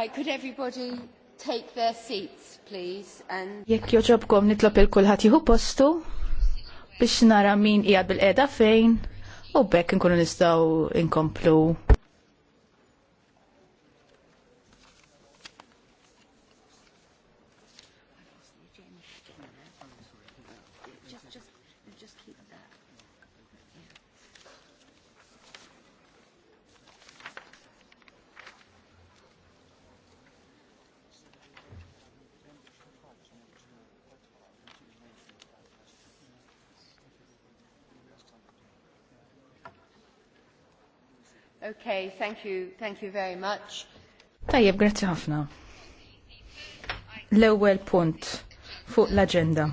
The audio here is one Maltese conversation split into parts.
Right, could everybody take their seats, please? And... Jekk joġobkom nitlob il-kulħat jieħu postu biex nara min qiegħed bil qiegħda fejn u bekk nkunu nistgħu inkomplu Okay, thank you, thank you very much. Tajjeb, grazzi ħafna. L-ewwel punt fuq l-aġenda.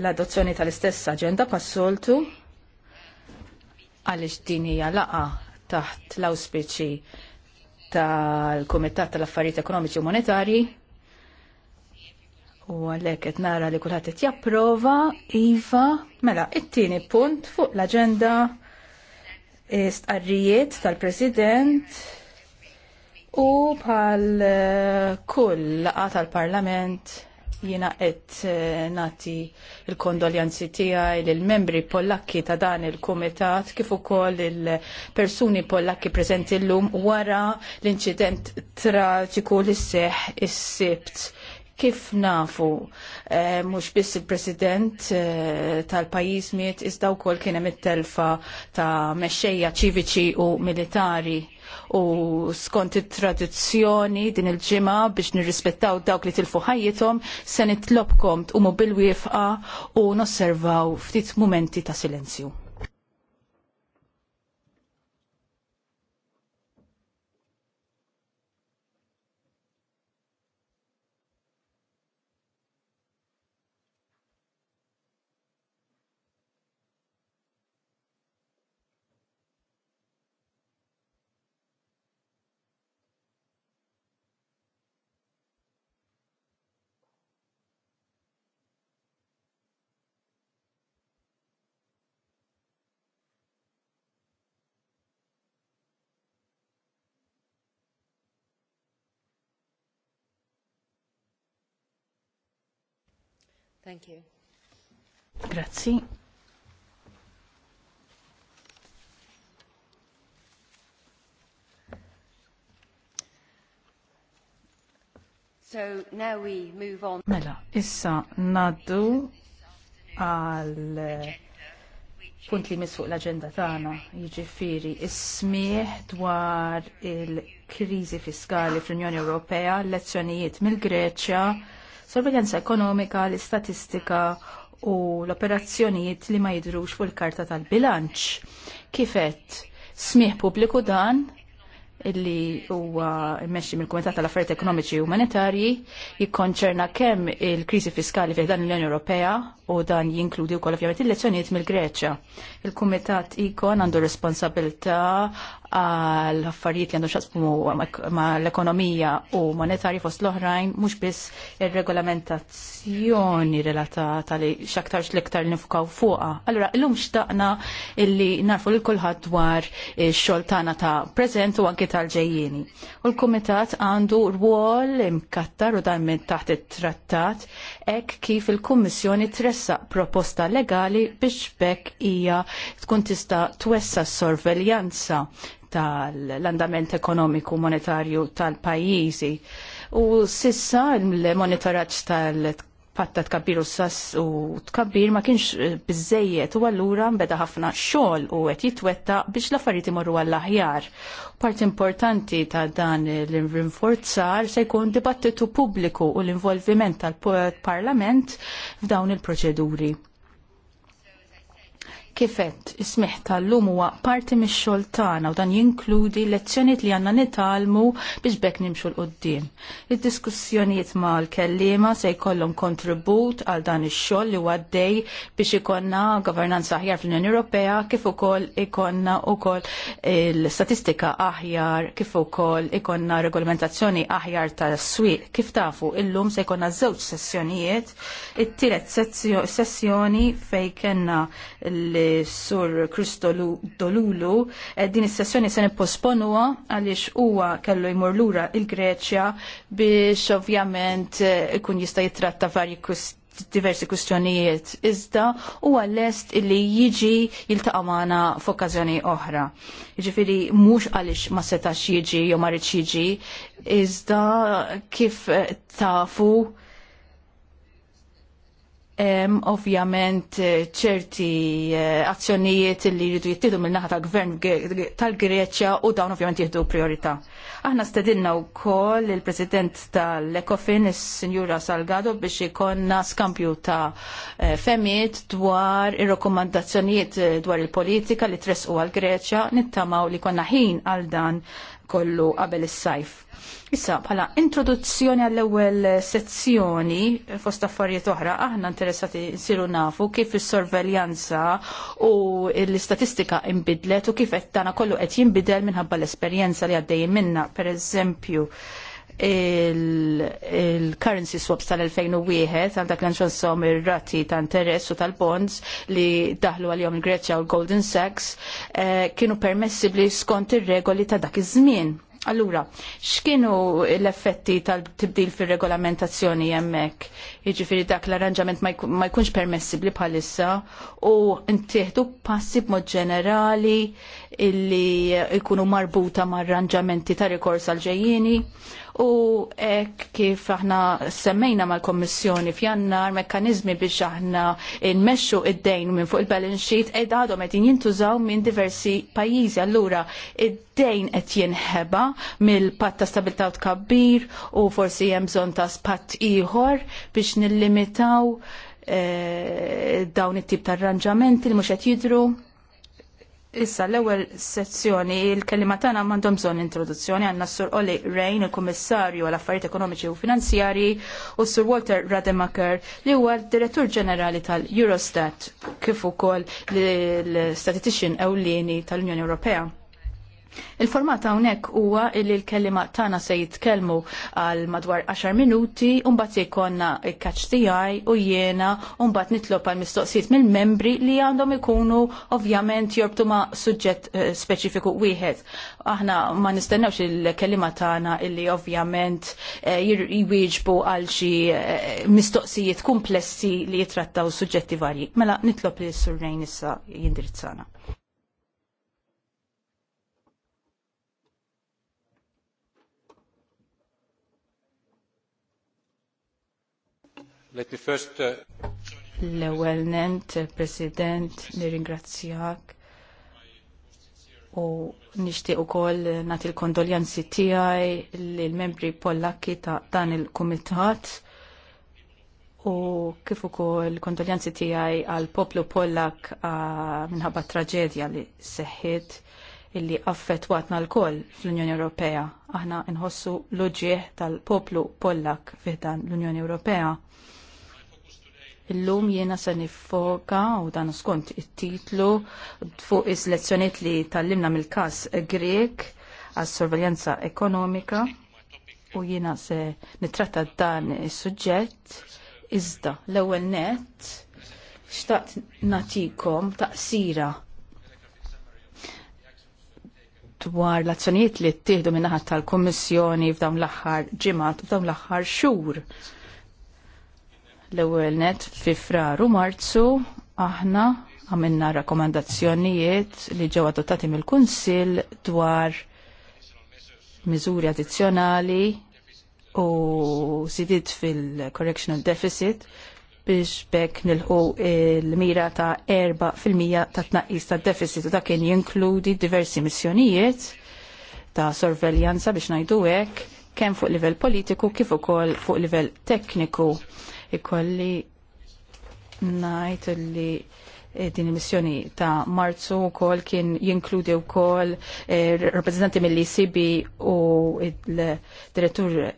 L-adozzjoni tal-istess aġenda passoltu għaliex din hija laqa taħt l-auspiċi tal-Kumitat tal-Affarijiet Ekonomiċi u Monetarji U għalhekk qed nara li kulħadd qed japprova, Iva, mela, it tieni punt fuq l-agenda stqarrijiet tal-President u bħal eh, kull laqa tal-Parlament jina qed eh, nati il-kondoljanzi tiegħi lill membri Pollakki ta' dan il-kumitat kif ukoll il-persuni Pollakki preżenti llum wara l-inċident traġiku li seħ is-sibt Kif nafu, eh, mhux biss il-president eh, tal-pajis miet iżda wkoll kien hemm it-telfa ta' mexxejja ċiviċi u militari u skont it-tradizzjoni din il-ġimgħa biex nirrispettaw dawk li tilfu ħajjithom se nitlobkom tqumu bil-wieqfa u nosservaw ftit mumenti ta' silenzju. Thank you. Grazzi. So now we move on. Mela, issa naddu għal eh, punt li misfuq l-agenda tagħna jiġifieri is-smieħ dwar il-kriżi fiskali fl-Unjoni Ewropea, lezzjonijiet mill-Greċja sorveljanza ekonomika, l-istatistika u l-operazzjonijiet li ma jidrux fuq il-karta tal-bilanċ. Kifet smieħ pubbliku dan illi huwa immexxi mill-Kumitat tal-Affarijiet Ekonomiċi Monetarji jikkonċerna kemm il-kriżi fiskali fih dan l-Unjoni Ewropea u dan jinkludi wkoll ovvjament il-lezzjonijiet mill-Greċja. Il-Kumitat ikon għandu responsabilità għal affarijiet li għandu xasmu ma l-ekonomija u monetari fost l-oħrajn, mux biss il-regolamentazzjoni relatata li xaktarx l-iktar nifukaw fuqa. Allora, l-lum xtaqna illi narfu li kullħat dwar xoltana ta' prezent u anki tal-ġejjini. U l-komitat għandu rwol imkattar u dan minn taħt it-trattat ek kif il-Kummissjoni tressa proposta legali biex bekk hija tkun tista twessa s sorveljanza tal-andament ekonomiku monetarju tal-pajjiżi. U sissa l-monitoraġġ tal-patta u sass u tkabbir ma kienx eh, biżejjed u allura mbeda ħafna xogħol u qed jitwetta biex l-affarijiet imorru għall-aħjar. Part importanti ta' dan l-rinforzar se jkun dibattitu pubbliku u l-involviment tal-parlament f'dawn il-proċeduri. Kifet, ismiħ tal-lum huwa parti mix-xogħol tagħna u dan jinkludi lezzjonijiet li għandna nitalmu biex bekk nimxu l qoddim Id-diskussjonijiet mal-kellima se jkollhom kontribut għal dan ix-xogħol li għaddej biex ikonna governanza aħjar fl-Unjoni Ewropea kif ukoll ikonna wkoll il-statistika aħjar kif ukoll ikonna regolamentazzjoni aħjar tas-swieq. Kif tafu illum se jkollna żewġ sessjonijiet, it-tielet sessjoni fejn kellna l sur Kristo Dolulu. Eh, din is-sessjoni se nipposponuha għaliex huwa kellu jmur lura il-Greċja biex ovvjament eh, ikun jista' jitratta varji diversi kwistjonijiet iżda u għall-est illi jiġi jiltaqa' magħna f'okkażjoni oħra. Jiġifieri mhux għaliex ma setax jiġi jew ma jiġi iżda kif eh, tafu Ovvjament eh, ċerti eh, azzjonijiet li jridu jittidu mill-naħa tal-gvern tal-Greċja u dawn ovvjament jieħdu priorità. Aħna stedinna wkoll il-President tal-Ekofin, is-Sinjura Salgado, biex ikonna skampju ta' eh, femiet dwar ir-rakkomandazzjonijiet dwar il-politika li tresqu għal-Greċja, nittamaw li konna ħin għal dan kollu qabel is-sajf. Issa bħala introduzzjoni għall-ewwel sezzjoni fost affarijiet oħra aħna interessati nsiru nafu kif is-sorveljanza u l-istatistika inbidlet u kif qed tagħna kollu qed jinbidel minħabba l-esperjenza li għaddejjin minna. Pereżempju, il-currency swaps tal-2001 għandak l-anċonsom ir-rati ta' interess u tal-bonds li daħlu għal-jom il-Greċja u l-Golden Sachs eh, kienu permessibli skont ir-regoli ta' dak iż-żmien. Allura, x'kienu l-effetti tal-tibdil fir-regolamentazzjoni hemmhekk? jiġifieri dak l-arranġament ma jkunx permessibbli bħalissa u ntieħdu passi b'mod ġenerali illi jkunu marbuta ma' arranġamenti ta' rikors għal ġejjini u hekk kif aħna semmejna mal-Kommissjoni f'jannar mekkaniżmi biex aħna nmexxu id-dejn minn fuq il-balance sheet ed għadhom qed jintużaw minn diversi pajjiżi. Allura id-dejn qed jinħeba mill-patt ta' stabilità u tkabbir u forsi hemm bżonn ta' spatt ieħor biex biex nillimitaw eh, dawn it-tip ta' arranġamenti li mhux qed jidhru. Issa l-ewwel sezzjoni il-kelima tagħna m'għandhom bżonn introduzzjoni għandna s-Sur Oli Rain, il-Kummissarju għal affarijiet ekonomiċi u finanzjarji, u s-Sur Walter Rademacher li huwa d-Direttur Ġenerali tal-Eurostat kif ukoll l-Statistician Ewlieni tal-Unjoni Ewropea. Il-format hawnhekk huwa li l-kelliema tagħna se jitkellmu għal madwar 10 minuti u mbagħad se jkollna catch tiegħi u jiena u mbagħad nitlob għal mistoqsijiet mill-membri li għandhom ikunu ovvjament jorbtu ma' suġġett eh, speċifiku wieħed. Aħna ma nistennewx il-kelliema tagħna illi ovvjament eh, jwieġbu għal xi eh, mistoqsijiet komplessi li jitrattaw suġġetti varji. Mela nitlob li s-surrejn issa jindirizzana. Let me first... Uh, l ewwel nent, President, nirringrazzjak u nixtieq ukoll nagħti l-kondoljanzi tiegħi lill membri pollakki ta' dan il kumitat u kif ukoll kondoljanzi tiegħi għal poplu pollak minħabba traġedja li seħħit illi affettwatna l-koll fl-Unjoni Ewropea. Aħna nħossu l uġigħ tal-poplu pollak dan l-Unjoni Ewropea. Illum jiena se nifoka u dan skont it-titlu fuq is-lezzjoniet li tallimna mill-każ Grek għas-sorveljanza ekonomika u jiena se nitratta dan is-suġġett iżda l-ewwel net xtaqt natikom taqsira dwar l-azzjonijiet li ttieħdu min-naħa tal-Kummissjoni f'dawn l-aħħar ġimgħat u f'dawn l-aħħar xhur l-ewwel net fi fraru Marzu aħna għamilna rakkomandazzjonijiet li ġew adottati mill-Kunsill dwar miżuri addizzjonali u sidiet fil-correctional deficit biex bekk nilħu il-mira ta' 4% ta' tnaqqis ta' deficit u ta' kien jinkludi diversi missjonijiet ta' sorveljanza biex najdu hekk kemm fuq livell politiku kif ukoll fuq livell tekniku ikolli najt li eh, din il-missjoni ta' marzu u kol kien jinkludi u kol eh, rappresentanti mill icb u il-direttur eh,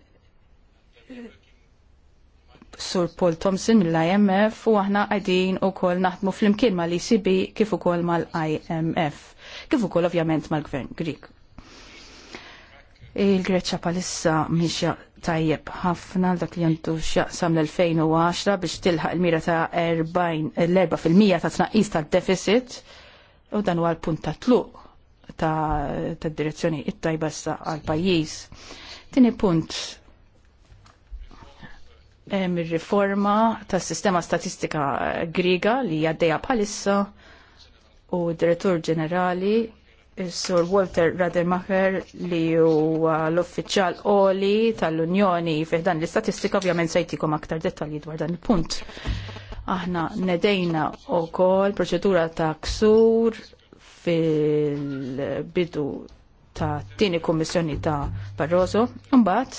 Sur Paul Thompson mill-IMF u aħna għadin u kol naħdmu fl-imkien mal-ECB kif u kol mal-IMF, kif u kol ovvjament mal-Gvern Grik. Il-Greċa palissa miexja tajjeb ħafna dak li jantu xaqsam l-2010 biex tilħaq il-mira ta' 4% ta' tnaqis ta' deficit u dan huwa l-punt ta' tluq ta', direzzjoni it-tajba sa' għal-pajjiż. Tini punt hemm ir-riforma tas-sistema statistika griega li għaddejja bħalissa u d-direttur ġenerali Sur Walter Rademacher li huwa l-uffiċjal oli tal-Unjoni fih l-istatistika ovvjament sejtikom aktar dettalji dwar dan il-punt. Aħna nedejna wkoll proċedura ta' ksur fil-bidu ta' tini kummissjoni ta' Barroso. Mbagħad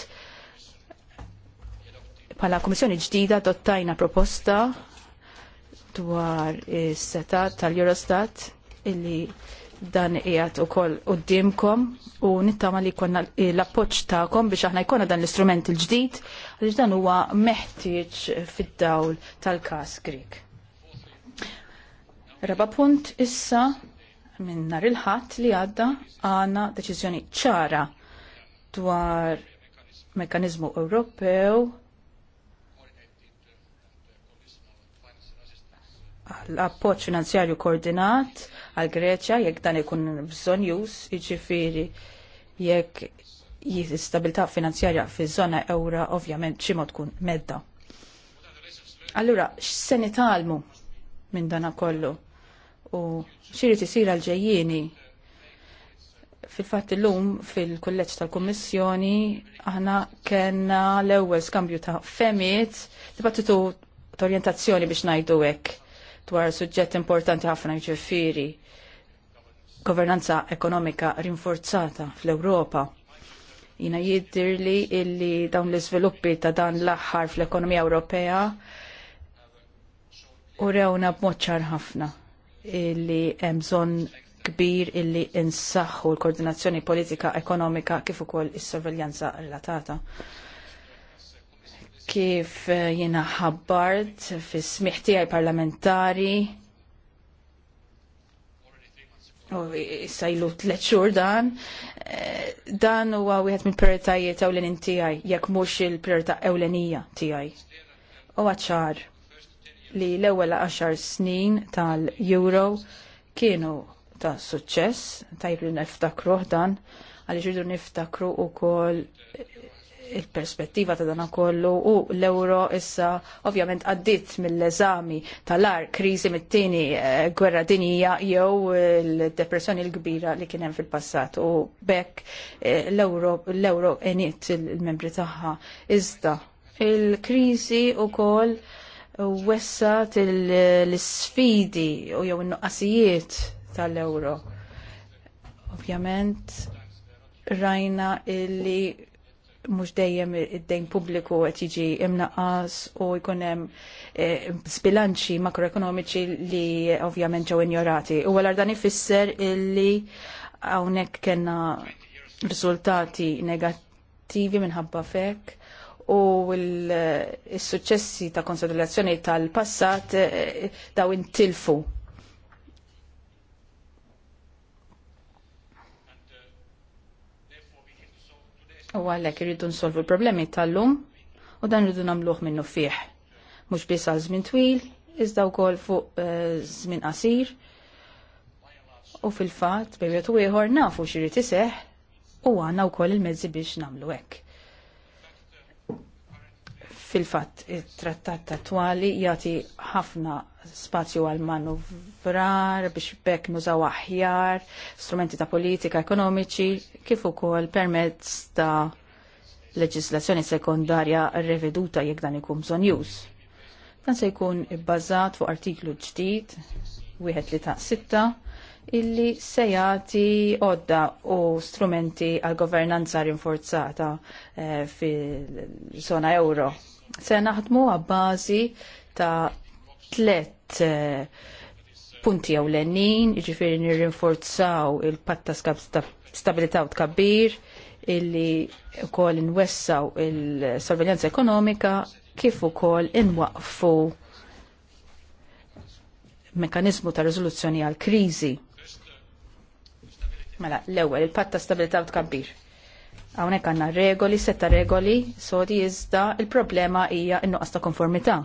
bħala kummissjoni ġdida dottajna proposta dwar is-setat tal-Eurostat illi dan qiegħed ukoll koll u nittama li jkollna l-appoġġ tagħkom biex aħna jkollna dan l-istrument il-ġdid għaliex dan huwa meħtieġ fid-dawl tal-każ Grik. Raba punt issa minn nhar il-ħadd li għadda għandna deċiżjoni ċara dwar mekkaniżmu Ewropew l-appoġġ finanzjarju koordinat għal Greċja jekk dan ikun bżonn jus, jiġifieri jekk jistabilta finanzjarja fi zona ewra ovvjament xi mod tkun medda. Allura x'se nitalmu minn dana kollu u xiri isir għal ġejjini fil-fatt illum fil-kulleġġ tal-Kummissjoni aħna kellna l-ewwel skambju ta' femiet dibattitu t-orientazzjoni biex ngħidu hekk dwar suġġett importanti ħafna ġifiri governanza ekonomika rinforzata fl-Ewropa. Jina jiddirli illi dawn l-izviluppi ta' dan l-aħħar fl-ekonomija Ewropea u rewna b'moċċar ħafna illi hemm bżonn kbir illi insaħħu l-koordinazzjoni politika ekonomika kif ukoll is-sorveljanza relatata kif eh, jiena ħabbart fis smiħti tiegħi parlamentari u sajlu tliet dan eh, dan huwa wieħed mill-prioritajiet ewlenin tiegħi jekk mhux il priorita ewlenija tiegħi. U ċar li l-ewwel 10 snin tal-Euro kienu ta' suċċess, ta' li niftakruh dan, għaliex irridu niftakru wkoll il-perspettiva ta' dan kollu u l-euro issa ovvjament għaddit mill-eżami tal-ar kriżi mit-tieni eh, gwerra dinija jew il-depressjoni l-kbira li kien hemm fil-passat u bekk eh, l-euro l-euro enit il-membri tagħha iżda il-kriżi ukoll wessat l-sfidi u jew in-nuqqasijiet tal-euro ovvjament rajna illi mux dejjem id-dejn publiku għet jiġi imnaqas u jkunem eh, sbilanċi makroekonomiċi li ovvjament ġew ignorati. U għalar dan ifisser illi għawnek kena rizultati negattivi minħabba fek u il eh, successi ta' konsolidazzjoni tal-passat eh, daw intilfu U għalhekk irridu nsolvu l-problemi tal-lum u dan irridu nagħmluh minnu fih. Mhux biss għal żmien twil, iżda wkoll fuq eh, żmien qasir. U fil-fatt bejn ieħor nafu x'irid iseħħ u għandna wkoll il-mezzi biex nagħmlu hekk. Fil-fatt, it-trattat attwali jagħti ħafna spazju għal manuvrar biex bekk nużaw aħjar, strumenti ta' politika ekonomiċi, kif ukoll permezz ta' leġislazzjoni sekundarja reveduta jekk dan ikun bżonn jus. Dan se jkun ibbażat fuq artiklu ġdid, wieħed li ta' sitta illi se jagħti għodda u strumenti għal governanza rinforzata e, fil-zona euro. Se naħdmu għabbażi ta' tlet e, punti ewlenin, jiġifieri nirrinforzaw il-patta stabilità u tkabbir, illi wkoll inwessaw il-sorveljanza ekonomika kif ukoll inwaqfu mekanizmu ta' riżoluzzjoni għal kriżi Mela, l-ewwel il-patt ta' stabilità u tkabbir. Hawnhekk għandna regoli, setta regoli, sodi iżda il-problema hija n-nuqqas ta' konformità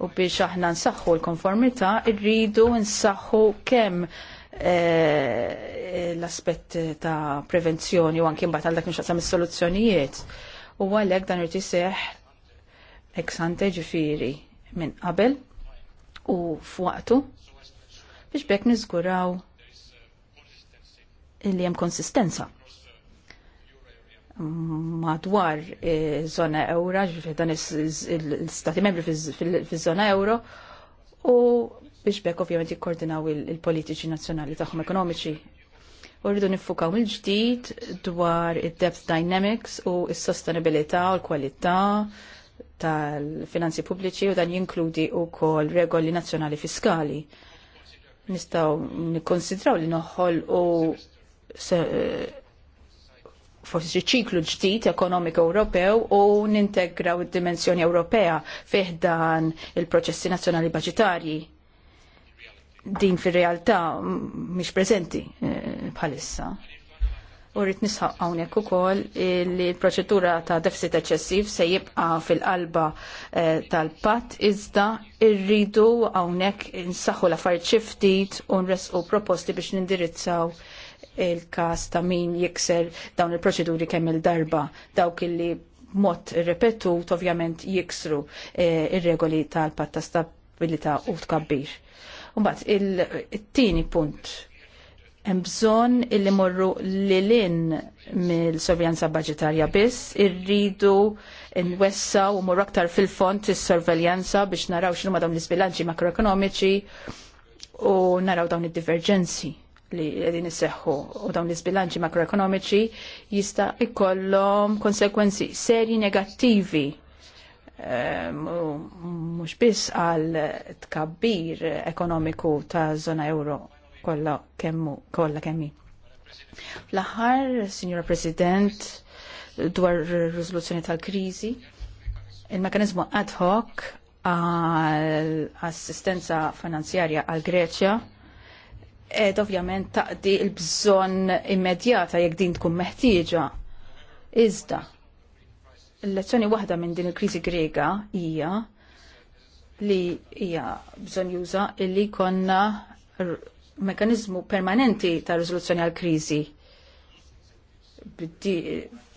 u biex aħna nsaħħu l-konformità irridu nsaħħu kemm eh, l-aspett ta' prevenzjoni u anki mbagħad għal dak nixaqsam is-soluzzjonijiet. U għalhekk dan irti seħ eksante ġifiri minn qabel u f'waqtu biex bekk niżguraw li hemm konsistenza madwar eh, zona euro, ġifri dan il-stati membri fil-zona euro, u biex bekk ovvjament jikkoordinaw il-politiċi nazzjonali tagħhom ekonomiċi. U rridu nifukaw il-ġdid dwar id-depth dynamics u s-sostenibilità u l-kwalità tal-finanzi pubbliċi u dan jinkludi u kol regoli nazzjonali fiskali. Nistaw nikkonsidraw li noħol u Eh, forsi ċiklu ġdid ekonomiku Ewropew u nintegraw id-dimensjoni Ewropea fih dan il-proċessi nazzjonali baġitarji. Din fir-realtà mhix preżenti eh, bħalissa. U rrit nisħaq hawnhekk ukoll li l-proċedura ta' deficit eċċessiv se jibqa' fil-qalba eh, tal-patt iżda rridu hawnhekk insaħħu l-affarijiet xi ftit u nresqu proposti biex nindirizzaw il-kas ta' min jikser dawn il-proċeduri kemm il-darba dawk illi mod ripetut ovvjament jiksru eh, ir-regoli tal-patt ta' stabilità u tkabbir. Mbagħad il-tieni punt hemm bżonn illi morru lilin mill-sorveljanza budgetarja biss, irridu nwessaw u morru aktar fil-font is-sorveljanza biex naraw x'huma dawn l-isbilanċi makroekonomiċi u naraw dawn id-diverġenzi li qegħdin isseħħu u dawn l izbilanċi makroekonomiċi jista' jkollhom konsekwenzi serji negattivi eh, mhux biss għal tkabbir ekonomiku ta' żona euro kollha kemmu kollha kemmi. L-aħħar, Signora President, dwar riżoluzzjoni tal-kriżi, il-mekanizmu ad hoc għal assistenza finanzjarja għal Greċja ed ovvjament taqdi l-bżonn immedjata jekk din tkun meħtieġa. Iżda, l-lezzjoni waħda minn din il-kriżi Grega hija li hija bżonn juża illi konna mekanizmu permanenti ta' riżoluzzjoni għal kriżi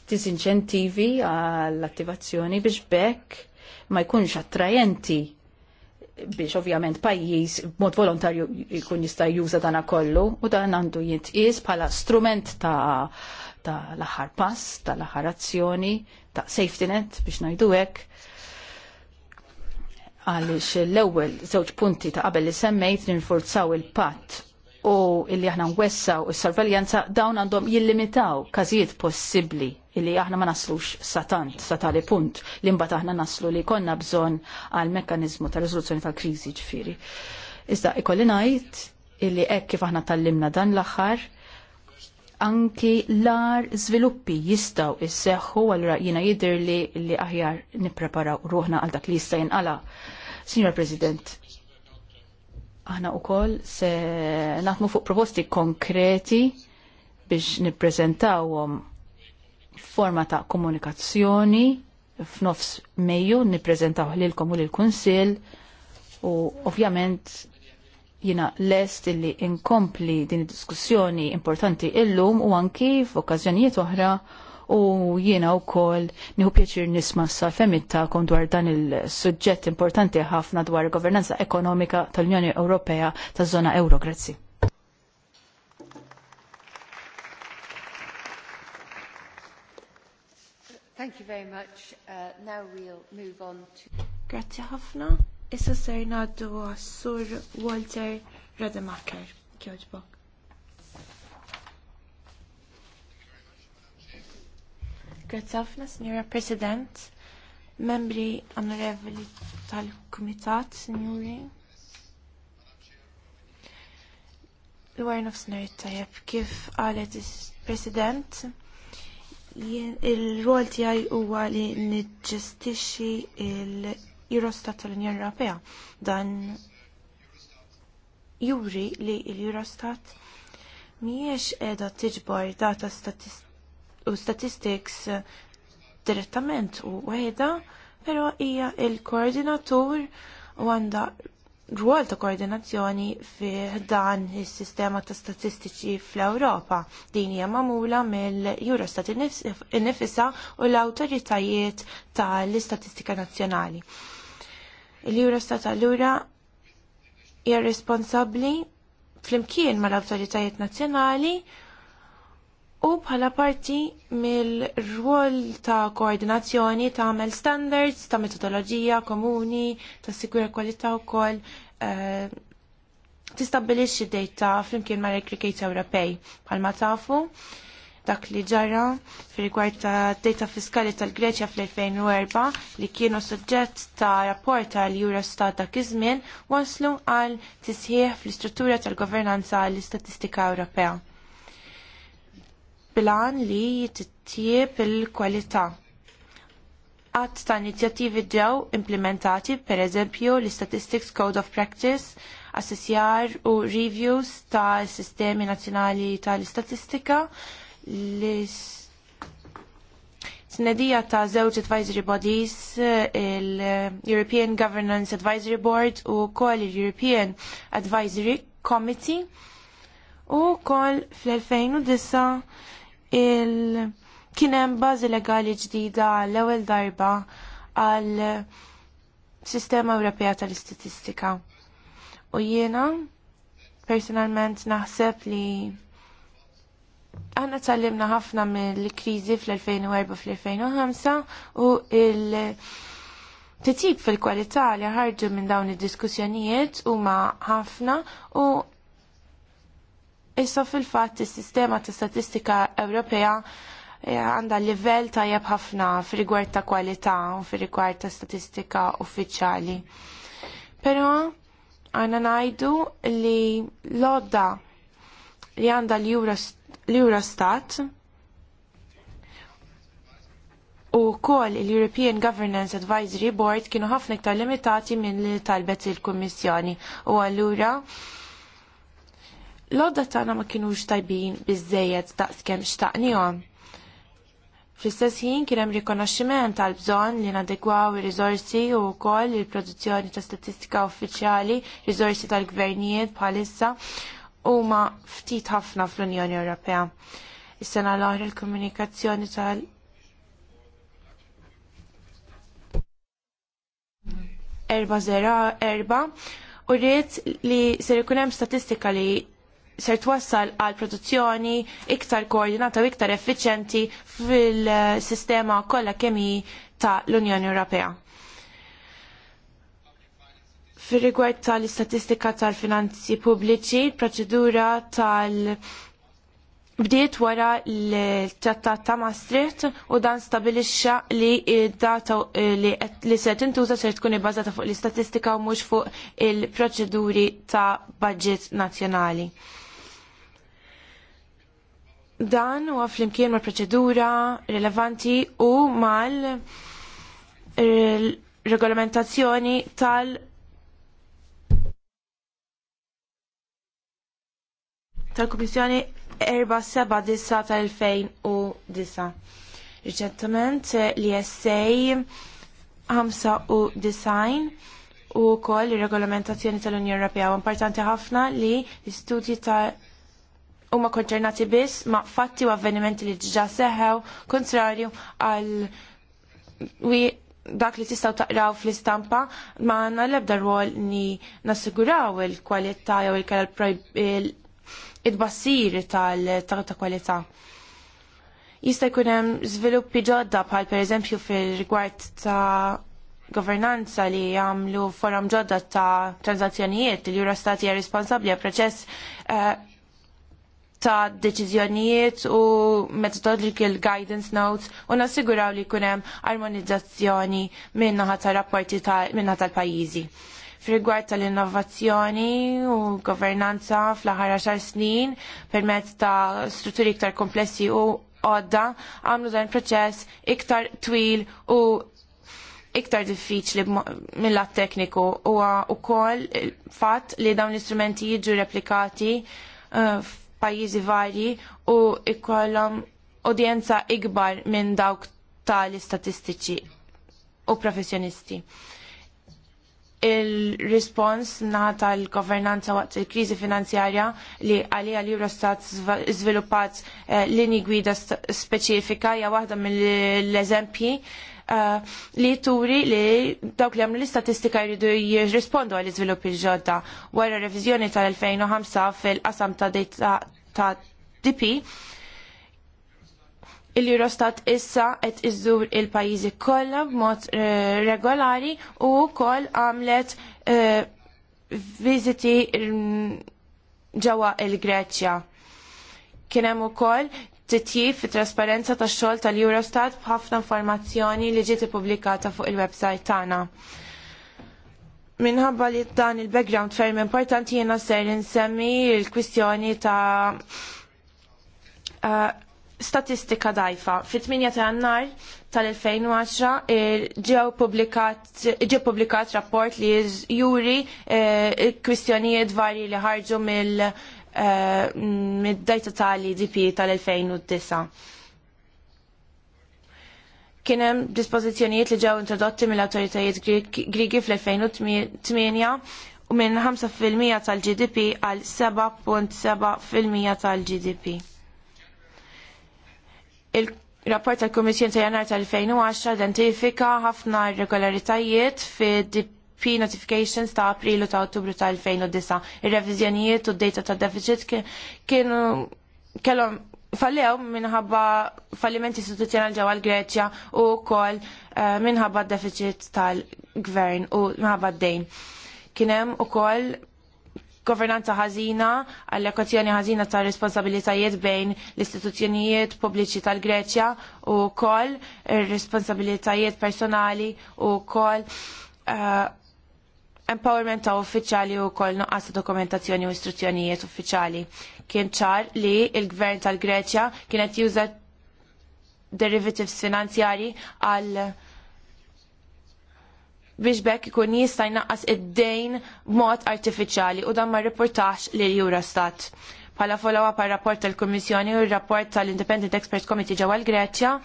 disinċentivi għall-attivazzjoni biex bekk ma jkunx attrajenti biex ovvjament pajjiż b'mod volontarju jkun jista' juża dan kollu u dan għandu jitqies bħala strument ta' ta' l-aħħar pass, ta' l-aħħar azzjoni, ta' safety net biex ngħidu hekk. Għaliex l-ewwel żewġ punti ta' qabel li semmejt ninfurzaw il-patt u illi aħna nwessaw is-sorveljanza dawn għandhom jillimitaw każijiet possibbli illi aħna ma naslux satant, satali punt, li mbagħad aħna naslu li konna bżonn għal mekkaniżmu ta' rizoluzzjoni tal-kriżi ġifiri. Iżda ikolli najt, illi hekk kif aħna tallimna dan l-aħħar anki l-ar żviluppi jistgħu isseħħu għallura jiena jidher li li aħjar nippreparaw ruħna għal dak li jista' jinqala. Signor President, aħna wkoll se naħdmu fuq proposti konkreti biex nippreżentawhom forma ta' komunikazzjoni f'nofs Mejju nippreżentaw lilkom u lill-Kunsill u ovvjament jina lest illi inkompli din id-diskussjoni importanti illum u anki f'okkażjonijiet oħra u jiena u kol pjaċir nisma s femmit ta' kon dwar dan il suġġett importanti ħafna dwar governanza ekonomika tal-Unjoni Ewropea ta' zona euro. Grazzi. Thank you very much. Uh, now we'll move on to... Grazie ħafna. Issa ser naddu sur Walter Rademacher. Kjoġbok. Grazie ħafna, Signora President, membri onorevoli tal-Kumitat, Signori. L-għar nofsnar tajab, kif għalet President, il-rol tiegħi huwa li niġġestixxi l-Eurostat tal-Unjoni Ewropea. Dan juri li l-Eurostat mhijiex qiegħda tiġbor data u statistics direttament u waħda, però hija il-koordinatur u għandha rwol ta' koordinazzjoni fi dan is sistema ta' statistiċi fl-Ewropa. Din hija magħmula mill-Eurostat innifisa u l-awtoritajiet tal-istatistika nazzjonali. Il-Eurostat allura hija responsabbli flimkien mal-awtoritajiet nazzjonali u bħala parti mill-rwol ta' koordinazzjoni ta' għamel standards, ta' metodologija komuni, ta' sikura kwalità u koll, eh, tistabbilix id-data flimkien ma' rekriket Ewropej. ma' tafu, dak li ġara fil-rigward ta' data fiskali tal-Greċja fl-2004 li kienu suġġett ta' rapport tal-Eurostat dak iż-żmien waslu għal tisħiħ fl-istruttura tal-governanza l-istatistika Ewropea. Plan li tittieb il-kwalità. Għat ta' inizjattivi ġew implementati, per eżempju, l-Statistics Code of Practice, assessjar u reviews ta' sistemi nazzjonali tal-istatistika, Snedija ta' żewġ advisory bodies, il-European Governance Advisory Board u kol il-European Advisory Committee u kol fl-2009 il kienem bażi legali ġdida l-ewwel darba għal sistema Ewropea tal-istatistika. U jiena personalment naħseb li tal tallimna ħafna mill-kriżi fl-2004 fl-2005 u il- titib fil-kwalità li ħarġu minn dawn id-diskussjonijiet huma ħafna u Issa fil-fatt is-sistema ta' statistika Ewropea eh, għandha livell tajjeb ħafna fil rigward ta' kwalità u fil rigward ta' statistika uffiċjali. Però għandna ngħidu li l-odda li għandha l-Eurostat u kol l-European Governance Advisory Board kienu ħafna iktar limitati minn li talbet il-Kummissjoni u allura l-odda tagħna ma kienux tajbin biżejjed daqs kemm xtaqnihom. Fl-istess ħin kien hemm rikonoxximent għal bżonn li nadegwaw ir-riżorsi u wkoll il-produzzjoni ta' statistika uffiċjali, riżorsi tal-gvernijiet bħalissa huma ftit ħafna fl-Unjoni Ewropea. Is-sena l-oħra il-komunikazzjoni tal- erba' zero erba' u rrit li ser ikun hemm statistika li ser twassal għal produzzjoni iktar koordinata u iktar effiċenti fil-sistema kollha kemmi ta' l-Unjoni Ewropea. Fir-rigward tal-istatistika tal-finanzi pubbliċi, proċedura tal- Bdiet wara l ċattat ta' Maastricht u dan stabilixxa li data li se tintuża se tkun ibbażata fuq l-istatistika u mhux fuq il-proċeduri ta' budget nazzjonali. Dan huwa flimkien mal proċedura rilevanti u mal eh, regolamentazzjoni tal tal-Kummissjoni 479 tal-2009. Riċentament eh, li essej 95 u kol il-regolamentazzjoni tal-Unjoni Ewropea. Importanti ħafna li l-istudji ta' huma konċernati biss ma' fatti u avvenimenti li ġġa seħew kontrarju għal wi dak li tistaw taqraw fl-istampa ma għanna lebda rwol ni nassiguraw il-kwalità jew il-bassir tal-kwalità. Jista' jkun hemm żviluppi ġodda bħal pereżempju fil-rigward ta' governanza li jagħmlu forum ġodda ta' transazzjonijiet li jura stati hija responsabbli għal proċess eh, ta' deċizjonijiet u methodological guidance notes u nassiguraw li jkun hemm armonizzazzjoni minnaħa ta' rapporti ta' minnaħa tal-pajjiżi. Frigward tal-innovazzjoni u governanza fl-aħħar 10 snin permezz ta' strutturi iktar komplessi u għodda għamlu dan proċess iktar twil u iktar diffiċli mill-lat tekniku u wkoll fatt li dawn l-istrumenti jiġu replikati uh, pajjiżi varji u jkollhom udjenza ikbar minn dawk tal-istatistiċi u professjonisti. Il-respons nata l governanza waqt il-krizi finanzjarja li għalija li Eurostat zviluppat eh, lini gwida speċifika hija waħda mill-eżempji Eh, li turi li dawk li għamlu l-istatistika jridu jirrispondu għal iżvilupp il-ġodda wara reviżjoni tal-2005 fil-qasam ta' data ta' DP il-Eurostat issa qed iżżur il-pajjiżi kollha b'mod eh, regolari u wkoll għamlet eh, viżiti mm, ġewwa il-Greċja kien hemm ukoll titjib fit trasparenza tax xogħol tal-Eurostat b'ħafna informazzjoni li ġiet ippubblikata fuq il-website tagħna. Minħabba li dan il-background ferm importanti jiena ser insemmi l-kwistjoni ta' uh, statistika dajfa. Fit-8 ta' annar tal-2010 ġew publikat rapport li juri eh, kwistjonijiet varji li ħarġu mill- Eh, mid-dajta tal-IDP tal-2009 kienem dispozizjonijiet li ġew introdotti mill-autoritajiet Grigi fl-2008 u minn 5% tal-GDP għal 7.7% tal-GDP. Il-rapport tal-Komissjon ta' Janar tal-2010 identifika ħafna irregolaritajiet fi pre-notifications ta' Aprilu ta' Ottubru ta' 2009. Ir-reviżjonijiet u d-data ta' deficit kienu kellhom fallew minħabba fallimenti istituzzjonali ġewwa l-Greċja u wkoll uh, minħabba deficit tal-gvern u minħabba d-dejn. Kien hemm ukoll governanza ħażina, allokazzjoni ħażina ta' responsabilitajiet bejn l-istituzzjonijiet pubbliċi tal-Greċja u wkoll eh, responsabilitajiet personali u wkoll uh, empowerment ta' uffiċjali u kol nuqqas ta' dokumentazzjoni u istruzzjonijiet uffiċjali. Kien ċar li il-gvern tal-Greċja kienet juża derivatives finanzjari għal biex bekk ikun jista' jnaqqas id-dejn b'mod artifiċjali u dan ma rriportax lil Eurostat. Bħala follow-up għal rapport tal-Kummissjoni u r-rapport tal-Independent Expert Committee ġewwa l-Greċja,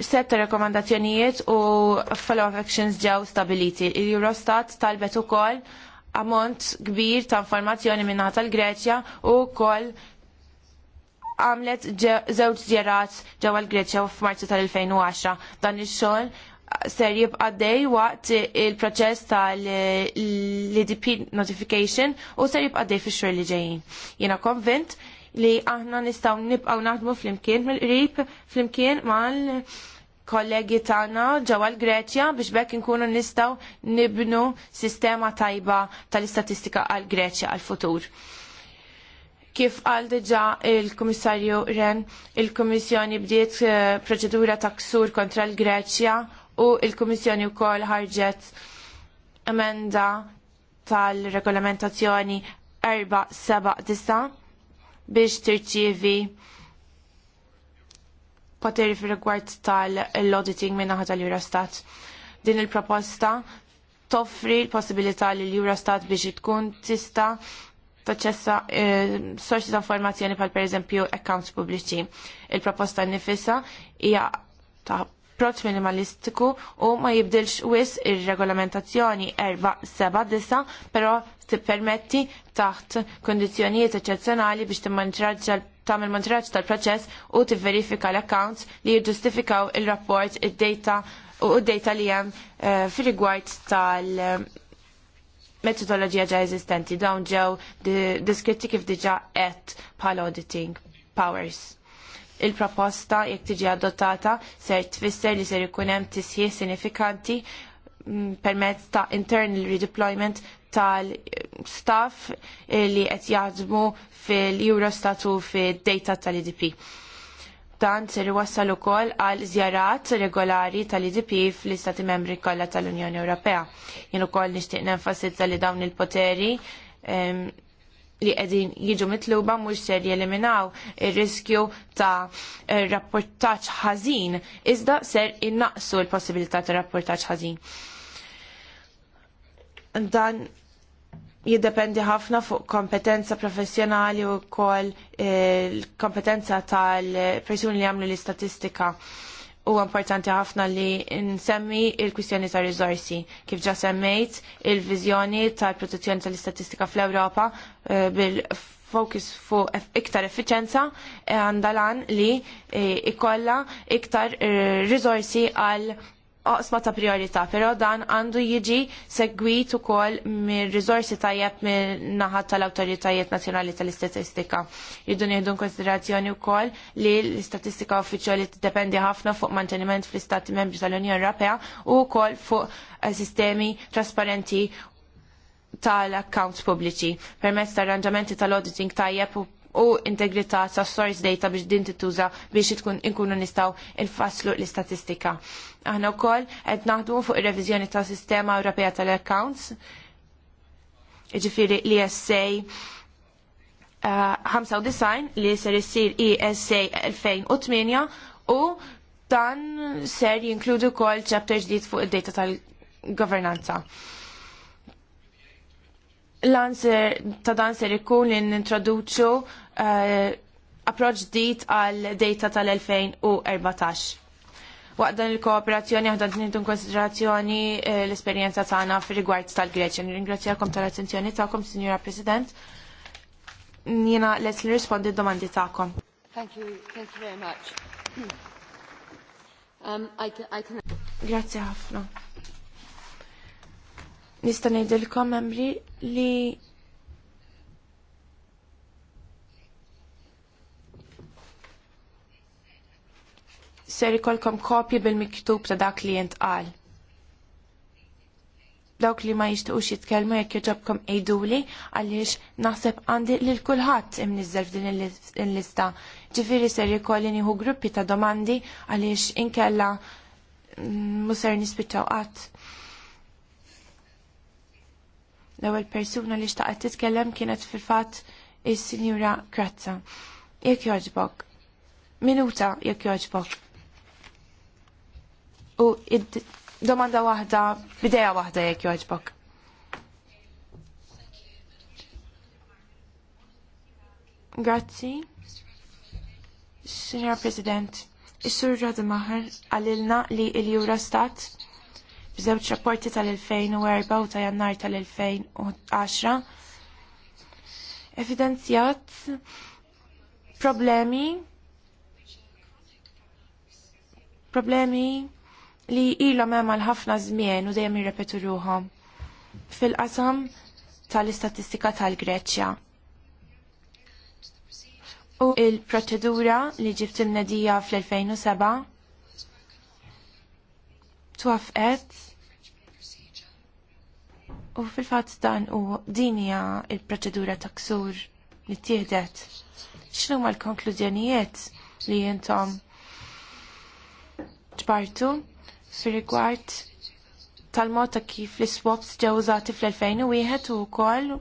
setta rekomandazzjonijiet u follow-up actions ġew stabiliti. Il-Eurostat talbet ukoll ammont kbir ta' informazzjoni minna tal-Greċja u wkoll għamlet żewġ ġerat ġewwa l-Greċja f'Marzu tal-2010. Dan ix-xogħol ser jibqa' dej waqt il-proċess tal-LDP notification u ser jibqa' dej fix-xogħol li ġejjin. Jiena konvint li aħna nistaw nibqaw naħdmu fl-imkien mill-qrib fl-imkien mal kollegi tagħna ġewwa l-Greċja biex bekk inkunu nistaw nibnu sistema tajba tal-istatistika għall greċja għall futur Kif għal diġa il-Komissarju Ren, il-Komissjoni bdiet eh, proċedura ta' ksur kontra l-Greċja u il-Komissjoni wkoll ħarġet emenda tal-regolamentazzjoni 4-7-9 biex tirċievi poteri fil rigward tal-auditing minn naħa tal-Eurostat. Din il-proposta toffri l-possibilità li l-Eurostat biex tkun tista taċċessa eh, sorsi ta' informazzjoni pal per eżempju accounts pubbliċi. Il-proposta nifissa hija ta' approċ minimalistiku u ma jibdilx wis ir-regolamentazzjoni 7 disa, però tippermetti taħt kondizjonijiet eccezzjonali biex tagħmel montraġġ tal-proċess u tivverifika l-accounts li jiġġustifikaw il-rapport id-data u d-data li hemm eh, fir-rigward tal- eh, metodologija ġa eżistenti dawn ġew diskritti kif diġà et pal auditing powers il-proposta jekk tiġi adottata ser tfisser li ser ikun hemm tisħiħ sinifikanti mm, permezz ta' internal redeployment tal-staff eh, li qed jaħdmu fil-Eurostat u fid-data tal-IDP. Dan ser iwassal ukoll għal żjarat regolari tal-IDP fl-Istati Membri kollha tal-Unjoni Ewropea. Jien ukoll nixtieq nenfasizza li dawn il-poteri li qegħdin jiġu mitluba mhux ser jeliminaw ir-riskju ta' rapportaġġ ħażin, iżda ser innaqsu l-possibilità ta' rapportaġġ ħażin. Dan jiddependi ħafna fuq kompetenza professjonali u kol eh, kompetenza tal-persuni li għamlu l-istatistika. l istatistika u importanti ħafna li nsemmi il-kwistjoni ta' rizorsi. Kif ġa semmejt il-vizjoni tal-protezzjoni tal-istatistika fl-Ewropa eh, bil-fokus fuq iktar effiċenza eh, għandalan li eh, ikolla iktar rizorsi għal oqsma ta' priorità, però dan għandu jiġi segwit ukoll mir rizorsi tajjeb min-naħa tal-awtoritajiet nazzjonali tal-istatistika. Jiddu nieħdu konsiderazzjoni wkoll li l-istatistika uffiċjali tiddependi ħafna fuq manteniment fl-Istati Membri tal-Unjoni Ewropea u wkoll fuq eh, sistemi trasparenti tal-accounts pubbliċi. Permezz ta' arranġamenti tal-auditing tajjeb u u integrità ta' source data biex din tituża biex tkun inkunu nistaw il-faslu l-istatistika. Aħna wkoll qed naħdmu fuq ir-reviżjoni ta' sistema Ewropea tal-accounts, iġifiri l-ESA eh, 95 li ser issir ESA 2008 u dan ser jinkludu kol ċapter ġdid fuq id-data tal-governanza l-answer ta' dan ser ikun li nintroduċu uh, eh, approċ dit għal data tal-2014. Waqt dan il-kooperazzjoni għadha tnieħdu konsiderazzjoni eh, l-esperjenza tagħna fir-rigward tal-Greċja. Nirringrazzjakom tal-attenzjoni tagħkom, Sinjura President. Jiena les li rispondi d-domandi tagħkom. Thank you, thank you very much. um, I can, I can... Grazie ħafna. Nista' ngħidilkom membri li ser ikolkom kopji bil-miktub ta' dak li jintqal. Dawk li ma jixtiqux jitkellmu jekk jġobkom ejduli għaliex naħseb għandi lil kulħadd niżel f'din il-lista. Ġifieri ser ikolli nieħu gruppi ta' domandi għaliex inkella mm, muser nispiċċaw qatt. L-ewwel persuna li xtaqgħet titkellem kienet fil-fatt is-Sinjura Krazza. Jekk jogħġbok. Minuta jekk jogħġbok. U domanda waħda, bidea waħda jekk jogħġbok. Grazzi. Signor President, Is-Sur Rademacher għalilna li il-Jura Stat b'żewġ rapporti tal-2004 u ta' jannar tal-2010 evidenzjat problemi problemi li ilhom hemm għal ħafna żmien u dejjem jirrepetu ruhom fil-qasam tal-istatistika tal-Greċja. U il-proċedura li ġibt il-nedija fl-2007 twafqet u fil-fatt dan u dinja il-proċedura ta' ksur li tieħdet. X'nu ma l-konklużjonijiet li jentom ġbartu fir-rigward tal-mod ta' kif li swaps ġew użati fl-2001 u wkoll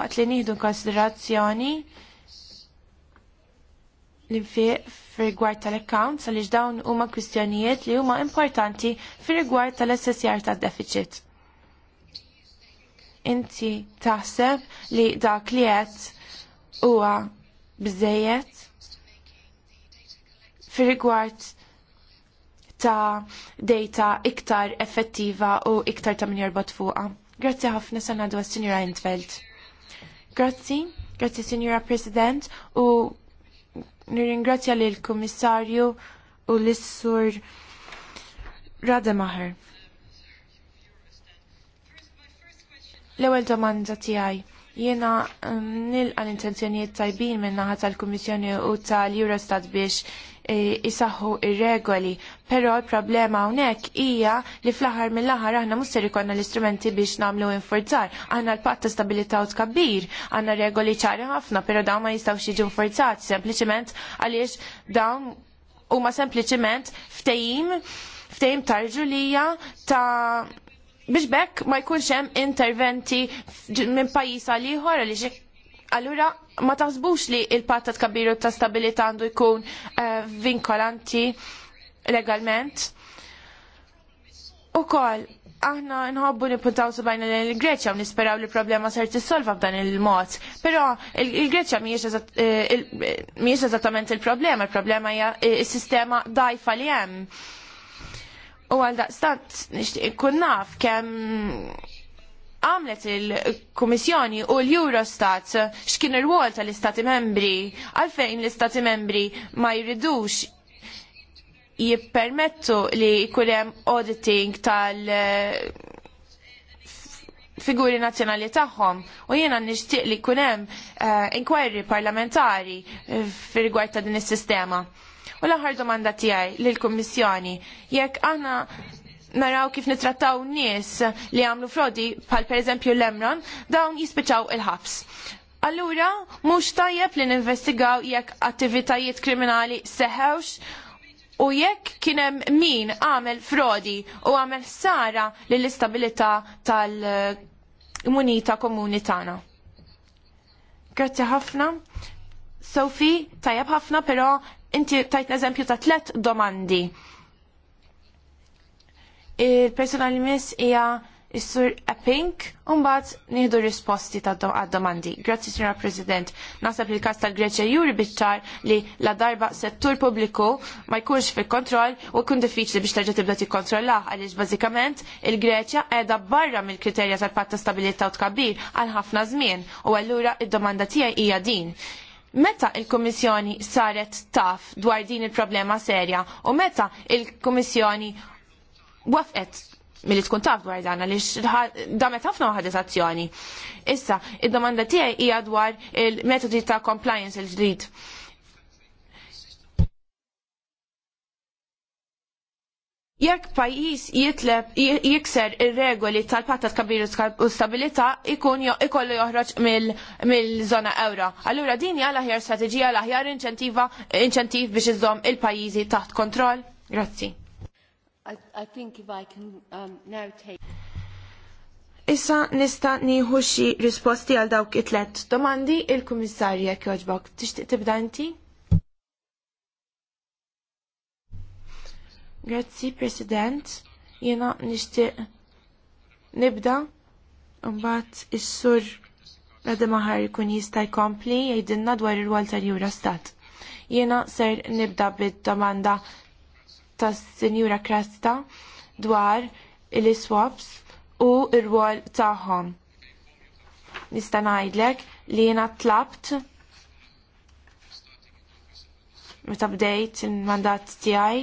waqt li nieħdu konsiderazzjoni l-infiq fir-rigward tal-accounts għaliex dawn huma kwistjonijiet li huma importanti fir-rigward tal-assessjar tad-deficit. Inti taħseb li dak li qed huwa bżejjed fir-rigward ta' data iktar effettiva u iktar ta' min jorbot fuqha. Grazzi ħafna sanadu għas-Sinjura Intveld. Grazzi. Grazie, Signora President, u nirringrazzja lil kummissarju u l-Sur Rademacher. L-ewwel domanda tiegħi. Jiena mm, nil għal intenzjonijiet tajbin minna naħa tal-Kummissjoni u tal-Eurostat biex jisaħħu e, ir-regoli, però l-problema hawnhekk hija li fl-aħħar mill aħar aħna mhux ser l-istrumenti biex nagħmlu infurzar. Aħna l-patt ta' stabilità u tkabbir, għandna regoli ċari ħafna, però dawn ma jistgħux jiġu infurzati sempliċement għaliex dawn huma sempliċement ftehim ftehim tarġulija ta' biex bekk ma jkunx hemm interventi minn pajjiż għal ieħor għaliex Allura, ma taħsbux li il-patta tkabiru ta' stabilita għandu jkun eh, vinkolanti legalment. U kol, aħna nħobbu nipuntaw subajna l-Greċja u nisperaw li problema ser tissolva b'dan il-mod. Pero il-Greċja miex eh, eh, eżattament il-problema, il-problema hija il-sistema dajfa li hemm. U għal daqstant, nixtieq kun naf kemm għamlet il-Komissjoni u l-Eurostat x'kien ir wol tal-Istati membri għalfejn l-Istati membri ma jridux jippermettu li jkun auditing tal- figuri nazjonali tagħhom u jiena nixtieq li jkun hemm uh, eh, inkwerri parlamentari uh, fir-rigward ta' din is-sistema. U l-aħħar domanda tiegħi lill-Kummissjoni jekk aħna naraw kif nitrattaw nies li għamlu frodi, pal per eżempju l-Emron, dawn jispiċaw il-ħabs. Allura, mhux tajjeb li ninvestigaw jekk attivitajiet kriminali seħewx u jekk kien hemm min għamel frodi u għamel sara lill istabilita tal-munita komuni tagħna. Grazzi ħafna. Sofi, tajjeb ħafna, però inti tajt eżempju ta' tlet domandi il-persona li miss hija Is-sur Epping, unbat nieħdu risposti għad-domandi. Grazzi, signora President. Nasab il-kas tal-Greċja juri bitċar li la darba settur pubbliku ma jkunx fil kontroll u jkun diffiċli biex terġa' tibda tikkontrollah għaliex bażikament il-Greċja qiegħda barra mill-kriterja tal-patta stabilita u tkabbir għal ħafna żmien u allura id-domanda tiegħi hija din. Meta il-Kummissjoni saret taf dwar din il-problema serja u meta il-Kummissjoni wafqet milli tkun taf dwar dan għaliex damet ħafna waħad azzjoni. Issa, id-domanda tiegħi hija dwar il-metodi ta' compliance il-ġdid. Jekk pajjiż jitleb jikser ir-regoli tal-patta kabir u stabilita ikun ikollu joħroġ mill-żona euro. Allura din hija l-aħjar strateġija l-aħjar inċentiva inċentiv biex iżżomm il-pajjiżi taħt kontroll. Grazzi. I, I think if I can um, now take... Issa nista nieħu xi risposti għal dawk it-tlet domandi il-Kummissarja jogħġbok. Tixtieq tibda inti? Grazzi, President. Jiena nixtieq nibda mbagħad is-sur għadha maħar ikun jista' jkompli jgħidilna dwar ir-rwol tal-Jura Stat. Jiena ser nibda bid-domanda tas Senjura Krasta dwar il-swaps u r-rwol tagħhom. Nista' ngħidlek li jiena tlabt meta bdejt il-mandat tiegħi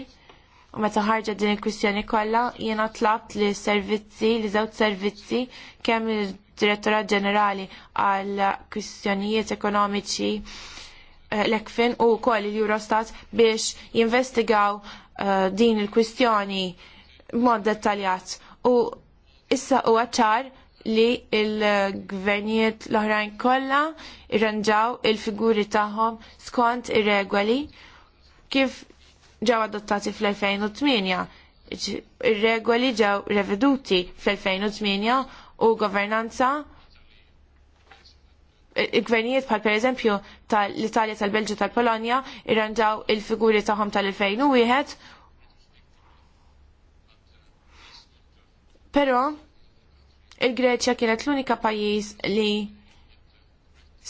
u meta ħarġa din il-kwistjoni kollha jiena tlabt li servizzi li żewġ servizzi kemm il-Direttorat Ġenerali għal kwistjonijiet ekonomiċi eh, l-ekfin u koll il-Eurostat biex jinvestigaw Eh, din il-kwistjoni mod dettaljat u issa u ċar li il-gvernijiet l-oħrajn kollha irranġaw il-figuri tagħhom skont ir-regoli kif ġew adottati fl-2008. Ir-regoli ġew reveduti fl-2008 u governanza il-gvernijiet bħal pereżempju tal-Italja, tal-Belġu, tal-Polonja irranġaw il-figuri tagħhom tal-2001. Però il-Greċja kienet l-unika pajjiż li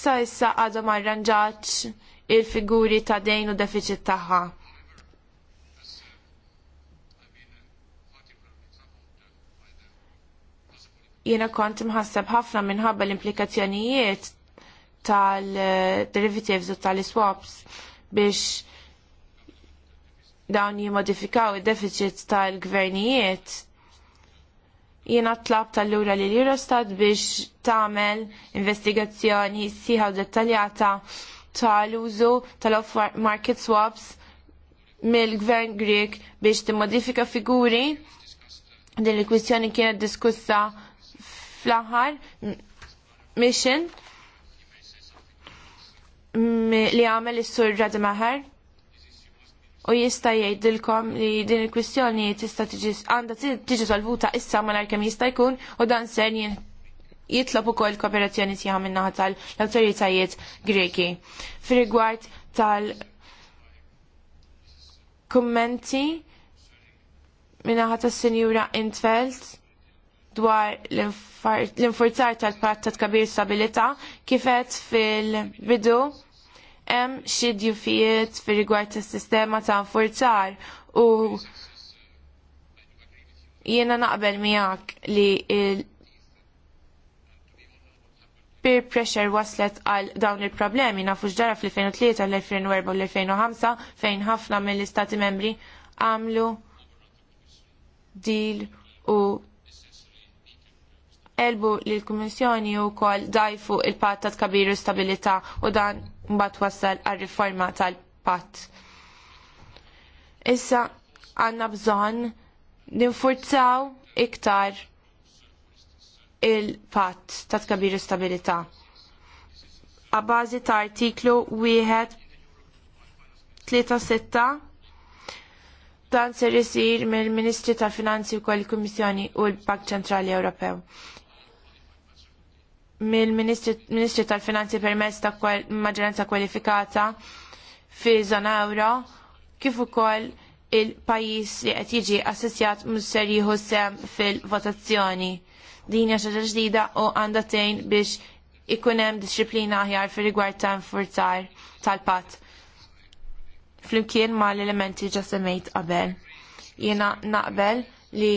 sa issa għadu ma rranġaċ il-figuri ta' dejn u deficit tagħha. Jiena kont mħassab ħafna minħabba l-implikazzjonijiet tal-derivatives u tal-swaps biex dawn jimodifikaw id-deficit tal-gvernijiet jiena tlab tal-lura li l-Eurostat biex tagħmel investigazzjoni sieħa u dettaljata tal-użu tal-off-market swaps mill-gvern Grek biex timmodifika figuri din il kwistjoni kienet diskussa fl-aħħar mission li għamel is-sur Radi Maher u jista' jgħidilkom li din il-kwistjoni tista' tiġi għandha tiġi solvuta issa malar kemm jista' jkun u dan ser jitlob ukoll kooperazzjoni sieħa min-naħa tal-awtoritajiet Greki. Fir-rigward tal-kummenti minn naħa tas-Sinjura Intfeld dwar l-infurzar tal-patt ta' kabir stabilita kifet fil-bidu hemm xi djufijiet fir-rigward tas-sistema ta' forzar u jiena naqbel miegħek li il peer pressure waslet għal dawn il-problemi nafu x'ġara fl-2003, l-2004 u l-2005 fejn ħafna mill-istati membri għamlu deal u elbu l-Kummissjoni u kol dajfu il-patta u stabilita u dan mbagħad wassal għar-riforma tal-patt. Issa għandna bżonn ninfurzaw iktar il-patt ta' tkabir stabilità. A bażi ta' artiklu wieħed 3-6 dan ser isir mill-Ministri tal-Finanzi u kol kummissjoni u l-Bank Ċentrali Ewropew mill-Ministri tal-Finanzi permezz ta' maġġoranza kwalifikata fi zona euro kif ukoll il-pajis li qed jiġi assessjat musser jieħu sem fil-votazzjoni. Din hija xaġa ġdida u għandha tgħin biex ikun hemm disċiplina aħjar fir-rigward ta' infurtar tal-patt. Flimkien mal elementi ġa qabel. Jiena naqbel li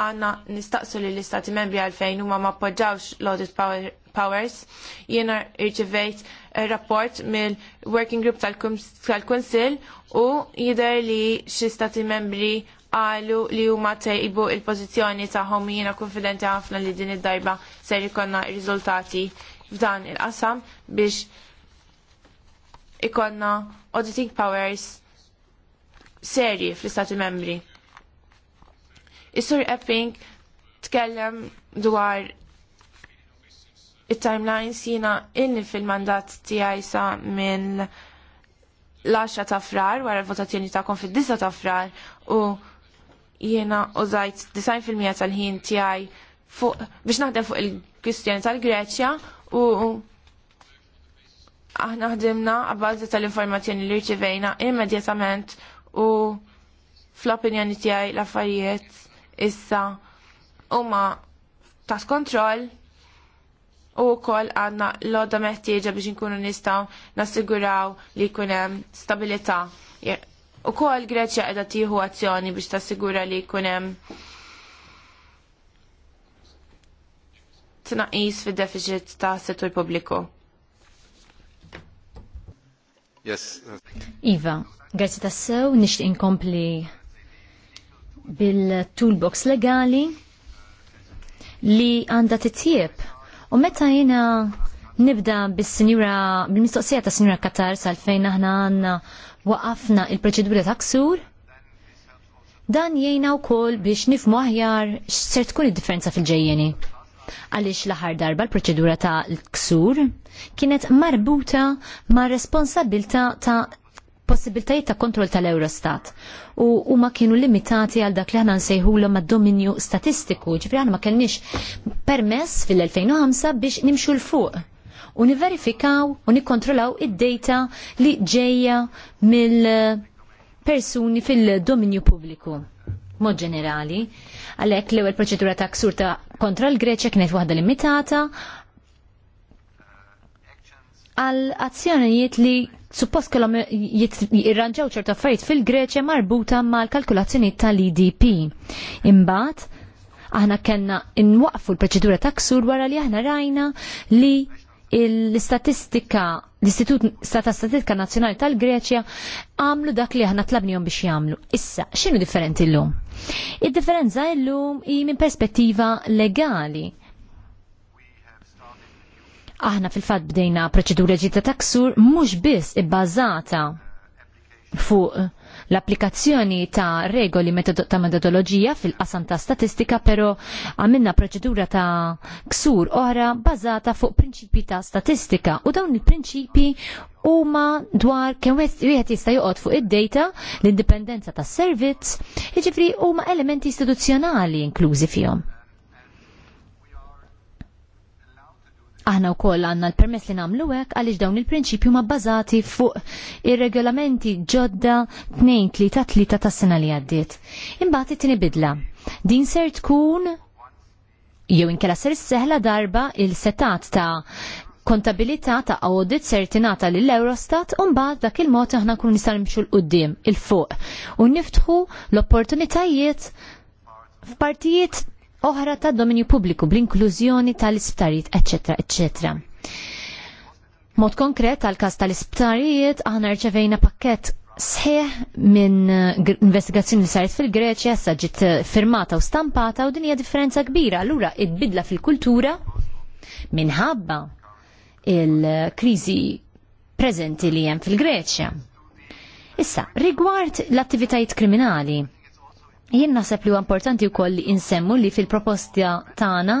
għanna nistaqsu li l-istati membri għalfejn huma ma podġawx l-audit power powers. Jiena irċivejt eh, rapport mill-working group tal-Kunsil u jider li xi stati membri għalu li huma tejbu il-pożizzjoni tagħhom jiena konfidenti ħafna li din id-darba ser ikonna riżultati f'dan il-qasam biex ikonna auditing powers serji fl-istati membri. Is-Sur Epping tkellem dwar it-timelines sina inni fil-mandat tiegħi sa minn l-10 ta' frar wara l-votazzjoni ta'kom fid 10 ta' frar u jiena użajt 90% tal-ħin tiegħi fuq biex naħdem fuq il-kwistjoni tal-Greċja u aħna ħdimna għabbażi tal-informazzjoni li rċivejna immedjatament u fl-opinjoni tiegħi l-affarijiet issa huma tas kontroll u wkoll għandna l-għodda meħtieġa biex inkunu nistgħu nassiguraw li jkun hemm stabilità. U kol Greċja qiegħda tieħu azzjoni biex tassigura li jkun hemm tnaqis fid-deficit ta' settur pubbliku. Yes. Iva, grazzi sew nixtieq inkompli bil-toolbox legali li għanda titjieb. U meta jena nibda bis-sinjura, bil-mistoqsija ta' sinjura Katar sal-fejn aħna għanna waqafna il-proċedura ta' ksur, dan jena u kol biex nifmu aħjar x'ser tkun id-differenza fil-ġejjeni. Għaliex l-aħħar darba l-proċedura ta' l-ksur kienet marbuta ma' responsabilta ta' possibiltajiet ta' kontroll tal-Eurostat u huma kienu limitati għal dak li ħana nsejħu l dominju statistiku, ġifri ma kellniex permess fil-2005 biex nimxu l-fuq u niverifikaw u nikontrollaw id-data li ġejja mill-persuni fil-dominju pubbliku mod ġenerali. Għalhekk l-ewwel proċedura ta' ksur ta' kontra l-Greċja kienet waħda limitata għal azzjonijiet li suppost kellhom jirranġaw ċertu affarijiet fil-Greċja marbuta mal-kalkulazzjoni tal-IDP. Imbagħad aħna kellna nwaqfu l-proċedura ta' ksur wara li aħna rajna li l-istatistika l-Istitut Stata Statistika Nazzjonali tal-Greċja għamlu dak li aħna tlabnihom biex jagħmlu. Issa, x'inhu differenti llum? Id-differenza llum hi minn perspettiva legali Aħna fil-fatt bdejna proċedura ġita taksur mhux biss ibbażata fuq l-applikazzjoni ta' regoli ta' metodoloġija fil-qasam ta' statistika, pero għamilna proċedura ta' ksur oħra bazata fuq prinċipi ta' statistika u dawn il-prinċipi huma dwar kemm wieħed jista' joqgħod fuq id-data, l-indipendenza tas-servizz, jiġifieri huma elementi istituzzjonali inklużi fihom. Aħna wkoll għandna l-permess li nagħmlu hekk għaliex dawn il-prinċipju ma bbażati fuq ir-regolamenti ġodda 2-3-3 tas-sena li għaddiet. Imbagħad it-tieni bidla. Din ser tkun jew inkela ser seħla darba il-setat ta' kontabilità ta' audit sertinata lill eurostat u mbagħad dak il-mod aħna kun nistgħu nimxu l-qudiem il-fuq u niftħu l-opportunitajiet f'partijiet oħra ta' dominju pubbliku bl-inklużjoni tal-isptarijiet, eccetera, eccetera. Mod konkret tal każ tal-isptarijiet aħna rċevejna pakkett sħiħ minn eh, investigazzjoni li saret fil-Greċja sa ġiet eh, firmata u stampata u dinja differenza kbira. Allura id-bidla fil-kultura minħabba il-kriżi preżenti li hemm fil-Greċja. Issa, rigward l-attivitajiet kriminali, Jien naħseb li huwa importanti wkoll li insemmu li fil-proposta tagħna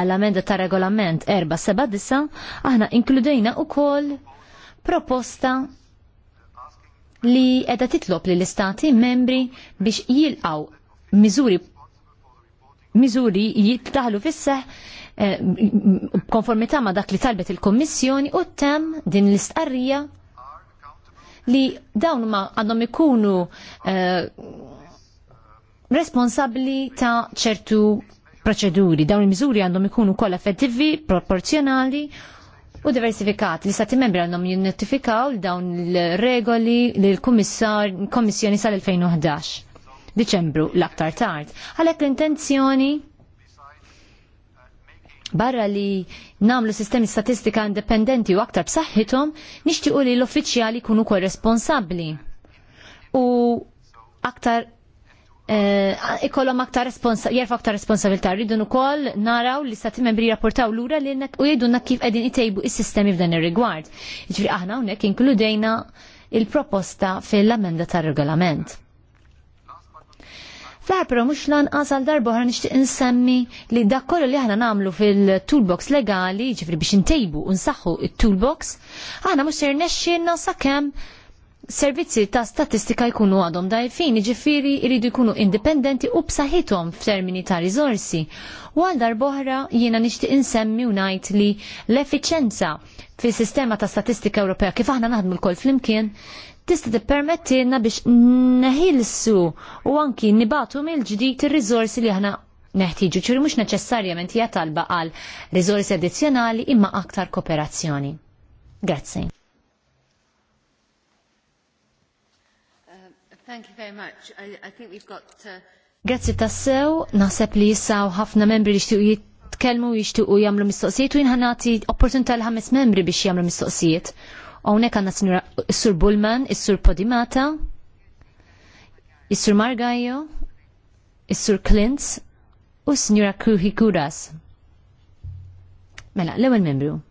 għall amenda ta' regolament 479 aħna inkludejna wkoll proposta li qiegħda titlob li l-istati membri biex jilqaw miżuri miżuri jittaħlu fis-seħ eh, konformità ma dak li talbet il-Kommissjoni u tem din l-istqarrija li dawn ma għandhom ikunu eh, responsabbli ta' ċertu proċeduri. Dawn il-miżuri għandhom ikunu koll effettivi, proporzjonali u diversifikati. L-istati membri għandhom jinnotifikaw dawn il-regoli l l-Kummissjoni sal-2011. Deċembru, l-aktar tard. Għalhekk l-intenzjoni barra li namlu sistemi statistika indipendenti u aktar b'saħħithom nixtiequ li l-uffiċjali jkunu kol responsabbli. U aktar Eh, ikollhom aktar jerfa' aktar responsabilità. Rridu ukoll naraw li stati membri rapportaw lura li u jgħidulna kif qegħdin itejbu is-sistemi f'dan ir-rigward. Jiġri aħna hawnhekk inkludejna il-proposta fil-amenda tar-regolament. Fl-ħar pero mux lanqas darbo darba ħra nixtieq insemmi li dak kollu li aħna nagħmlu fil-toolbox legali, ġifri biex intejbu u nsaħħu it-toolbox, aħna mhux ser nexxinna sakemm servizzi ta' statistika jkunu għadhom dajfin, ġifiri jridu jkunu indipendenti u b'saħħithom f'termini ta' riżorsi. U għal darboħra jiena nixtieq insemmi u ngħid li l-effiċenza fis-sistema ta' statistika Ewropea kif aħna naħdmu l-kol flimkien tista' tippermettilna biex neħilsu u anki nibatu mill-ġdid ir-riżorsi li aħna neħtieġu ċuri mhux neċessarjament hija talba għal riżorsi addizzjonali imma aktar kooperazzjoni. Grazie. Thank you very much. I, think we've got... Uh... Grazzi tassew, naħseb li jissaw ħafna membri li xtiqu jitkellmu jixtiqu jagħmlu mistoqsijiet u jinħanati opportunità l ħames membri biex jagħmlu mistoqsijiet. Hawnhekk għandna s-sur Bullman, is-sur Podimata, is-sur Margajo, is-sur Klintz u s sur Kuhi Kuras. Mela, l-ewwel membru.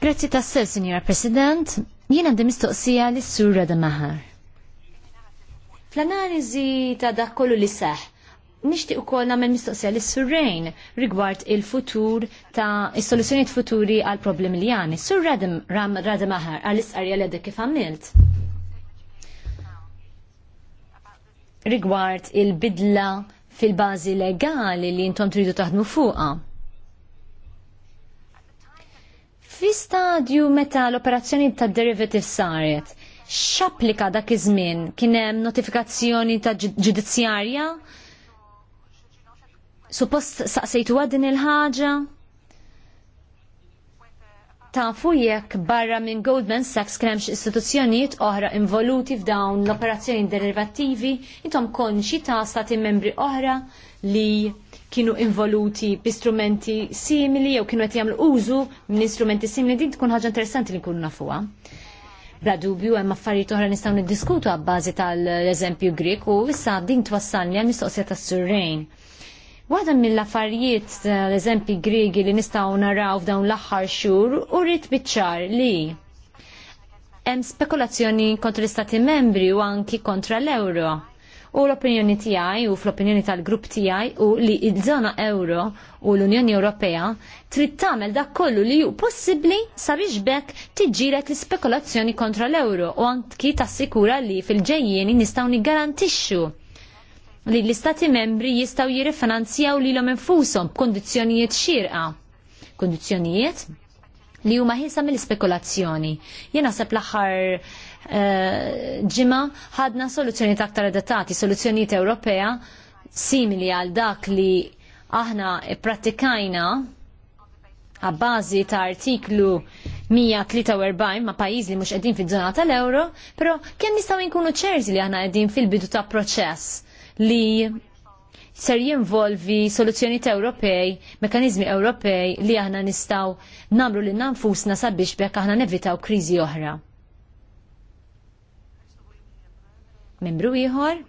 Grazzi tassel, Signora President. Jien għandi mistoqsija lis surra da maħar. Fl-analiżi ta' dak kollu li seħ, nixtieq ukoll nagħmel mistoqsija lis surrejn rigward il-futur ta' il soluzzjonijiet futuri għal problemi li għani. Sur da' Maħar għal isqarja li kif għamilt. Rigward il-bidla fil-bażi legali li intom tridu taħdmu fuqha Fi stadju meta l-operazzjoni ta' derivative saret, x'applika dak iż-żmien? Kien hemm notifikazzjoni ta' ġudizzjarja? Suppost saqsejtu din il-ħaġa? tafu jekk barra minn Goldman Sachs kien hemm istituzzjonijiet oħra involuti f'dawn l-operazzjoni derivattivi intom konxi ta' stati membri oħra li kienu involuti b'istrumenti simili jew kienu qed jagħmlu użu minn istrumenti simili din tkun ħaġa interessanti li nkunu nafuha. Bla dubju hemm affarijiet oħra nistgħu niddiskutu għabbażi tal-eżempju Grik u issa din twassalni għal mistoqsija tas-surrejn. Waħda mill-affarijiet l-eżempi Grigi li nistgħu naraw f'dawn l-aħħar xhur u rrid biċċar li hemm spekulazzjoni kontra l-Istati membri u anki kontra l-euro u l-opinjoni tiegħi u fl-opinjoni tal-grupp tiegħi u li id-żona euro u l-Unjoni Ewropea trid tagħmel dak kollu li hu possibbli sabiex bekk tiġġieled l-ispekulazzjoni kontra l-euro u anki tassikura li fil-ġejjieni nistgħu niggarantixxu li l-istati membri jistaw jirrifinanzjaw li l-om infusom kondizjonijiet xirqa. Kondizjonijiet li huma ħisa mill-spekulazzjoni. Jena sepp l-axar Eh, ġimma ħadna soluzzjoni aktar adattati, soluzzjonijiet Ewropea simili għal dak li aħna prattikajna għabbażi ta' artiklu 143 ma' pajiz li mux qegħdin fiż-żona tal-euro, però kemm nistgħu nkunu ċerzi li aħna qegħdin fil-bidu ta' proċess li ser jinvolvi soluzzjonijiet Ewropej, mekanizmi Ewropej li aħna nistgħu nagħmlu lil nfusna sabiex bekk aħna nevitaw kriżi oħra. Membru ieħor?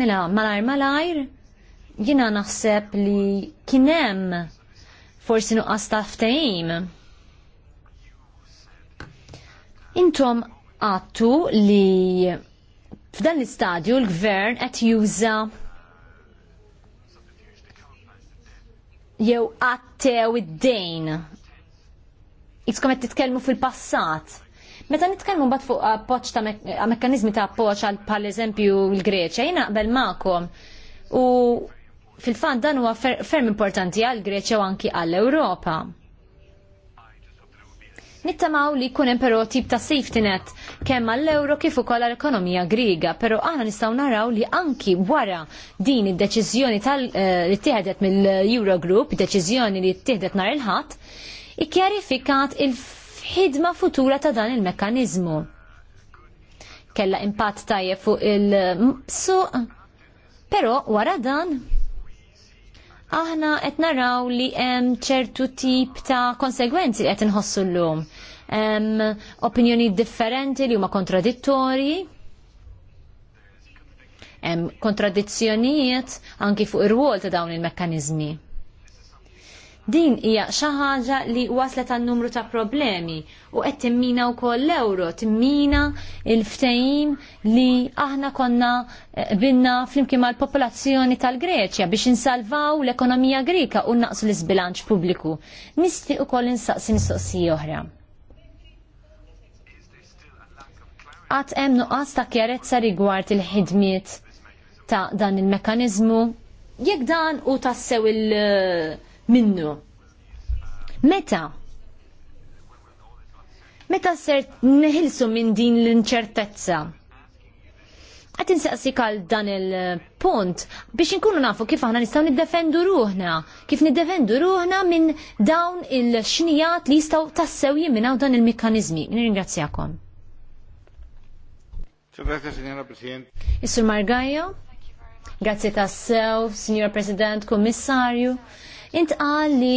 Mela, malajr malajr, jina naħseb li kienem forsi nuqqas taftajim. Intom għattu li f'dan l-istadju l-gvern qed juża jew għattew id-dejn Iskom qed titkellmu fil-passat. Meta nitkellmu bat fuq appoġġ ta' mekkaniżmi ta' appoġġ għal pal-eżempju l-Greċja, jina naqbel ma'kom. u fil fat dan huwa ferm importanti għal Greċja u anki għall Ewropa. Nittamaw li jkun hemm però tip ta' safety net kemm għall-euro kif ukoll għall-ekonomija griga, però aħna nistgħu naraw li anki wara din id-deċiżjoni tal eh, li tieħdet mill-Eurogroup, deċiżjoni li tieħdet nhar il-ħadd, ikkjarifikat il-ħidma futura ta' dan il mekanizmu Kella impatt tajjeb fuq il-suq, pero wara dan aħna qed naraw li hemm ċertu tip ta' konsegwenzi li qed inħossu llum. Hemm opinjoni differenti li huma kontradittorji. Hemm kontradizzjonijiet anki fuq ir wol ta' dawn il-mekkaniżmi. Din hija xi ħaġa li waslet għan numru ta' problemi u qed timmina wkoll l ewro timmina il-ftehim li aħna konna eh, binna flimkien mal-popolazzjoni tal-Greċja biex insalvaw l-ekonomija Grika u naqsu l-isbilanċ pubbliku. Nisti ukoll insaqsi mistoqsija oħra. Għat hemm nuqqas ta' kjarezza rigward il-ħidmiet ta' dan il mekkaniżmu jekk dan u tassew il- minnu. Meta? Meta ser neħilsu minn din l-inċertezza? Għat insaqsik għal dan il-punt biex inkunu nafu kif aħna nistaw niddefendu ruħna, kif niddefendu ruħna minn dawn il-xnijat li jistaw tassew jimminaw dan il-mekkanizmi. Nirringrazzjakom. Is-Sur Margajo, grazzi tassew, Signor President, Kommissarju intqal li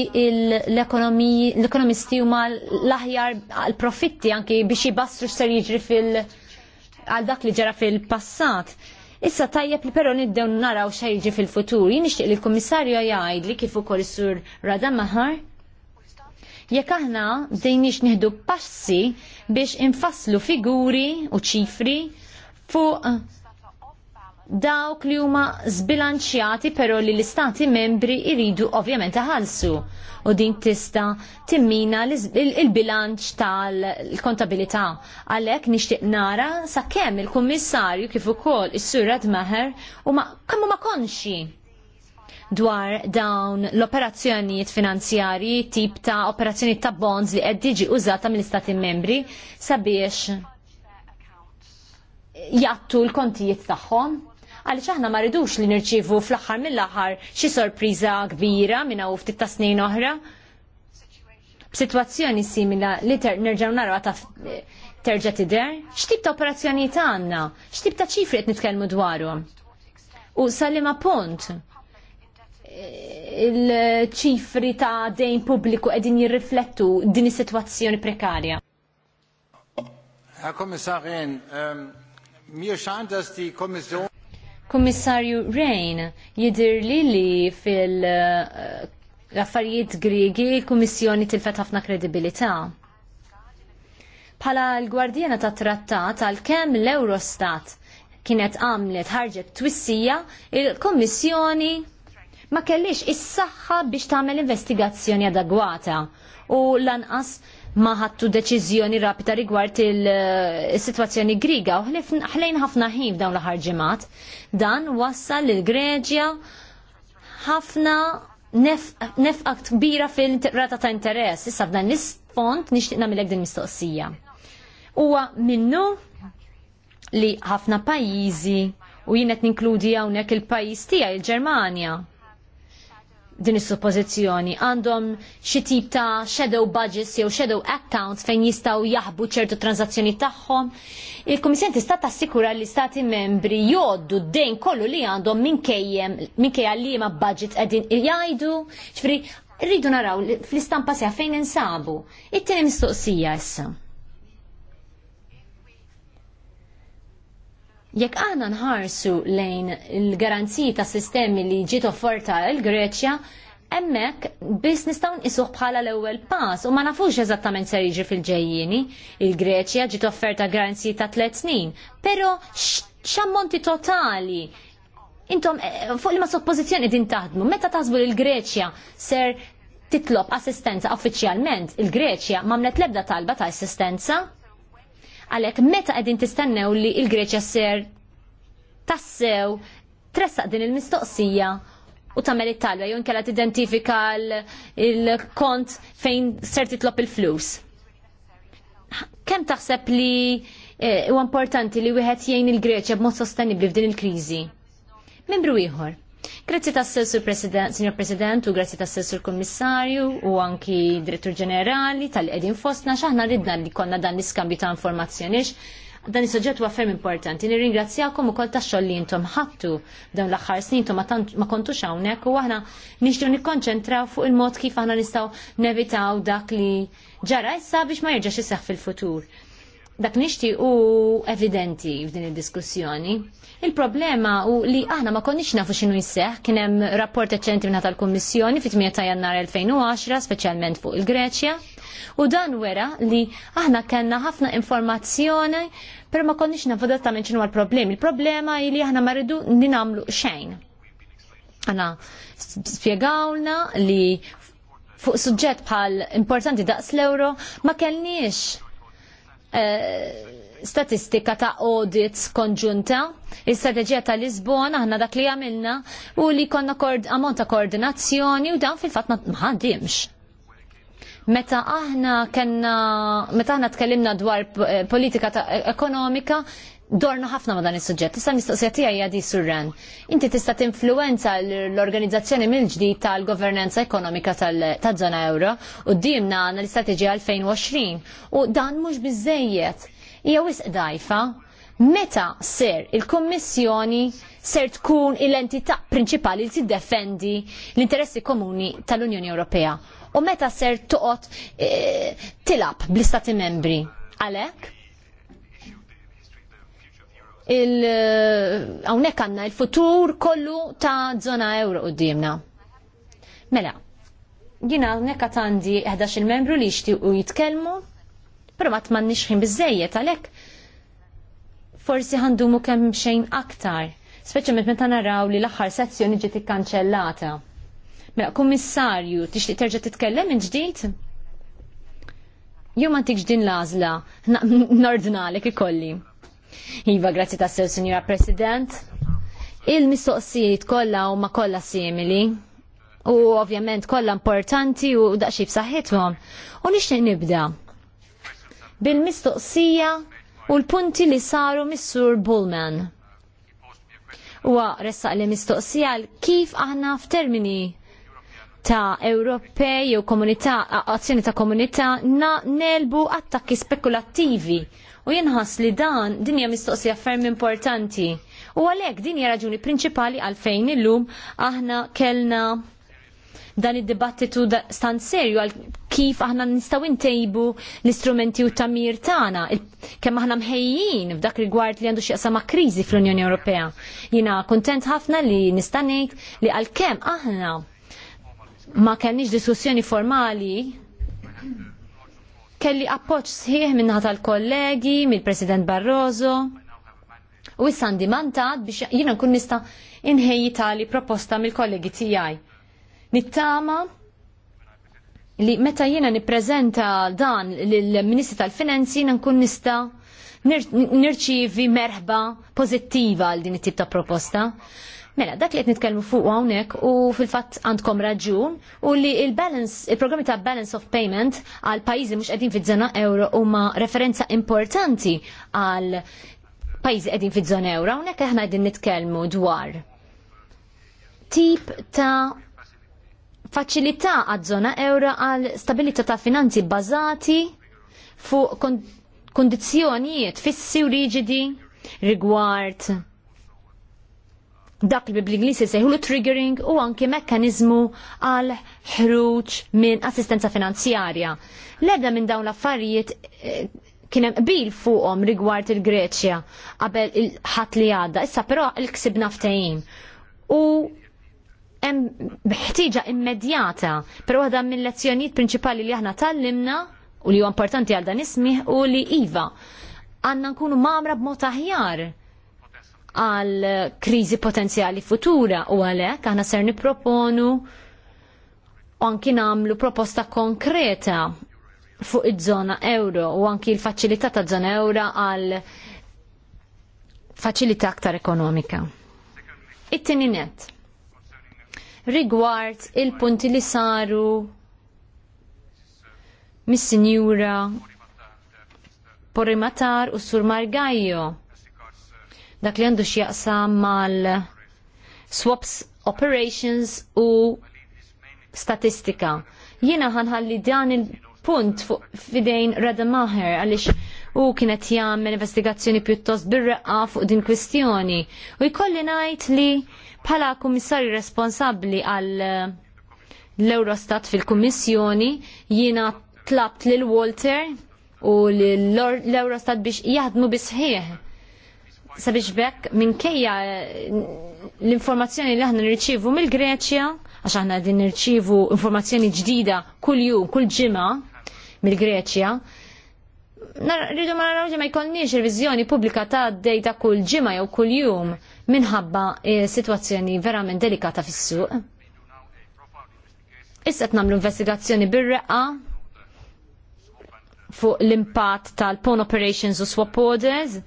l-ekonomisti huma l-aħjar għall profitti anki biex jibastru x'ser jiġri fil- għal dak li ġara fil-passat. Issa tajjeb li però niddew naraw xa jiġi fil-futur. Jien nixtieq li l-Kummissarju jgħid li kif ukoll sur Rada Maħar. Jekk aħna bdejniex nieħdu passi biex infasslu figuri u ċifri fuq dawk li huma zbilanċjati però li l-istati membri iridu ovvjament ħalsu u din tista timmina il-bilanċ tal-kontabilità. Għalhekk nixtieq nara sakemm il-kummissarju kif ukoll is-surat maħer u ma kemm ma konxi dwar dawn l-operazzjonijiet finanzjarji tip ta' operazzjonijiet ta' bonds li qed tiġi użata mill-istati membri sabiex jattu l-kontijiet tagħhom għaliex aħna ma rridux li nirċievu fl-aħħar mill-aħħar xi sorpriża kbira minn hawn ftit ta' snin oħra. B'sitwazzjoni simila li nerġgħu narwa għata terġa' tidher, x'tip ta' operazzjonijiet għandna, x'tip ta' ċifri qed nitkellmu dwarhom. U salima punt, il-ċifri ta' dejn pubbliku qegħdin jirriflettu din is-sitwazzjoni prekarja? Herr Kommissarin, ähm, mir scheint, dass die Kommission Kummissarju Rejn jidir li fil uh, affarijiet Griegi l-Kummissjoni tilfet ħafna kredibilità. Bħala l-gwardjana ta' trattat għal kem l-Eurostat kienet għamlet ħarġet twissija il-Kommissjoni ma kellix is-saħħa biex tagħmel investigazzjoni adegwata u lanqas ma ħattu deċiżjoni rapida rigward il-situazzjoni eh, griga u ħlejn ħafna ħin f'dawn l-aħħar ġimgħat. Dan wassal lil Greġja ħafna nefqa kbira fil-rata ta' interess. Issa f'dan l-isfond nixtieq nagħmilek din mistoqsija. Huwa minnu li ħafna pajjiżi u jien qed ninkludi hawnhekk il-pajjiż tiegħi il-Ġermanja din is-suppożizzjoni għandhom xi tip ta' shadow budgets jew shadow accounts fejn jistgħu jaħbu ċertu tranzazzjoni tagħhom. Il-Kummissjoni tista' tassikura li stati membri jgħoddu d-dejn kollu li għandhom minkejjem minkejja li ma budget qegħdin jgħidu, ġifieri rridu naraw fl-istampa seha fejn insabu. It-tieni mistoqsija issa. Jekk għana nħarsu lejn il-garanziji ta' sistemi li ġiet offerta l-Greċja, emmek biss nistaw nqisuh bħala l-ewwel pass u ma nafux eżattament se jiġri fil-ġejjieni. Il-Greċja ġiet offerta garanziji ta' tliet snin, però x'ammonti totali intom eh, fuq li ma soppożizzjoni din taħdmu, meta taħsbu lill greċja ser titlob assistenza uffiċjalment, il-Greċja mamlet lebda talba ta' assistenza Għalhekk meta qegħdin tistennew li l-Greċja ser tassew tressaq din il-mistoqsija u tagħmel it-talba jew t tidentifika l-kont fejn ser titlob il-flus. Kemm taħseb li eh, huwa importanti li wieħed jgħin il-Greċja b'mod sostenibbli f'din il-kriżi? Membru ieħor Grazzi ta' s-sessur president, signor President, u grazzi ta' s-sessur Kommissarju, u anki Direttur Ġenerali tal-edin fostna, xaħna ridna li konna dan l-iskambju ta' informazzjonix. Dan is-soġġett huwa ferm importanti. Nirringrazzjakom ukoll tax-xogħol li intom ħadtu dawn l-aħħar snin intom ma kontux hawnhekk u aħna nixtru nikkonċentraw fuq il-mod kif aħna nistgħu nevitaw dak li ġara issa biex ma jerġax iseħħ fil-futur dak nixti u evidenti f'din id-diskussjoni. Il-problema u li aħna ma konniex nafu x'inhu jseħħ kien hemm rapport eċenti minna tal-Kummissjoni fit-8 Jannar 2010 speċjalment fuq il-Greċja. U dan wera li aħna kellna ħafna informazzjoni per ma konniex nafu dattament x'inhu għal problemi Il-problema hi li aħna ma ninamlu xejn. Għana spiegawna li fuq suġġett bħal importanti daqs l-euro ma kellniex eh, statistika ta' audits konġunta, il-strategija ta' Lisbon, aħna dak li għamilna, u li konna ammont ta' koordinazzjoni u dan fil-fat ma meta aħna kenna, meta aħna tkellimna dwar eh, politika ta eh, ekonomika, dorna ħafna ma dan is-suġġett. Issa mistoqsija tiegħi hija di surren. Inti tista' tinfluwenza l-organizzazzjoni mill-ġdid tal-governanza ekonomika ta' żona euro u d għandna l-istrateġija 2020 u dan mhux bizzejiet hija wisq dajfa. Meta ser il-Kummissjoni ser tkun l-entità prinċipali li tiddefendi l-interessi komuni tal-Unjoni Ewropea u meta ser toqgħod eh, tilab bl-istati membri. Għalhekk eh, hawnhekk għandna il-futur kollu ta' żona euro qudiemna. Mela, Jiena hawnhekk għandi 11 il-membru li jixtiequ jitkellmu pero ma tmannix nixħin bizzejiet għalek. Forsi għandumu kemm xejn aktar, speċjalment meta naraw li l-aħħar sezzjoni ġiet ikkanċellata. Mela kummissarju, tixtieq terġa' titkellem minn ġdid? Jew ma din l-għażla, nordnalek ikolli. Iva, grazzi sew, Signora President. Il-mistoqsijiet kollha huma kollha simili u ovvjament kollha importanti u daqsxie b'saħħithom. U nixtieq nibda bil-mistoqsija u l-punti li saru mis-Sur Bullman. Huwa ressaq li mistoqsija kif aħna f'termini ta' Ewropej u komunità, azzjoni ta' komunità na nelbu attakki spekulattivi u jenħas li dan din hija mistoqsija ferm importanti. U għalhekk din hija raġuni prinċipali għalfejn illum aħna kellna dan id-dibattitu stan serju għal kif aħna nistgħu ntejbu l-istrumenti u tamir tagħna kemm aħna mħejjin f'dak rigward li għandu x'jaqsam ma' kriżi fl-Unjoni Ewropea. Jiena kuntent ħafna li nista' ngħid li għalkemm aħna ma kenniex diskussjoni formali kelli appoġġ sħiħ minnaħa tal-kollegi, mill-President Barroso. U issa għandi biex jiena nkun nista' inħejji tali proposta mill-kollegi tiegħi. Nittama li meta jiena nippreżenta dan lill-Ministru tal-Finanzi nkun nista' nirċivi merħba pożittiva għal din it-tip ta' proposta. Mela, dak li qed nitkellmu fuq hawnhekk u fil-fatt għandkom raġun u li il-balance, il-programmi ta' balance of payment għal pajjiżi mhux qegħdin fiż-żona euro huma referenza importanti għal pajjiżi qegħdin fiż-żona euro, hawnhekk aħna qegħdin nitkellmu dwar tip ta' faċilità għad-żona euro għal stabilità ta' finanzi bazati fuq kondizjonijiet fissi u riġidi rigward dak li bl-Inglisi sejħulu triggering u anki mekkanizmu għal ħruġ minn assistenza finanzjarja. Leda minn dawn l-affarijiet eh, kienem bil fuqhom rigward il-Greċja qabel il-ħat li għadda, issa però il-ksib naftajin. U ħtieġa immedjata, però waħda mill-lezzjonijiet prinċipali li aħna tallimna u li huwa importanti għal dan ismih u li iva għandna nkunu mamra b'mod aħjar għal kriżi potenzjali futura u għalhekk aħna ser nipproponu u anki nagħmlu proposta konkreta fuq iż-żona euro u anki l-faċilità ta' żona euro għal faċilità aktar ekonomika. It-tini net rigward il-punti li saru mis-sinjura Porimatar u Sur Margajo. Dak li għandu x'jaqsam mal swaps operations u statistika. Jiena ħanħalli dan il-punt fuq fidejn Rada Maher għaliex u kienet jagħmel investigazzjoni pjuttost birreqqa fuq din kwistjoni. U jkolli najt li Bħala kummissarju responsabbli għal eh, l-Eurostat fil-Kummissjoni jiena tlabt lil Walter u l-Eurostat biex jaħdmu bisħieħ. Sabiex bekk minkejja eh, l-informazzjoni li aħna nirċivu mill-Greċja, għax aħna din nirċivu informazzjoni ġdida kull jum, kull ġimgħa mill-Greċja, rridu ma narawġi ma jkollniex revizjoni pubblika ta' ta' kull ġimma jew kull jum minħabba e, situazzjoni verament delikata fis-suq. Issa qed nagħmlu investigazzjoni bir-reqqa fuq l-impatt tal-pawn operations u swap orders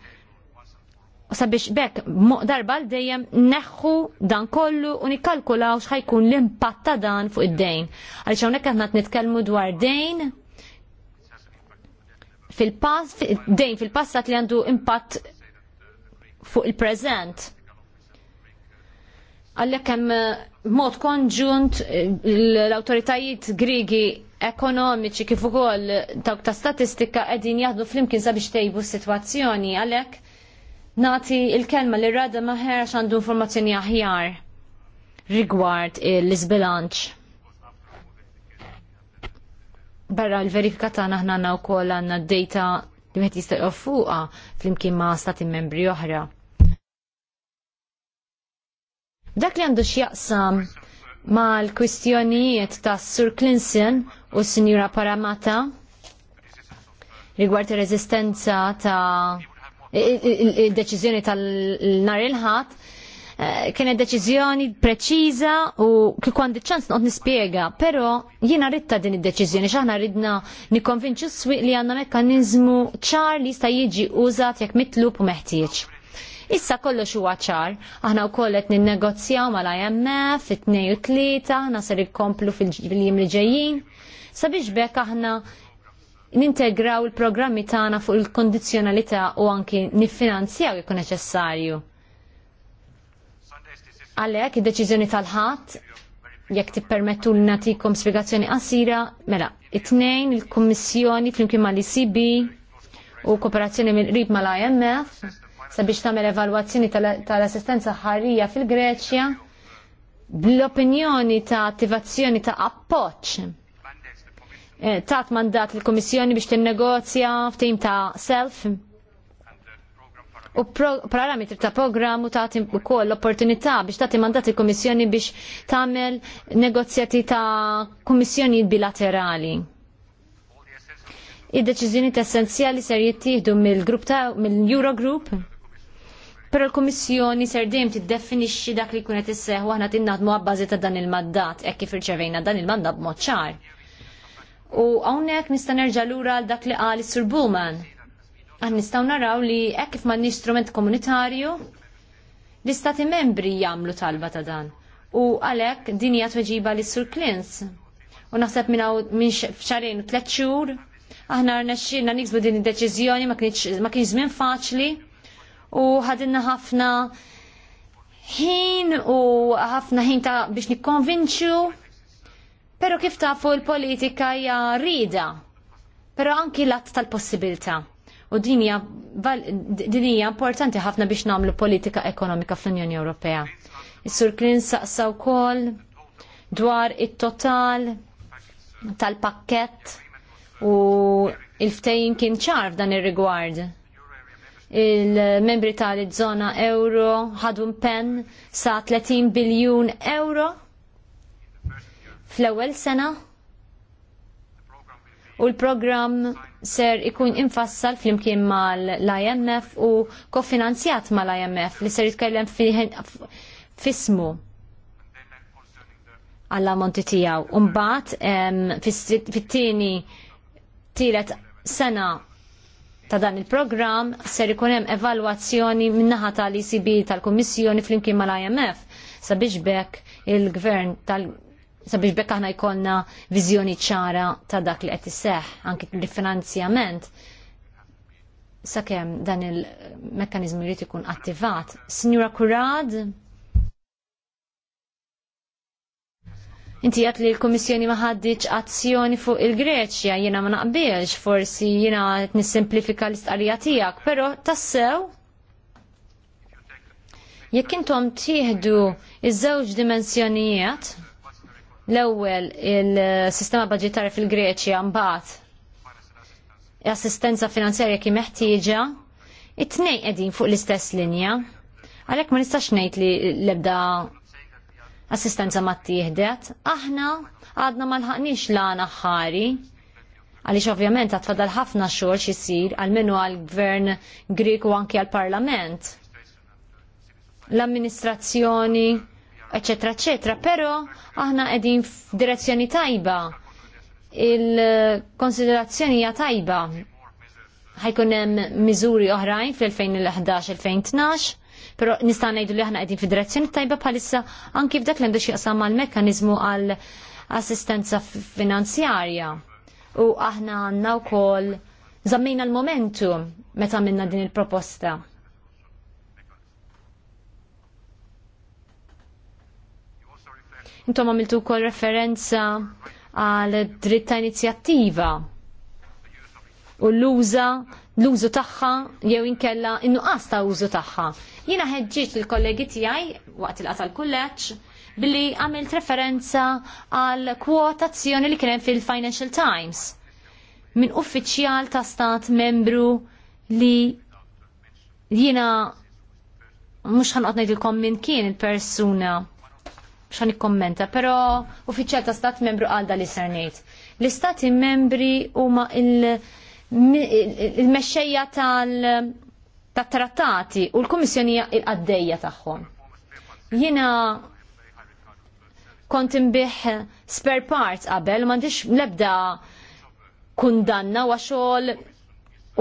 u sabiex bekk darba l dejjem neħħu dan kollu u nikkalkulaw x'ħajkun l-impatt ta' dan fuq id-dejn. Għaliex hawnhekk aħna nitkellmu dwar dejn fil-pass, dejn fil-passat li għandu impatt fuq il-prezent. Għallek hemm eh, mod konġunt eh, l-autoritajiet grigi ekonomiċi kif ukoll dawk ta' statistika qegħdin jaħdu flimkien sabiex tejbu s-sitwazzjoni għalhekk nagħti il-kelma li rada maħer għandu informazzjoni aħjar rigward l-isbilanċ barra l-verifika tagħna aħna għandna wkoll għandna d-data li jistaj jista' fuqha flimkien ma' stati membri oħra. Dak li għandu x'jaqsam ma' l-kwistjonijiet ta' Sur Clinton u s-Sinjura Paramata rigward ir-reżistenza ta' il-deċiżjoni tal-nar il-ħadd Eh, kienet deċiżjoni preċiża u kikon ċans noqgħod nispjega, però jiena ta' din id-deċiżjoni x'aħna ridna nikkonvinċu s-swieq li għandna mekkaniżmu ċar li jista' jiġi użat jekk mitlub u meħtieġ. Issa kollox huwa ċar, aħna wkoll qed ninnegozjaw mal-IMF fit-tnej u tlieta, aħna ser ikomplu fil-jiem li ġejjin. Sabiex bekk aħna nintegraw il-programmi tagħna fuq il-kondizzjonalità u anki niffinanzjaw jekk neċessarju. Għalhekk id-deċiżjoni tal-ħadd jekk tippermettu li nagħtikom spjegazzjoni qasira, mela, it-tnejn il-Kummissjoni flimkien mal-ICB u kooperazzjoni mill-qrib mal-IMF sabiex tagħmel evalwazzjoni tal-assistenza ħarija fil-Greċja bl-opinjoni ta' attivazzjoni ta' appoċ eh, tat mandat il kommissjoni biex tinnegozja f'tim ta' self u parametri ta' u tagħti wkoll l-opportunità biex tagħti mandat il-Kummissjoni biex tagħmel negozjati ta' komissjoni bilaterali. id ta' essenzjali ser jittieħdu mill-grupp ta' mill-Eurogroup Pero l-Komissjoni ser dim tiddefinixxi dak li kunet isseħ aħna qed innaħdmu għabbażi ta' dan il-mandat hekk kif irċevejna dan il-mandat b'mod ċar. U hawnhekk nista' nerġa' lura għal dak li qal is-Sur Buman Għan nistaw naraw li hekk kif m'għandniex strument komunitarju, l-istati membri jagħmlu talba ta' dan. U għalhekk din hija tweġiba lis sur Klins. U naħseb minn min f'xarejn u tlet xhur, aħna rnexxinna niksbu din id-deċiżjoni ma kienx żmien faċli u ħadinna ħafna ħin u ħafna ħin ta' biex nikkonvinċu, pero kif tafu l-politika hija rida, pero anki l-att tal-possibilità u din hija importanti ħafna biex nagħmlu politika ekonomika fl-Unjoni Ewropea. Is-Sur Clint saqsa wkoll dwar it-total tal-pakkett u il-ftejn kien ċar f'dan ir-rigward. Il-membri tal-żona euro ħadu pen sa 30 biljun euro fl-ewwel sena u l-programm ser ikun infassal flimkien mal-IMF u kofinanzjat mal-IMF li ser jitkellem fismu għalla monti tijaw. Umbat, fit-tini tiret sena ta' dan il-program ser ikun hemm evalwazzjoni minnaħa tal-ECB tal-Kummissjoni flimkien mal-IMF sabiex bekk il-gvern tal sabiex bekk aħna jkollna viżjoni ċara ta' dak li qed isseħħ anki l-finanzjament sakemm dan il-mekkaniżmu jrid ikun attivat. Signora Kurad, Inti għat li l-Komissjoni maħaddiċ azzjoni fuq il-Greċja, jena ma naqbilx, forsi jena t-nissimplifika l-istqarija tijak, pero tassew jekk intom tieħdu iż-żewġ dimensjonijiet, L-ewwel il-sistema budġetarja fil-Greċja mbagħad assistenza finanzjarja kien meħtieġa it-tnejn qegħdin fuq l-istess linja. Għalhekk ma nistax ngħid li l-ebda assistenza ma tieħdet. Aħna għadna ma lħaqniex lana ħari għaliex ovvjament għatfadal ħafna xogħol xisir għal minnu għall gvern Grik u anki għall parlament l-amministrazzjoni eccetera, eccetera, però aħna qegħdin f'direzzjoni tajba. Il-konsiderazzjoni hija tajba. Ħajkun hemm miżuri oħrajn fl-2011-2012, però nista' ngħidu li aħna qegħdin f'direzzjoni tajba bħalissa anki f'dak li għandu x'jaqsam mal-mekkaniżmu għal assistenza finanzjarja. U aħna għandna wkoll żammejna l-momentu meta għamilna din il-proposta. Intom għamiltu kol referenza għal dritta inizjattiva u l-uża l-użu tagħha jew inkella innuqas ta' użu tagħha. Jiena ħedġiċ l kollegi tiegħi waqt il-qata l-kulleġġ billi għamilt referenza għal kwotazzjoni li kien fil-Financial Times minn uffiċjal ta' stat membru li jiena mhux ħanqod ngħidilkom minn kien il-persuna xan ikkommenta, pero uffiċjal ta' stat membru għalda li sarnejt. L-istati membri huma il-mexxejja il tal-trattati u l-Kummissjoni il-qaddejja tagħhom. Jiena kont imbiħ spare parts qabel, m'għandix l-ebda kundanna wa xogħol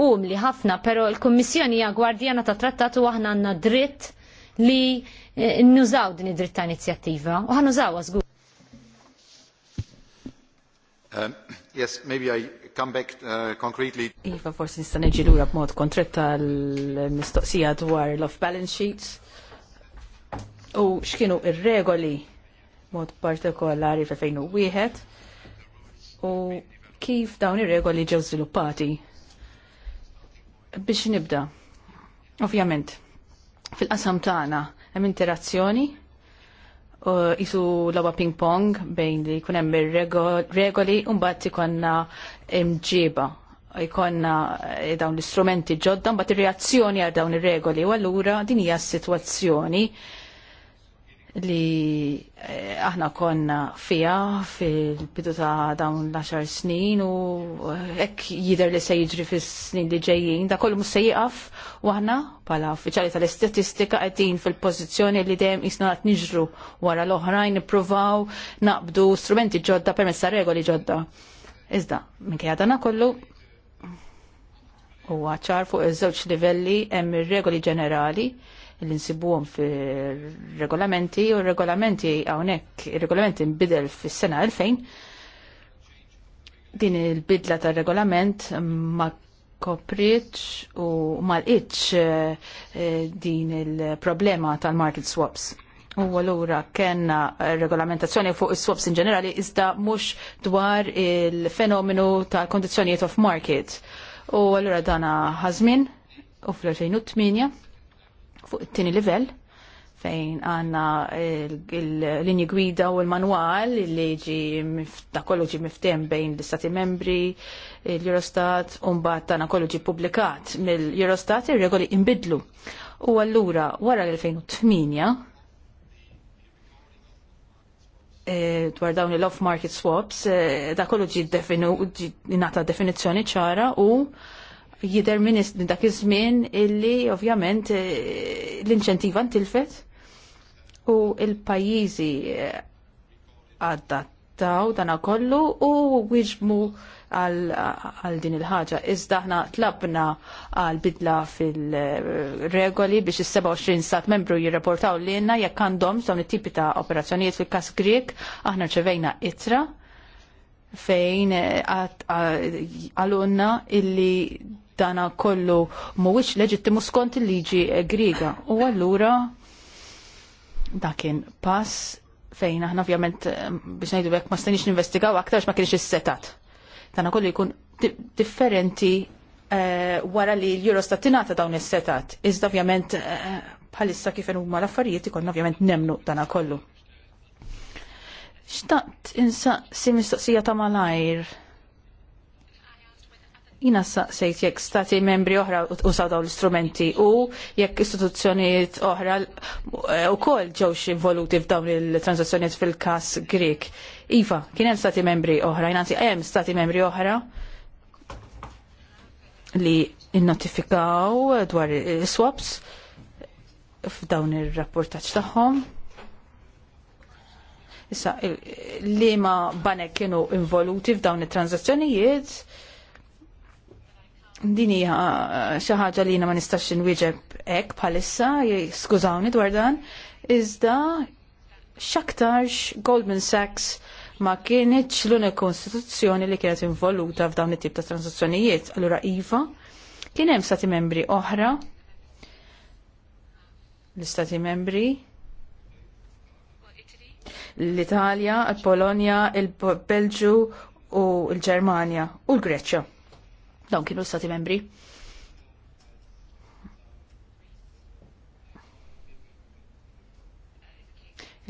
um li ħafna, pero l-Kummissjoni hija gwardjana ta' trattat u aħna għandna dritt li eh, nużaw din id dritta inizjattiva u ħanużawha żgur. Um, yes, maybe I come back uh, concretely. Iva, forsi nista' neġi lura b'mod kontretta l mistoqsija dwar l-off-balance sheets. U x'kienu ir-regoli mod partikolari fil wieħed, u kif dawn ir-regoli ġew żviluppati. Biex nibda, ovvjament, Fil-qasam tagħna hemm interazzjoni jisu isu lawa ping pong bejn li jkun hemm ir-regoli u mbagħad ikonna mġiba jkonna eh, dawn l-istrumenti ġodda mbagħad ir-reazzjoni għal dawn ir-regoli u allura din hija s-sitwazzjoni li eh, aħna konna fija fil-bidu ta' dawn l-10 snin u eh, hekk jider li se jiġri fis-snin li ġejjin, da kollu mhux se jiqaf u aħna bħala uffiċjali tal-istatistika qegħdin fil-pożizzjoni li dejjem jisna għat nġru wara l-oħrajn nippruvaw naqbdu strumenti ġodda per messa regoli ġodda. Iżda, minkejja dana kollu huwa ċar fuq iż-żewġ livelli hemm ir-regoli ġenerali li nsibuhom fir-regolamenti u r-regolamenti hawnhekk ir-regolament inbidel fis-sena 2000 din il-bidla tar-regolament ma kopriċ u ma lqitx eh, din il-problema tal-market swaps. U għallura kena regolamentazzjoni fuq is-swaps in ġenerali iżda mhux dwar il-fenomenu tal-kondizzjonijiet of market. U għallura dana ħażmin u fl-2008 fuq it-tieni livell fejn għanna l-linji gwida u l-manual li ġi ta' kollu ġi miftem bejn l-istati membri, l-Eurostat, mbagħad tagħna kollu ġi publikat mill-Eurostat ir-regoli imbidlu. U għallura wara l-2008 e, dwar dawn il-off-market swaps, e, da kollu ġi nata definizzjoni ċara u jider minist minn dak iż-żmien illi ovvjament eh, l-inċentiva ntilfet u il-pajjiżi eh, adattaw dana kollu u wiġmu għal din il-ħaġa. Iżda aħna tlabna għal bidla fil-regoli biex is-27 stat membru jirreportaw li jenna jekk għandhom dawn it-tipi ta' operazzjonijiet fil-kas Grek, aħna ċevejna itra fejn eh, għalunna illi dana kollu mhuwiex leġittimu skont il-liġi griega. U allura dakin pass fejn aħna ovvjament ehm, biex ngħidu hekk ma stenix ninvestigaw aktar ma kienx is-setat. Dana kollu jkun differenti eh, wara li l-Eurostat tingħata dawn is-setat. Iżda ovvjament eh, bħalissa kif huma l-affarijiet ikun ovvjament nemnu dana kollu. Xtaqt insaqsi mistoqsija ta' malajr Jina saqsejt jekk stati membri oħra użaw dawn l-istrumenti u jekk istituzzjonijiet oħra eh, u kol ġewx involuti f'dawn il-transazzjonijiet fil-kas Grek. Iva, kien hemm stati membri oħra, jinanzi hemm stati membri oħra li innotifikaw dwar swaps f'dawn ir-rapportaġġ tagħhom. Issa, li ma banek kienu involuti f'dawn it-transazzjonijiet, Din hija ah, xi ħaġa li jiena ma nistax inwieġeb hekk bħalissa, skużawni dwar dan, iżda x'aktarx Goldman Sachs ma kienitx l-unika istituzzjoni li kienet involuta f'dawn it-tip ta' transazzjonijiet. Allura iva, kien hemm stati membri oħra l-istati membri l-Italja, il-Polonja, il-Belġu u l-Ġermanja u l-Greċja dawn kienu stati membri.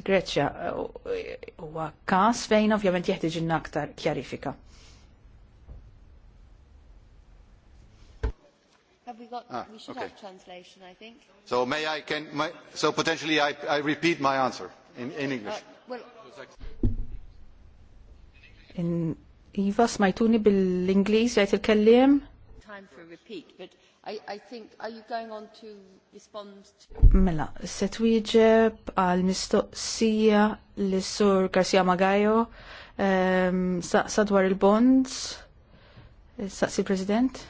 Greċja huwa każ fejn ovvjament jeħtieġ inna aktar kjarifika. So may I can my, so potentially I I repeat my answer in in English. Uh, well, in Iva, smajtuni bil-Inglis, jgħajt il-kellim. Time for repeat, but I, I think, are you going on to respond to... Mela, set wieġeb għal mistoqsija li sur Garcia Magajo um, ehm, sadwar il-bonds, saqsi president.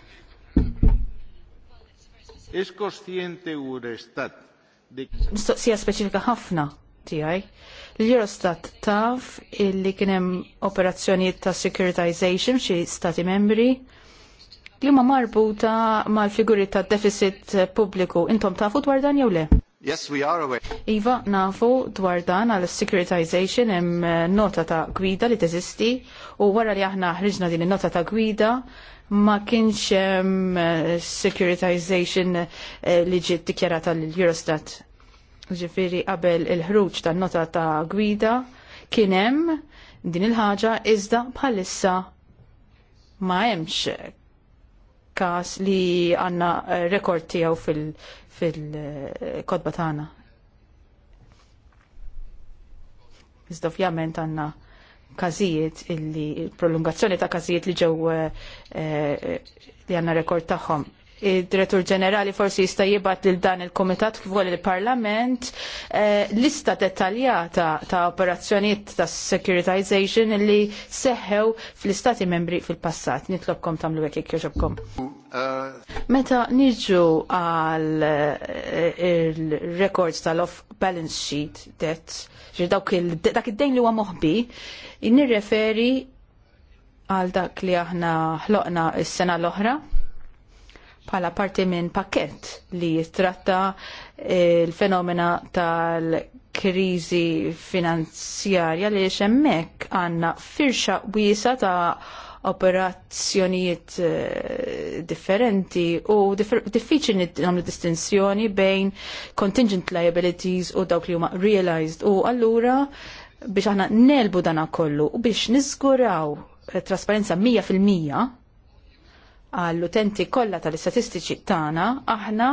Es kostjente u restat. Mistoqsija specifika ħafna tijaj L-Eurostat taf illi kienem operazzjonijiet ta' securitization xi stati membri li ma marbuta mal-figuri ta' deficit pubbliku. Intom tafu dwar dan jew le? Yes, we are aware. Iva, nafu dwar dan għal securitization hemm eh, nota ta' gwida li teżisti u wara li aħna ħriġna din nota ta' gwida ma kienx hemm eh, securitization eh, li ġiet dikjarata l Eurostat ġifiri qabel il-ħruġ tan-nota ta' gwida kien hemm din il-ħaġa iżda bħalissa ma hemmx każ li għandna rekord tiegħu fil-kodba fil tagħna. Iżda ovvjament għandna każijiet illi prolungazzjoni ta' każijiet li ġew eh, eh, li għandna rekord tagħhom il-Direttur Ġenerali forsi jista' jibgħat lil dan il-Kumitat kif ukoll il-Parlament eh, lista dettaljata ta' operazzjonijiet ta' securitization li seħħew fl-Istati membri fil-passat. Nitlobkom tagħmlu hekk jekk jogħġobkom. Uh, Meta niġu għal eh, records tal-off balance sheet debt, dak id-dejn li huwa moħbi, nirreferi għal dak li aħna ħloqna s-sena l-oħra bħala parti minn pakket li jistratta eh, il-fenomena tal kriżi finanzjarja li xemmek għanna firxa wiesa ta' operazzjonijiet eh, differenti u diffiċli nagħmlu distinzjoni bejn contingent liabilities u dawk li huma realized u allura biex aħna nelbu dana kollu u biex niżguraw eh, trasparenza 100% għall-utenti kollha tal-istatistiċi tagħna aħna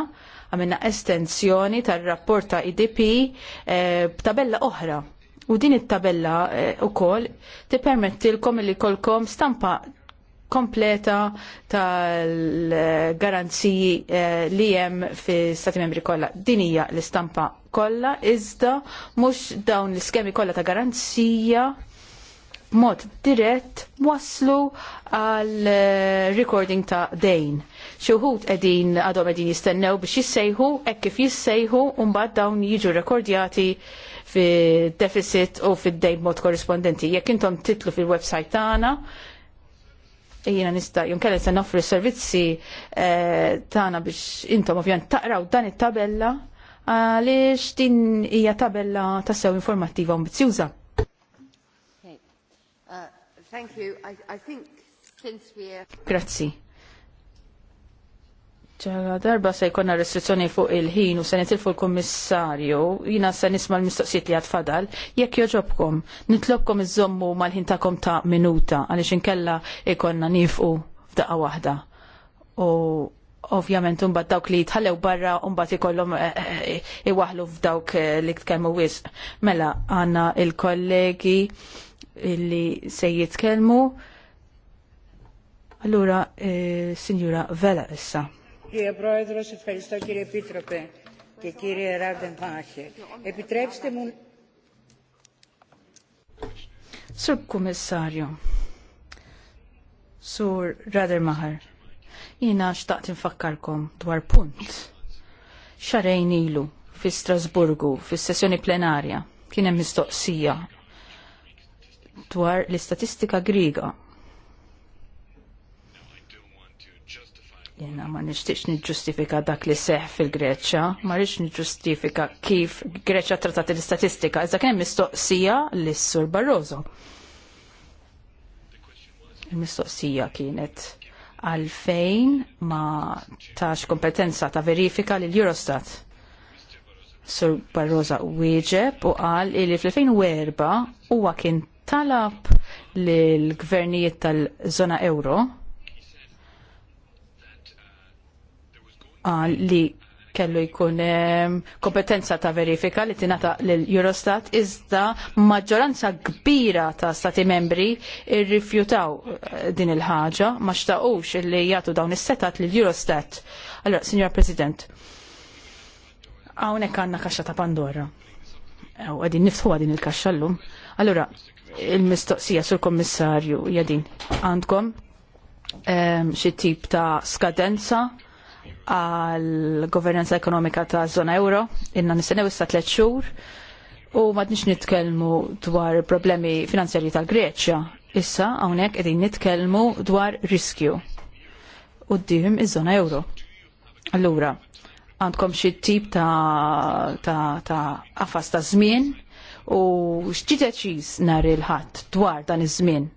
għamilna estensjoni tal-rapport ta' IDP eh, b'tabella oħra. U din it-tabella wkoll eh, tippermettilkom li kolkom stampa kompleta tal-garanziji eh, li hemm fi stati membri kollha. Din hija l-istampa kollha iżda mhux dawn l-iskemi kollha ta' garanzija mod dirett waslu għal eh, recording ta' dejn. Xuħut edin għadhom edin jistennew biex jissejħu, ek kif jissejħu, mbagħad dawn jiġu rekordjati fi deficit u fi dejn mod korrispondenti. Jekk intom titlu fil-website tagħna, jina nista kellet se noffri servizzi tana eh, tagħna biex intom ovjan taqraw dan it-tabella għaliex din hija tabella tassew informattiva u ambizzjuża. Thank you. I, I think since we are... Grazzi. Ġala darba se jkonna restrizzjoni fuq il-ħin u se nitilfu l-kommissarju, jina se nisma l-mistoqsijiet li għadfadal, jekk joġobkom, nitlobkom iż-żommu mal-ħin takom ta' minuta, għaliex inkella jkonna nifqu f'daqqa waħda. U ovvjament unbat dawk li jitħallew barra unbat ikollhom eh, eh, iwaħlu f'dawk eh, li tkemmu wisq. Mela għandna il-kollegi illi se jitkellmu. Allura, e, eh, Sinjura Vela issa. Κύριε Πρόεδρος, ευχαριστώ κύριε Επίτροπε και κύριε Ράντεν Επιτρέψτε μου... Sur Kummissarju, Sur Rader Maher, jina xtaqt infakkarkom dwar punt. Xarejn ilu fi Strasburgu, fi sessjoni plenarja, kienem mistoqsija dwar l-istatistika griga. Jena ma nixtiex niġġustifika dak li seħ fil-Greċja, ma rridx niġġustifika kif Greċja trattat l-istatistika, iżda kemm mistoqsija lis-Sur Barroso. Il-mistoqsija kienet għalfejn ma tax kompetenza ta' verifika l Eurostat. Sur Barroso wieġeb u qal li 2004 huwa kien talab lill gvernijiet tal-żona euro li kellu jkun ehm, kompetenza ta' verifika li tinata l-Eurostat iżda maġġoranza kbira ta' stati membri irrifjutaw eh, din il-ħaġa ma xtaqux li jagħtu dawn is-setat lill eurostat Allora, Signor President, hawnhekk għandna kaxxa ta' Pandora. U għadin niftħu għadin il-kaxxa llum. Allora, il-mistoqsija sur kommissarju jadin għandkom xie xi tip ta' skadenza għal governanza ekonomika ta' zona euro inna nistennew issa tliet xhur u m'għadniex nitkellmu dwar problemi finanzjari tal-Greċja issa hawnhekk qegħdin nitkellmu dwar riskju quddiem iż-żona euro. Allura, għandkom xi tip ta' ta' ta' qafas ta' żmien u xġita ċis nar il-ħat dwar dan iż-żmien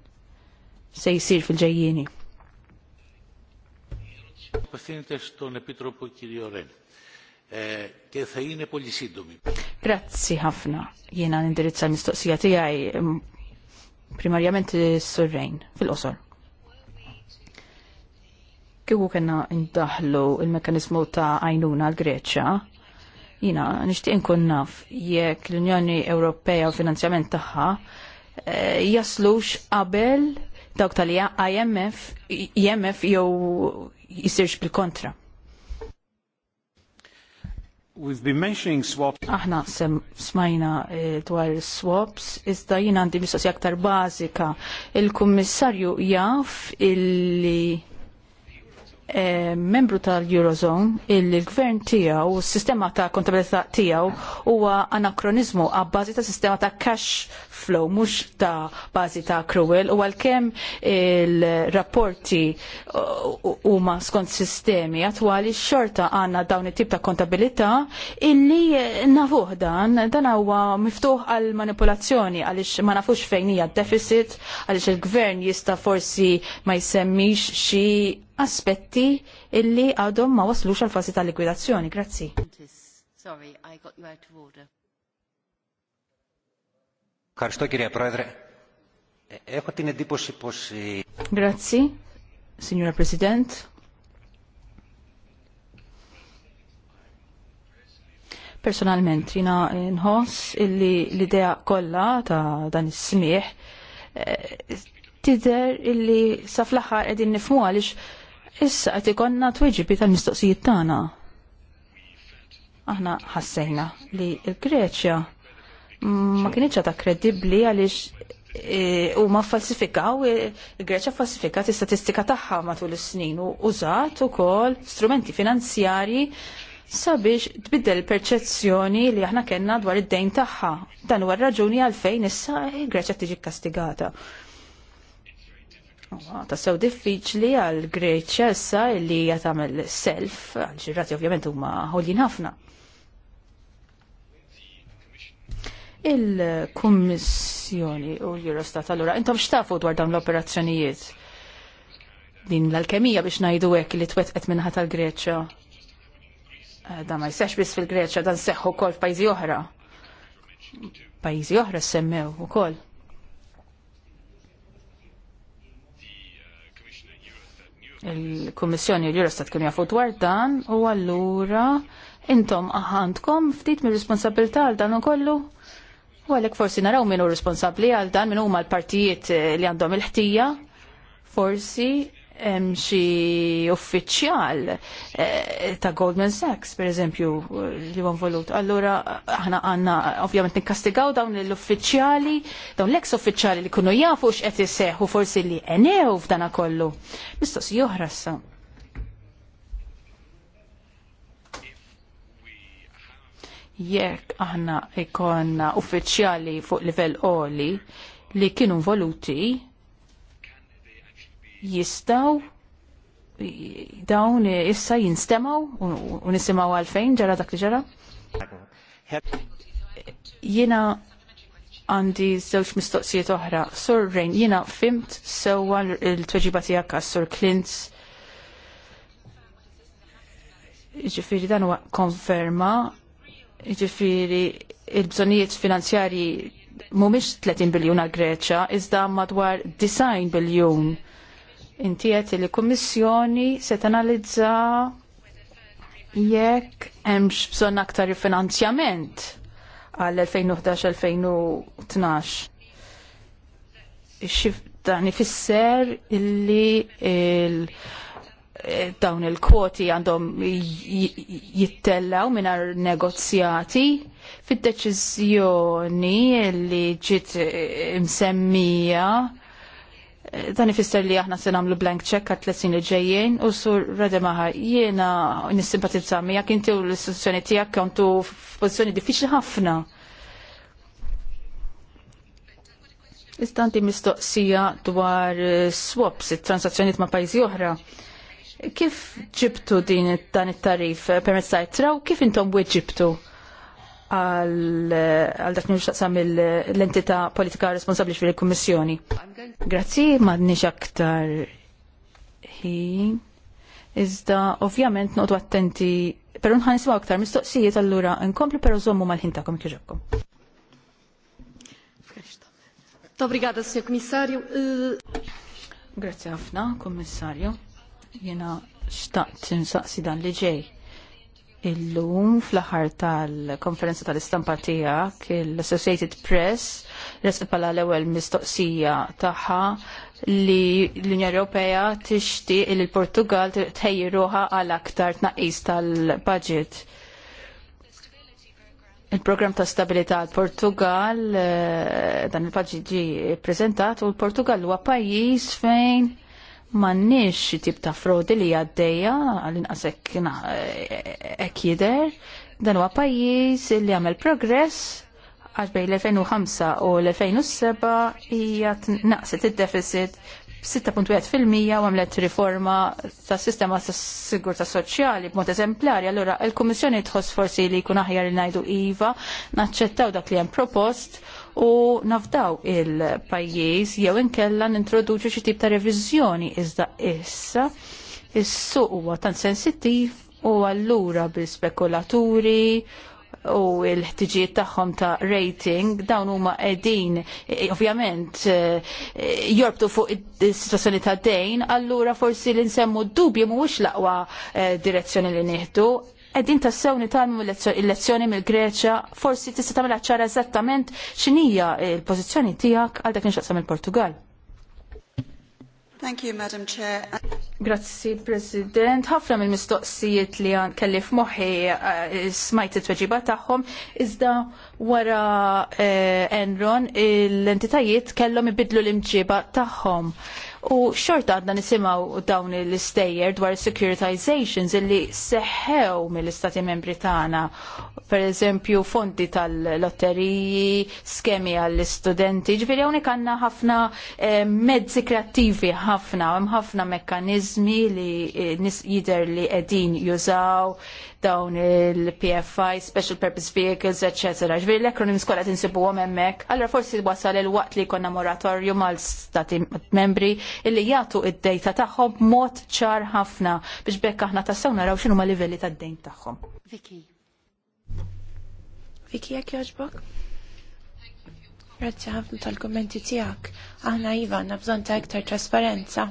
se jsir fil-ġejjieni. Grazzi ħafna jiena nindirizza l-mistoqsija tiegħi mm, primarjament s-surrejn fil-qosor. Kieku kena indaħlu il-mekanizmu ta' għajnuna l-Greċa, Jina, nishtiq nkun naf jekk l-Unjoni Ewropea u finanzjament tagħha eh, jaslux qabel dawk tal IMF, IMF jew jisirx bil-kontra. We've been mentioning swaps. Aħna sem smajna eh, dwar swaps, iżda jien għandi mistoqsija aktar bażika. Il-kummissarju jaf illi Eh, membru tal-Eurozone illi l-gvern tiegħu u s-sistema ta' kontabilità tiegħu huwa anakronizmu bazi ta' sistema ta' cash flow mhux ta' bażi ta' cruel, u għalkemm il-rapporti uh, huma skont sistemi għatwali xorta għandna dawn it-tip ta' kontabilità illi eh, nafuh dan dan huwa miftuħ għal manipolazzjoni għaliex ma nafux fejn hija deficit għaliex il-gvern jista' forsi ma jsemmix xi aspetti illi għadhom ma waslux għal fasi tal-likwidazzjoni. Grazzi. Karsto, kirja Eħu posi. Grazzi, Signora President. Personalment, jina nħoss illi l-idea kollha ta' dan is-smieħ eh, tider illi sa fl-aħħar qegħdin nifhmu għaliex Issa qed ikonna tweġibi tal-mistoqsijiet tagħna. Aħna ħassejna li l-Greċja ma kienieċa ta' kredibbli għaliex e, huma falsifikaw e, il-Greċja falsifikat il statistika tagħha matul is-snin u użat ukoll strumenti finanzjarji sabiex tbiddel perċezzjoni li aħna kellna dwar id-dejn tagħha. Dan u r-raġuni għalfejn issa il-Greċja tiġi kastigata tassew diffiċli għal Greċja issa li hija tagħmel self, għal xi rati ovvjament huma ħolin ħafna. Il-Kummissjoni u l-Eurostat allura intom x'tafu dwar dawn l-operazzjonijiet? Din l-alkemija biex ngħidu hekk li twetqet minħa tal-Greċja. Eh, da ma jsex biss fil-Greċja, dan seħħu wkoll f'pajjiżi oħra. Pajjiżi oħra semmew ukoll il-Kummissjoni u l jurastat kien jafu dwar dan u allura intom aħandkom ftit mir responsabilità għal dan ukollu. U għalek forsi naraw hu responsabli għal dan minn huma l-partijiet eh, li għandhom il-ħtija, forsi hemm xi uffiċjal eh, ta' Goldman Sachs, per eżempju, li għon involut. Allura aħna għandna ovvjament nikkastigaw dawn l-uffiċjali, dawn l-eks uffiċjali li kunu jafu x'qed iseħħu forsi li enew f'dana kollu. Mistoqs oħra sa. Jekk aħna ikonna uffiċjali fuq livell oli li kienu voluti jistaw dawn issa jinstemaw u nisimaw għalfejn ġara dak li ġara? Jena għandi żewġ mistoqsijiet oħra. Sur Rejn, jena fimt sewwa l-tweġiba tiegħek għas-Sur Clint. Ġifiri dan huwa konferma, Ġifiri il-bżonijiet finanzjarji mhumiex 30 biljun għal Greċja, iżda madwar 90 biljun intiet li kummissjoni se tanalizza jekk hemmx bżonn aktar finanzjament għal 2011-2012. Dan ifisser illi il eh, dawn il-kwoti għandhom jittellaw minar negozjati fid-deċiżjoni li ġiet imsemmija eh, dan ifisser li aħna se nagħmlu blank check għat tlesin li ġejjin u sur Rademaha jiena nissimpatizza miegħek inti u l-istituzzjoni tiegħek kontu f'pożizzjoni diffiċli ħafna. Istanti mistoqsija dwar eh, swaps, it-transazzjonijiet ma' pajjiżi oħra. Kif ġibtu din dan it-tarif eh, permezz ta' traw, kif intom weġibtu? ġibtu? għal dak nixtaqsam l entita politika responsabbli fil kummissjoni Grazzi, m'għandniex aktar ħin. Iżda ovvjament noqgħdu attenti, per unħan nisimaw aktar mistoqsijiet allura nkomplu però żommu mal-ħin tagħkom Tobrigada, Obrigada, Sr. Komissarju. Grazzi ħafna, Kommissarju. Jena xtaqt nsaqsi dan li ġej Illum fl-aħħar tal-konferenza tal-istampa tiegħek l-Associated Press resqet pala l-ewwel mistoqsija tagħha li l-Unjoni Ewropea tixtieq li l-Portugal tħejji ruha għal aktar tnaqqis tal-budget. Il-programm ta' stabilità l Portugal eh, dan il-budget ġi ppreżentat u l-Portugal huwa pajjiż fejn mannix tip ta' frodi li għaddeja għal inqasek ek eh, Dan huwa pajjiż li għamel progress għax bejn l-2005 u l-2007 jgħat naqset id-deficit 6.1% u għamlet riforma ta' sistema ta' sigurta soċjali b'mod eżemplari. Allora, il-Kummissjoni tħoss forsi li jkun aħjar li ngħidu IVA, naċċettaw dak li hemm propost u nafdaw il-pajjiż jew inkella nintroduċu xi tip ta' reviżjoni iżda issa is-suq huwa tant sensittiv u allura bil spekulaturi u l-ħtiġijiet tagħhom ta' rating dawn huma qegħdin ovvjament eh, jorbtu fuq is-sitwazzjoni ta' dejn, allura forsi li nsemmu d-dubju mhuwiex l-aqwa eh, direzzjoni li nieħdu Eddin tassew nitalmu l-lezzjoni mill-Greċja, forsi tista' tagħmel ċara eżattament x'inhija l-pożizzjoni tiegħek għal dak inxaqsam il-Portugal. Thank you, Madam Chair. Grazzi, President. Ħafna mill-mistoqsijiet li għan kelli f'moħħi eh, smajt it-tweġiba tagħhom iżda wara eh, Enron l-entitajiet kellhom ibidlu l-imġiba tagħhom u xorta għadna nisimaw dawn il istejjer dwar securitizations illi seħħew mill-istati membri tagħna. Per eżempju, fondi tal-lotteriji, skemi għall-istudenti, ġviri għonek għandna ħafna eh, mezzi kreattivi ħafna, hemm ħafna mekkaniżmi li eh, jider li qegħdin jużaw dawn il-PFI, Special Purpose Vehicles, etc. Ġviri l-acronyms kolla tinsibu għom emmek, allora forsi wasal il-waqt li konna moratorju mal-stati membri illi jgħatu id-dejta taħħom mod ċar ħafna biex bekk aħna tassaw naraw xinu ma livelli ta' d-dejn taħħom. Viki. Viki, jek joġbok? Grazie ħafna tal-kommenti tijak. Aħna Iva, nabżon ta' iktar trasparenza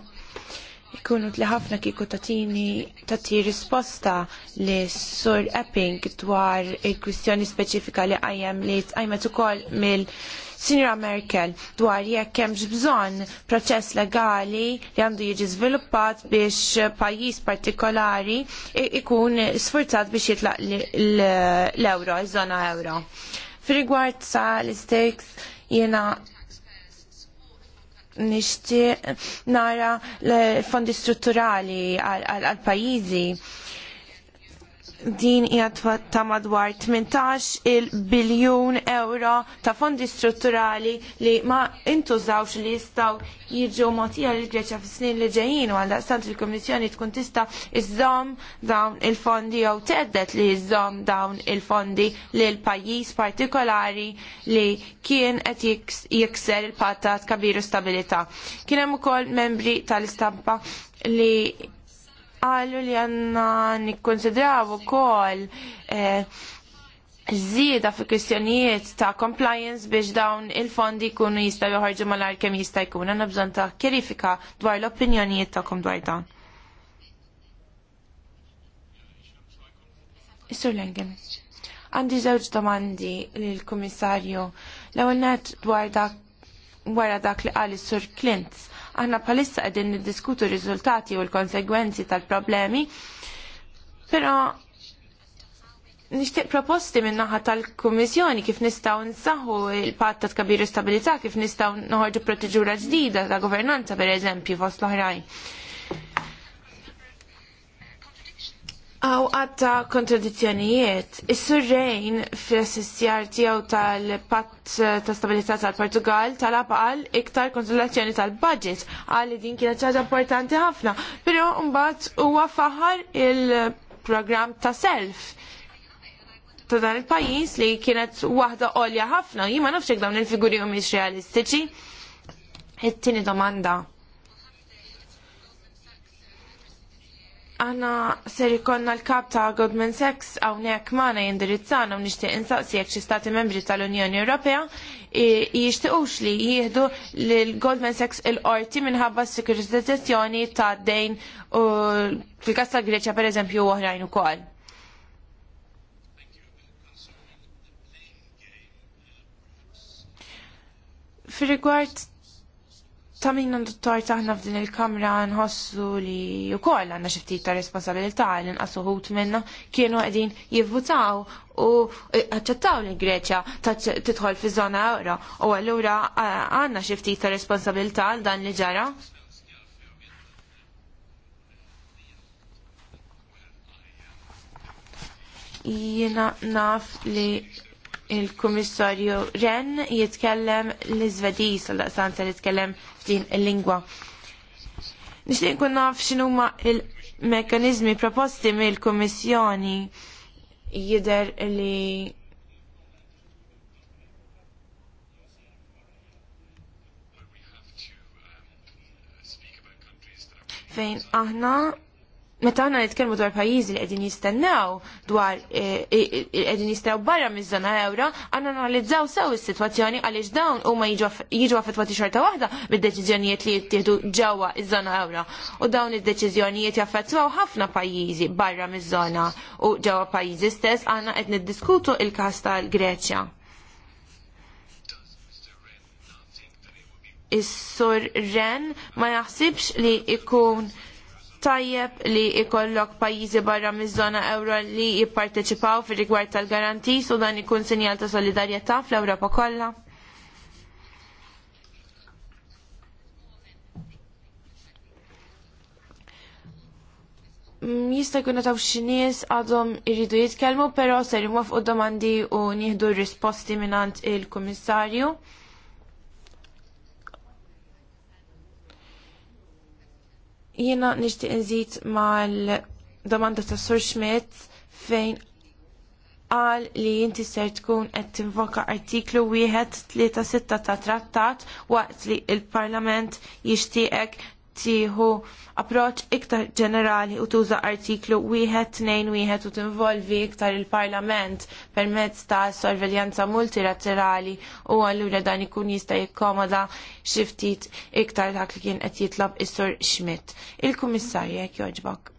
ikunu li ħafna kieku tatini tati risposta li Sur Epping dwar il-kwistjoni speċifika li għajem li għajmet ukoll mill Sinjora Merkel dwar jekk hemmx bżonn proċess legali li għandu jiġi żviluppat biex pajjiż partikolari ikun sfurzat biex jitlaq l-euro, iż-żona euro. iż żona euro Fi rigward sa l-istakes jiena nixtieq nara l-fondi strutturali għal pajjiżi din hija ta' madwar 18 il-biljun euro ta' fondi strutturali li ma intużawx li jistgħu jiġu mogħtija l greċa fis-snin li ġejjin u għaldaqstant il-Kummissjoni tkun tista' iżżomm dawn il-fondi jew teddet li jżomm dawn il-fondi l pajjiż partikolari li kien qed jikser il-patta kabiru stabilità. Kien hemm ukoll membri tal-istampa li għallu li għanna nikkonsidraw ukoll eh, żieda fi kwistjonijiet ta' compliance biex dawn il-fondi kunu jistgħu joħorġu malajr kem jista' jkun Għanna bżonn ta' kjerifika dwar l-opinjonijiet kum dwar dawn. Isur Lengen, għandi żewġ domandi l-komissarju. l-ewwel dwar dak wara dak li għalli sur Klintz Aħna bħalissa qegħdin niddiskutu r-riżultati u l-konsegwenzi tal-problemi, però nixtieq proposti minn naħa tal-Kummissjoni kif nistgħu nsaħu l patta t-kabiru u kif nistgħu noħorġu proteġura ġdida ta' governanza pereżempju fost l-oħrajn. Għaw għatta kontradizzjonijiet. Is-surrejn fl-assistjar tiegħu tal-patt ta' stabilità tal-Portugal talab għal iktar kontrollazzjoni tal-budget għal din kienet ċaġa importanti ħafna, però mbagħad huwa faħar il program ta' self ta' dan il-pajjiż li kienet waħda għolja ħafna, jima nafxek dawn il-figuri mhumiex realistiċi. it domanda. Għana ser ikonna l-kap ta' Goldman Sachs nek maħna jindirizzana u nishtiq insaqsi jek xi stati membri tal-Unjoni Ewropea jishtiqux li jihdu l-Goldman Sachs il-qorti minħabba sekurizzazzjoni ta' dejn u fil-kas ta' Greċja per eżempju u oħrajn ukoll. Fil-rigward ta' min dottor taħna f'din il-kamra nħossu li u koll għanna xifti ta' responsabilità li nqasuħut minna kienu għedin jivvutaw u għacċettaw li Greċja titħol fi zona euro u għallura għanna xifti ta' responsabilità għal dan li ġara. Jena naf li il-Kummissarju Ren jitkellem l-Izvedis, għal aqsan se jitkellem f'din il-lingwa. Nixtieq nkun naf x'inhuma il-mekkaniżmi proposti mill-Kummissjoni jidher li fejn aħna meta għanna nitkellmu dwar pajjiżi li qegħdin jistennew dwar eh, eh, eh, għedin jistennaw barra miż-żona ewra, għandna analizzaw sew is-sitwazzjoni għaliex dawn huma jiġu affettwati xorta waħda bid-deċiżjonijiet li jittieħdu ġewwa iż-żona ewra. U dawn id-deċiżjonijiet jaffettwaw ħafna pajjiżi barra miż u ġewwa pajjiżi stess għandna qed niddiskutu il-każ tal-Greċja. Is-sur Ren ma jaħsibx li ikun tajjeb li ikollok pajjiżi barra miż-żona ewro li jipparteċipaw fir rigward tal-garantis u dan ikun sinjal ta' solidarjetà fl-Ewropa kollha. Mm, jista' jkun taw xi nies għadhom iridu jitkellmu, però ser imwafqu domandi u nieħdu r risposti mingħand il-Kummissarju. Jiena nixtieq nżid mal-domanda ta' Sur Schmidt fejn qal li inti ser tkun qed tinvoka artiklu wieħed tlieta sitta ta' trattat waqt li l-Parlament jixtieqek tieħu approċċ iktar ġenerali u tuża artiklu wieħed tnejn wieħed u tinvolvi iktar il-Parlament permezz ta' sorveljanza multilaterali u allura dan ikun jista' jikkomoda xi ftit iktar dak li kien qed jitlab is-Sur Schmidt. Il-Kummissarju jekk jogħġbok.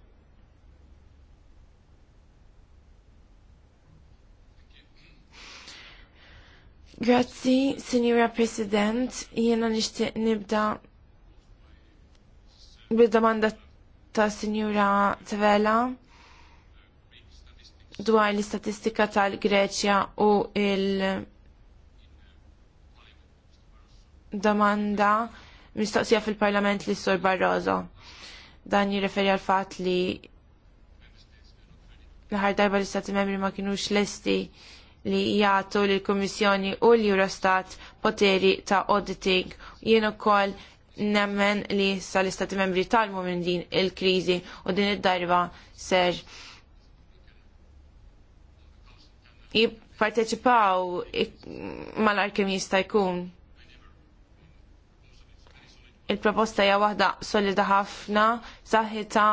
Grazzi, Signora President, jiena nixtieq nibda Bid-domanda ta' Sinjura Tvela dwar l-istatistika tal-Greċja u il- domanda mistoqsija fil-Parlament li Sur Barroso. Dan jirreferi għal fatt li l-ħar darba l-Istati membri ma kienux lesti li jgħatu l-Komissjoni u l-Eurostat poteri ta' auditing. Jien ukoll nemmen li sa l-istati membri talmu minn din il-kriżi u din id-darba ser jipparteċipaw mal-ar kemm jista' jkun. Il-proposta hija waħda solida ħafna, saħħita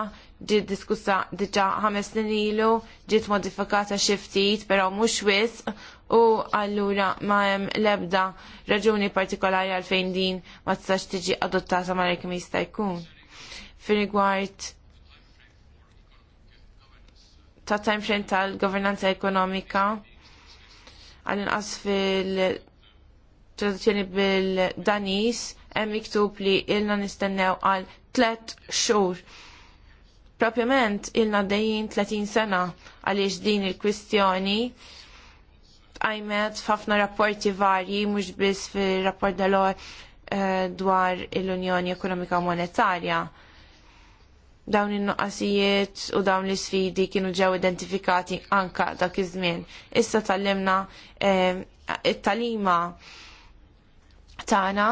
Ġiet diskussa diġa ħames snin ilu, ġiet modifikata xi ftit, però mhux wisq u allura ma hemm l-ebda raġuni partikolari għalfejn din ma tistax tiġi adottata ma rek jista' jkun. Fir-rigward ta' time frame tal-governanza ekonomika għal-inqas fil-traduzzjoni bil-Danis hemm miktub li ilna nistennew għal tlet xhur propjament ilna dejjin 30 sena għaliex din il-kwistjoni għajmet f'ħafna rapporti varji mhux biss fir-rapport dalor eh, dwar l-Unjoni Ekonomika Monetarja. Dawn in-nuqqasijiet u dawn l-isfidi kienu ġew identifikati anka dak iż-żmien. Issa tallimna eh, it-talima tagħna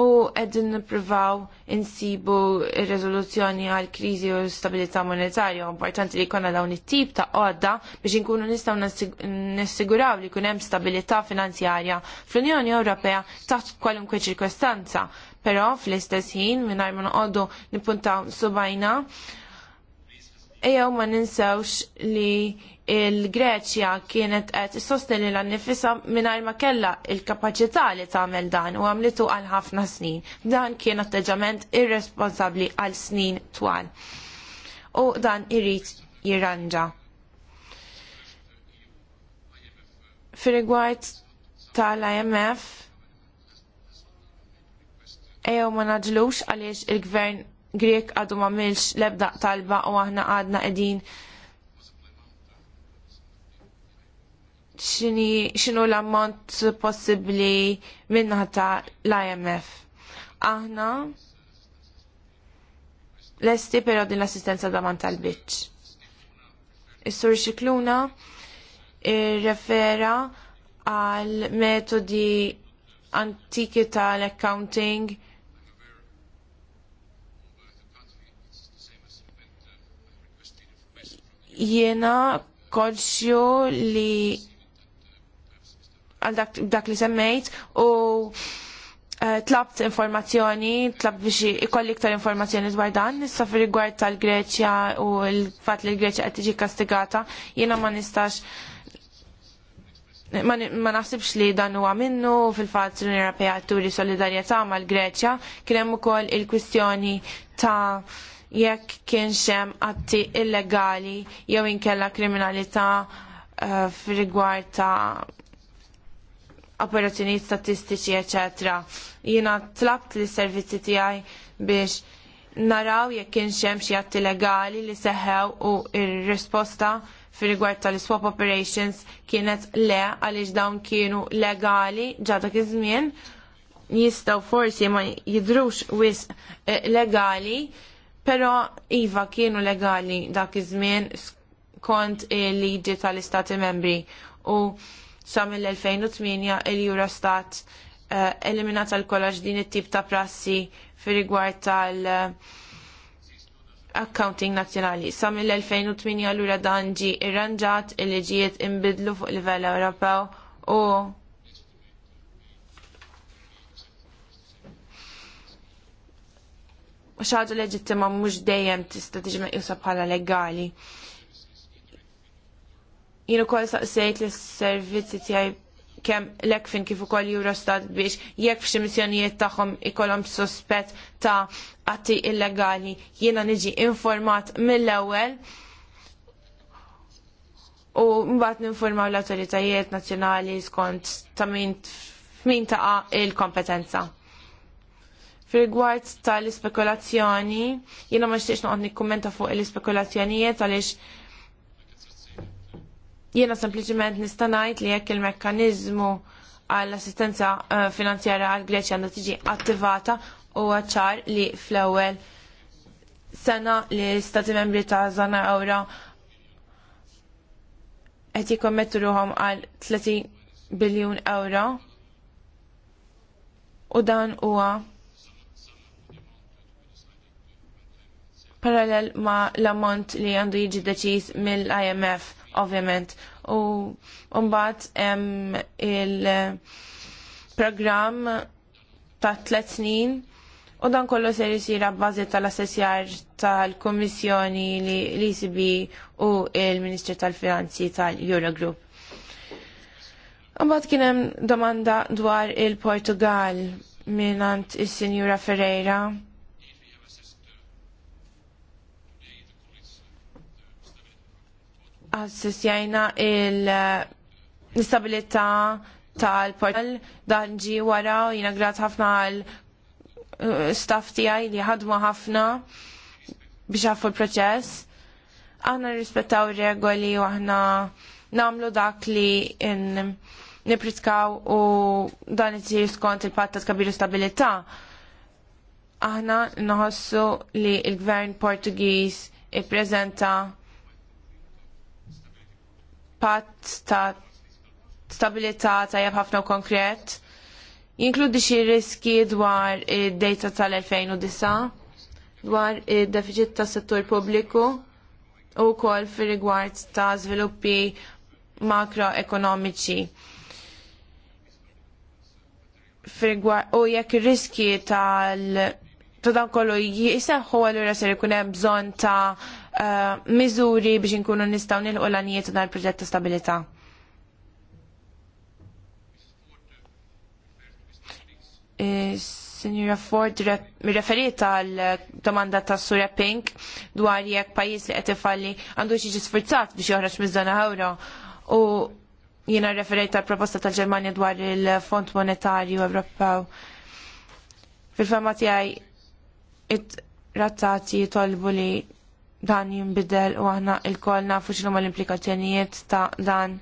u edin niprivaw insibu il rezoluzjoni għal krizi u stabilità monetarja u importanti li jkollna dawn it-tip ta' għodda biex inkunu nistgħu nissiguraw li jkun hemm stabilità finanzjarja fl-Unjoni Ewropea taħt kwalunkwe ċirkostanza. Però fl-istess ħin mingħajr ma noqogħdu nippuntaw subajna Ejjew ma ninsewx li il-Greċja kienet qed sosteni l-annifisa mingħajr ma kellha il-kapaċità li tagħmel dan u għamlitu għal ħafna snin. Dan kien atteġġament irresponsabbli għal snin twal. U dan irid jirranġa. Fir-rigward tal-IMF ejjew ma naġlux għaliex il-gvern Grek għadu ma milx lebda talba u aħna għadna qegħdin x'inhu l-ammont possibbli minna ta' l-IMF. Aħna lesti però din l-assistenza da manta tal-biċ. Is-sur xikluna refera għal metodi antiki tal-accounting Jiena konxju li għal dak, dak li semmejt u eh, tlabt informazzjoni, tlabt biex ikolli iktar informazzjoni dwar dan, nissa fi rigward tal-Greċja u l-fat li l-Greċja qed tiġi kastigata, jiena ma nistax ma naħsibx li dan huwa minnu fil-fatt l-Unjoni Ewropea turi solidarjetà mal-Greċja, kien hemm ukoll il-kwistjoni ta' jekk kien xem atti illegali jew inkella kriminalità uh, eh, f'rigward ta' operazzjonijiet statistiċi, eccetera. Jiena tlabt li servizzi tiegħi biex naraw jekk kien xemx xi atti legali li seħew u r-risposta fir-rigward tal-swap operations kienet le għaliex dawn kienu legali ġadak iż żmien jistgħu forsi ma jidhrux wisq eh, legali, però iva kienu legali dak iż-żmien skont il-liġi tal-Istati Membri u sa mill-2008 il-Eurostat uh, eliminat għal kollax din it-tip ta' prassi fir rigward tal accounting nazzjonali. Sa mill-2008 allura dan ġi irranġat il-liġijiet imbidlu fuq livell Ewropew u xaħġa leġittima mhux dejjem tista' tiġi jusab bħala legali. Jien ukoll saqsejt lis servizzi tiegħi kemm lek fin kif ukoll Eurostat biex jekk f'xi missjonijiet tagħhom ikollhom sospet ta' atti illegali jiena niġi informat mill-ewwel u mbagħad ninformaw l-awtoritajiet nazzjonali skont ta' min f'min taqa' il-kompetenza. Fil-rigward tal-ispekulazzjoni, jiena ma xtiex noqgħod nikkumenta fuq l-ispekulazzjonijiet għaliex Jiena sempliċement nista' ngħid li jekk il mekkanizmu għall-assistenza eh, finanzjarja għall Greċja għandha tiġi attivata huwa ċar li fl-ewwel sena li stati membri ta' zona ewra qed jikkommettu ruhom għal 30 biljun euro u dan huwa parallel ma l-ammont li għandu jiġi deċiż mill-IMF ovvjament. U mbagħad hemm il-programm ta' tliet snin u dan kollu ser jsir bbażi tal-assessjar tal-Kummissjoni li l-ECB u il ministru tal-Finanzi tal-Eurogroup. Mbagħad kien hemm domanda dwar il-Portugal minant is-Sinjura Ferreira assistjajna il-istabilità eh, tal-portal dan wara u jina grat ħafna għal eh, staff tijaj li ħadmu ħafna biex għaffu l-proċess. Aħna rispettaw regoli u aħna namlu dak li nipritkaw u dan it skont il-patta kabiru stabilita. Aħna nħossu li il-gvern Portugiż ippreżenta patt ta' stabilità tajjeb ħafna u konkret. Jinkludi xi riski dwar id-data tal-2009, dwar id-deficit tas settur pubbliku u wkoll fir-rigward ta' żviluppi makroekonomiċi. U jekk ir-riski tal- ta' dan kollu jiseħħu allura ser ikun hemm bżonn ta' Eh, miżuri biex inkunu nistgħu nilħu l-għanijiet dan il-proġett ta' stabilità. Eh, Signora Ford referiet għal domanda ta' sura Pink dwar jekk pajjiż li qed ifalli għandu xi sforzat biex joħroġ miż-żona euro u jiena referejt għal proposta tal-Ġermanja dwar il-Fond Monetarju Ewropew. fil fama tiegħi it-rattati jitolbu li dan jinbidel u aħna il-koll nafu xinu ma l-implikazzjonijiet ta' dan.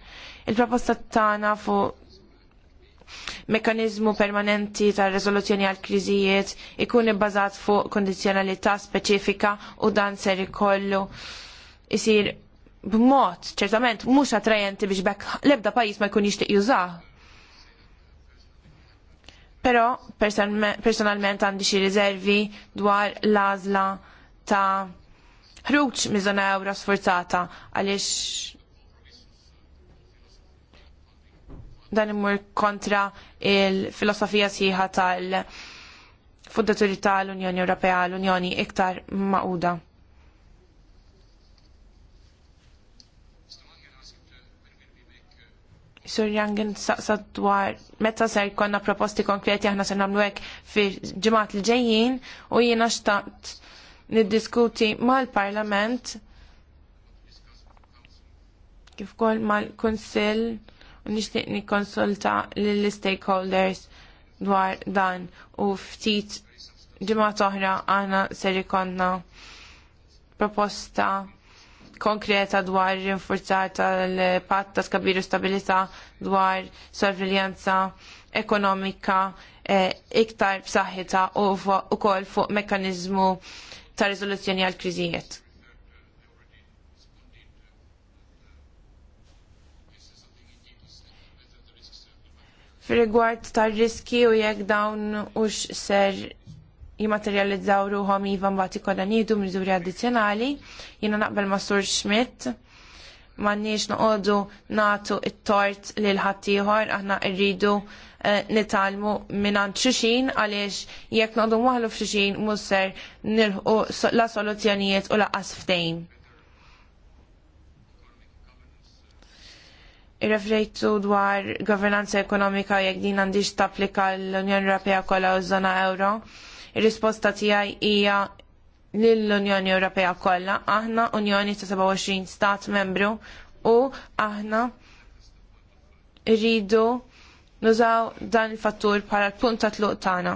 Il-proposta tagħna fuq mekanizmu permanenti ta' rezoluzjoni għal kriżijiet ikun ibbażat fuq kondizjonalità speċifika u dan ser ikollu isir b'mod ċertament mhux attrajenti biex bekk l-ebda pajjiż ma jkun jixtieq jużah. Però personalment għandi xi riservi dwar l-għażla ta' ħruġ miżona ewra sforzata għaliex dan imur kontra il-filosofija siħa tal-fundaturi tal-Unjoni Ewropea l-Unjoni iktar maquda. Sur Jangen saqsad dwar meta ser konna proposti konkreti aħna se nagħmlu hekk fi ġimgħat li ġejjin u jiena xtaqt niddiskuti mal-Parlament kif ukoll mal-Kunsill u nixtieq nikkonsulta lill-stakeholders dwar dan u ftit ġimgħa oħra għana ser konna proposta konkreta dwar rinforzata l-patta ta' skabiru stabilità dwar sorveljanza ekonomika eh, iktar b'saħħita u wkoll fuq mekkaniżmu ta' riżoluzzjoni għal kriżijiet. Fir-rigward tar riski u jekk dawn ux ser jimaterializzaw ruħom iva mbagħad ikollha nieħdu miżuri addizzjonali, jiena naqbel ma' Sur Schmidt m'għandniex noqogħdu nagħtu it-tort lil ħattijħor aħna rridu Eh, nitalmu minan xuxin għaliex jekk nodu waħlu f'xuxin musser nilħu la soluzzjonijiet u la ftejn. Irrefrejtu dwar governanza ekonomika jekk din għandix tapplika l-Unjoni Europea kollha u żona euro. Ir-risposta tiegħi hija lill-Unjoni Ewropea kollha, aħna Unjoni ta' 27 stat membru u aħna rridu nużaw dan il-fattur bħala l-punt ta' tluq tagħna.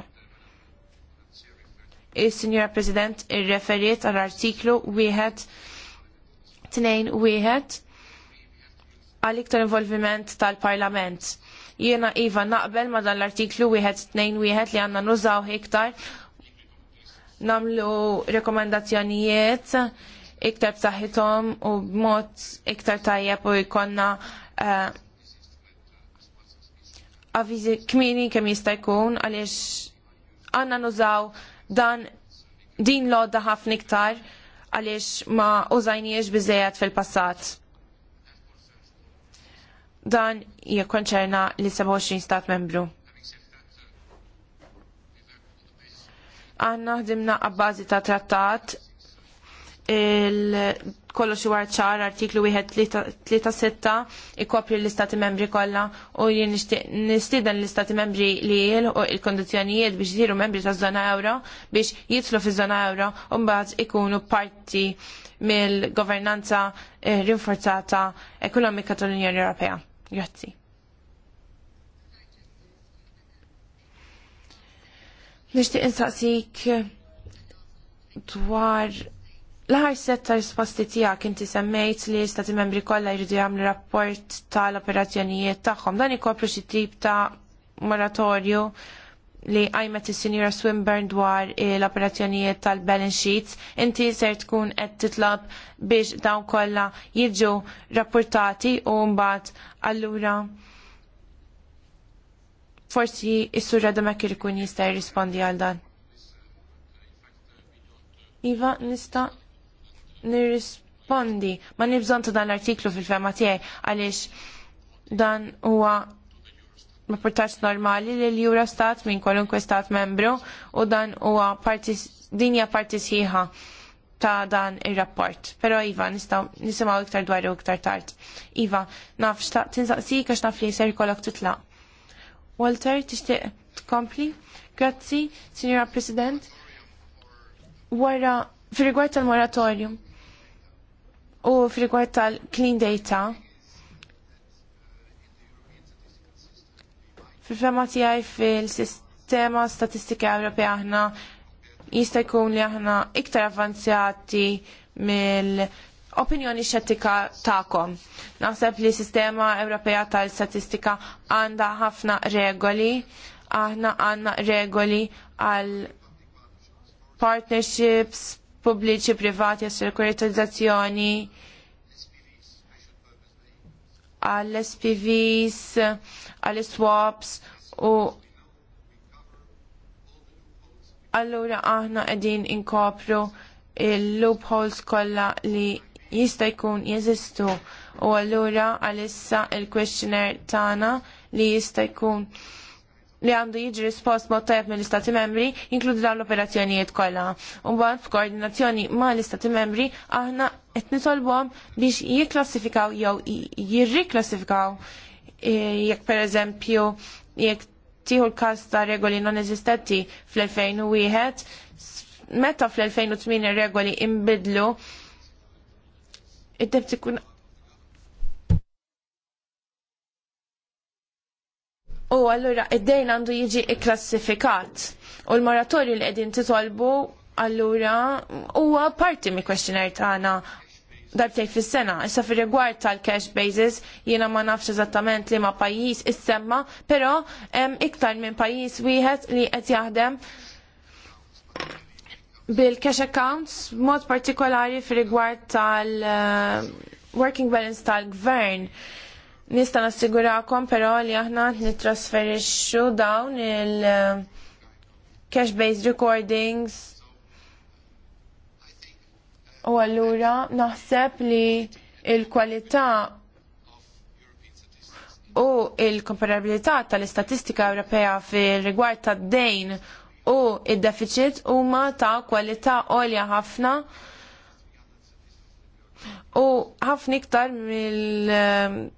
il sinjora President ir-referiet għall artiklu wieħed tnejn wieħed għal iktar involviment tal-Parlament. Jiena Iva naqbel ma dan l-artiklu wieħed tnejn wieħed li għandna nużaw iktar namlu rekomendazzjonijiet iktar b'saħħithom u b'mod iktar tajjeb u jkollna uh, avviżi kmini kemm jista' jkun għaliex għandna nużaw dan din l-odda ħafna iktar għaliex ma użajniex biżejjed fil-passat. Dan jikkonċerna li 27 stat membru. Għanna ħdimna għabbażi ta' trattat il kollox iwar ċar artiklu sitta ikopri l-istati membri kollha u jien nistieden l-istati membri li jil u il-kondizjonijiet biex jiru membri ta' zona euro biex jitlu fi zona euro u mbagħad ikunu parti mill-governanza eh, rinforzata ekonomika tal-Unjoni Ewropea. Grazzi. Nixtieq insaqsik dwar L-ħar set ta' risposti tija inti semmejt li stati membri kolla jridu jgħamlu rapport tal-operazzjonijiet tagħhom. Dan ikopru xi tip ta' moratorju li għajmet is-sinjura Swinburne dwar l-operazzjonijiet tal-balance sheets, inti ser tkun qed titlab biex dawn kollha jiġu rapportati u mbagħad allura forsi s-surra damek ikun jista' jirrispondi għal dan. Iva, nista' nirrispondi ma nibżon ta' dan l-artiklu fil-fema tiegħi għaliex dan huwa rapportaġġ normali li l stat minn kwalunkwe stat membru u dan huwa dinja parti sħiħa ta' dan il-rapport. Pero Iva, nistaw nisimaw iktar dwar u iktar tard. Iva, naf xta' tinsaqsi kax naf li ser kolok tutla. Walter, tixtieq tkompli? Grazzi, Signora President. Wara, fil-rigward tal-moratorium, U f'rigward tal-clean data, fil-fema tijaj fil-sistema statistika Ewropea aħna jista' jkun li aħna iktar avanzjati mill opinjoni xettika tagħkom. Naħseb li sistema Ewropea tal-statistika għandha ħafna regoli, aħna għandna regoli għal partnerships, pubbliċi, privati, assekuritizzazzjoni, għall-SPVs, għall-swaps u allura aħna qegħdin inkopru il-loopholes kollha li jista' jkun jeżistu u allura għalissa il-questionnaire tagħna li jista' jkun li għandu jiġi rispost mod tajab mill istati membri inkludi dawn l-operazzjonijiet kollha. Umbagħad f'koordinazzjoni ma' l-Istati membri aħna qed nitolbhom biex jikklassifikaw jew jirriklassifikaw e, jekk pereżempju jekk tieħu l-każ ta' regoli non eżistenti fl-2001 meta fl-2008 regoli imbidlu id-deb tkun U allura id-dejn għandu jiġi ikklassifikat. U l-moratorju li qegħdin titolbu allura huwa parti mi kwestjonar tagħna darbtej fis-sena. Issa fir rigward tal-cash basis jiena ma nafx eżattament li ma pajjiż issemma, pero hemm iktar minn pajjiż wieħed li qed jaħdem bil-cash accounts mod partikolari fir rigward tal-working eh, balance tal-gvern. Nista' nassigurakom però li aħna nittrasferixxu dawn il eh, cash based recordings u allura naħseb li il-kwalità u il-komparabilità tal-istatistika Ewropea fil-rigward tad-dejn u id-deficit huma ta' kwalità għolja ħafna u ħafna iktar mill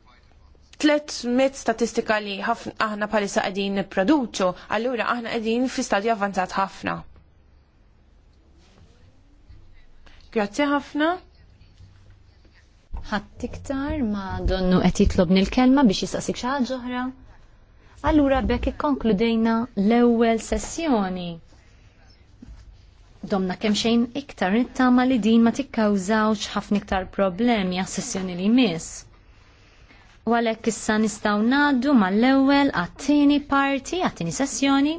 tlet mit statistika li aħna palissa għadin produċu, allura aħna għedin fi stadju avanzat ħafna. Grazzi ħafna. Ħadd iktar ma donnu qed jitlob nil-kelma biex jistaqsik xi ħaġa oħra. Allura bekk ikkonkludejna l-ewwel sessjoni. Domna kemm xejn iktar nittama li din ma tikkawżawx ħafna iktar problemi għas-sessjoni li jmiss. Walek issa nistgħu ngħaddu mal-ewwel għat-tieni parti, għat-tieni sessjoni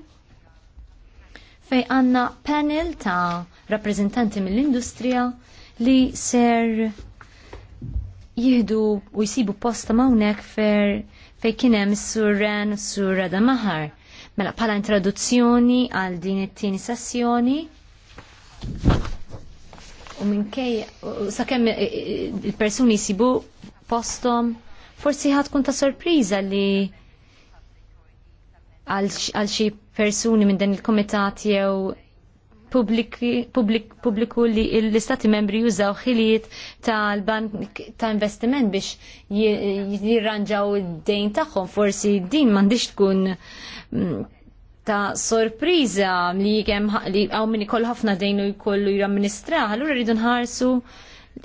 fej għandna panel ta' rappreżentanti mill-industrija li ser jihdu u jsibu posta mawnek fer fej kienem s-surren Sur s-surra da maħar. Mela pala introduzzjoni għal din it-tieni sessjoni u minkej sakemm e, e, e, il-persuni jsibu postom Forsi kun ta' sorpriża li għal xi persuni minn dan il-komitat jew pubbliku li l-istati membri jużaw xiliet tal-bank ta' investiment biex jirranġaw id-dejn tagħhom. Forsi din m'għandix tkun mm, ta' sorpriża li kemm li hawn min ikoll ħafna dejnu u jkollu jamministraħ, allura rridu nħarsu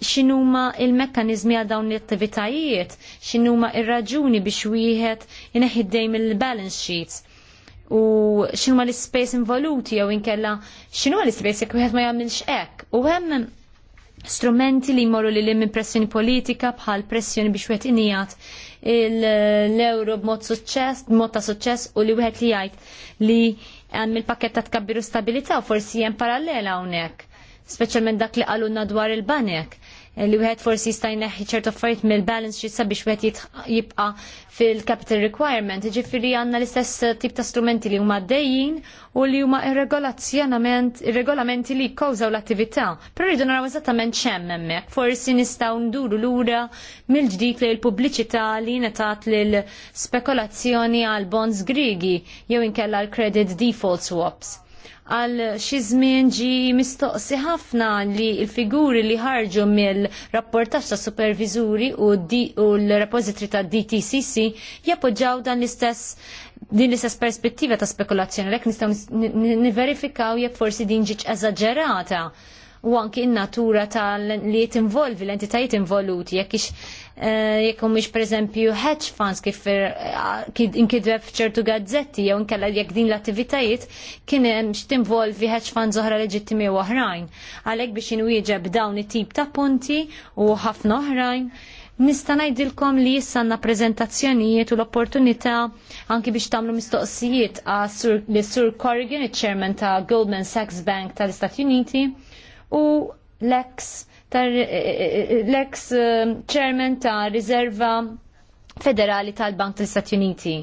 x'inhuma il-mekkaniżmi għal dawn l-attivitajiet, x'inhuma il raġuni biex wieħed ineħiddej mill il-balance sheets u x'inhuma l space involuti jew inkella x'inhuma l space jekk wieħed ma jagħmilx hekk. U hemm strumenti li jmorru li lim pressjoni politika bħal pressjoni biex wieħed inijat l-euro b'mod suċċess, b'mod ta' suċċess u li wieħed li jgħid li għan il-pakket ta' tkabbiru stabilità u forsi jem parallela hawnhekk speċjalment dak li qalunna dwar il-banek li wieħed forsi jista' jneħħi ċertu affarijiet mill-balance sheet sabiex wieħed jibqa' fil-capital requirement. Ġifieri għandna l-istess tip ta' strumenti li huma dejjin u li huma ir-regolamenti li jikkawżaw l-attività. Però rridu naraw eżattament x'hemm hemmhekk. Forsi nistgħu nduru lura mill-ġdid li l-pubbliċità li ngħatat lil spekulazzjoni għal bonds grigi jew inkella l-credit default swaps għal xi żmien ġi mistoqsi ħafna li l-figuri li ħarġu mill-rapportaġġ ta' superviżuri u, u l repositri ta' DTCC jappoġġaw dan l-istess din l-istess perspettiva ta' spekulazzjoni, rek nistgħu niverifikaw jekk forsi din ġiċ eżagġerata u anki n-natura ta' li jitinvolvi l-entitajiet involuti jekk ix eh, jekk per pereżempju hedge funds kif eh, inkidweb f'ċertu gazzetti jew inkella jekk din l-attivitajiet kien hemm tinvolvi hedge funds oħra leġittimi u oħrajn. Għalhekk biex inwieġeb dawn it-tip ta' punti u ħafna oħrajn. Nista' ngħidilkom li issa għandna preżentazzjonijiet u l-opportunità anki biex tagħmlu mistoqsijiet għas Sur Corrigan, iċ-Chairman ta' Goldman Sachs Bank tal-Istati Uniti, u l-ex eh, eh, eh, l-ex chairman ta' Riserva Federali tal-Bank tal-Stati Uniti.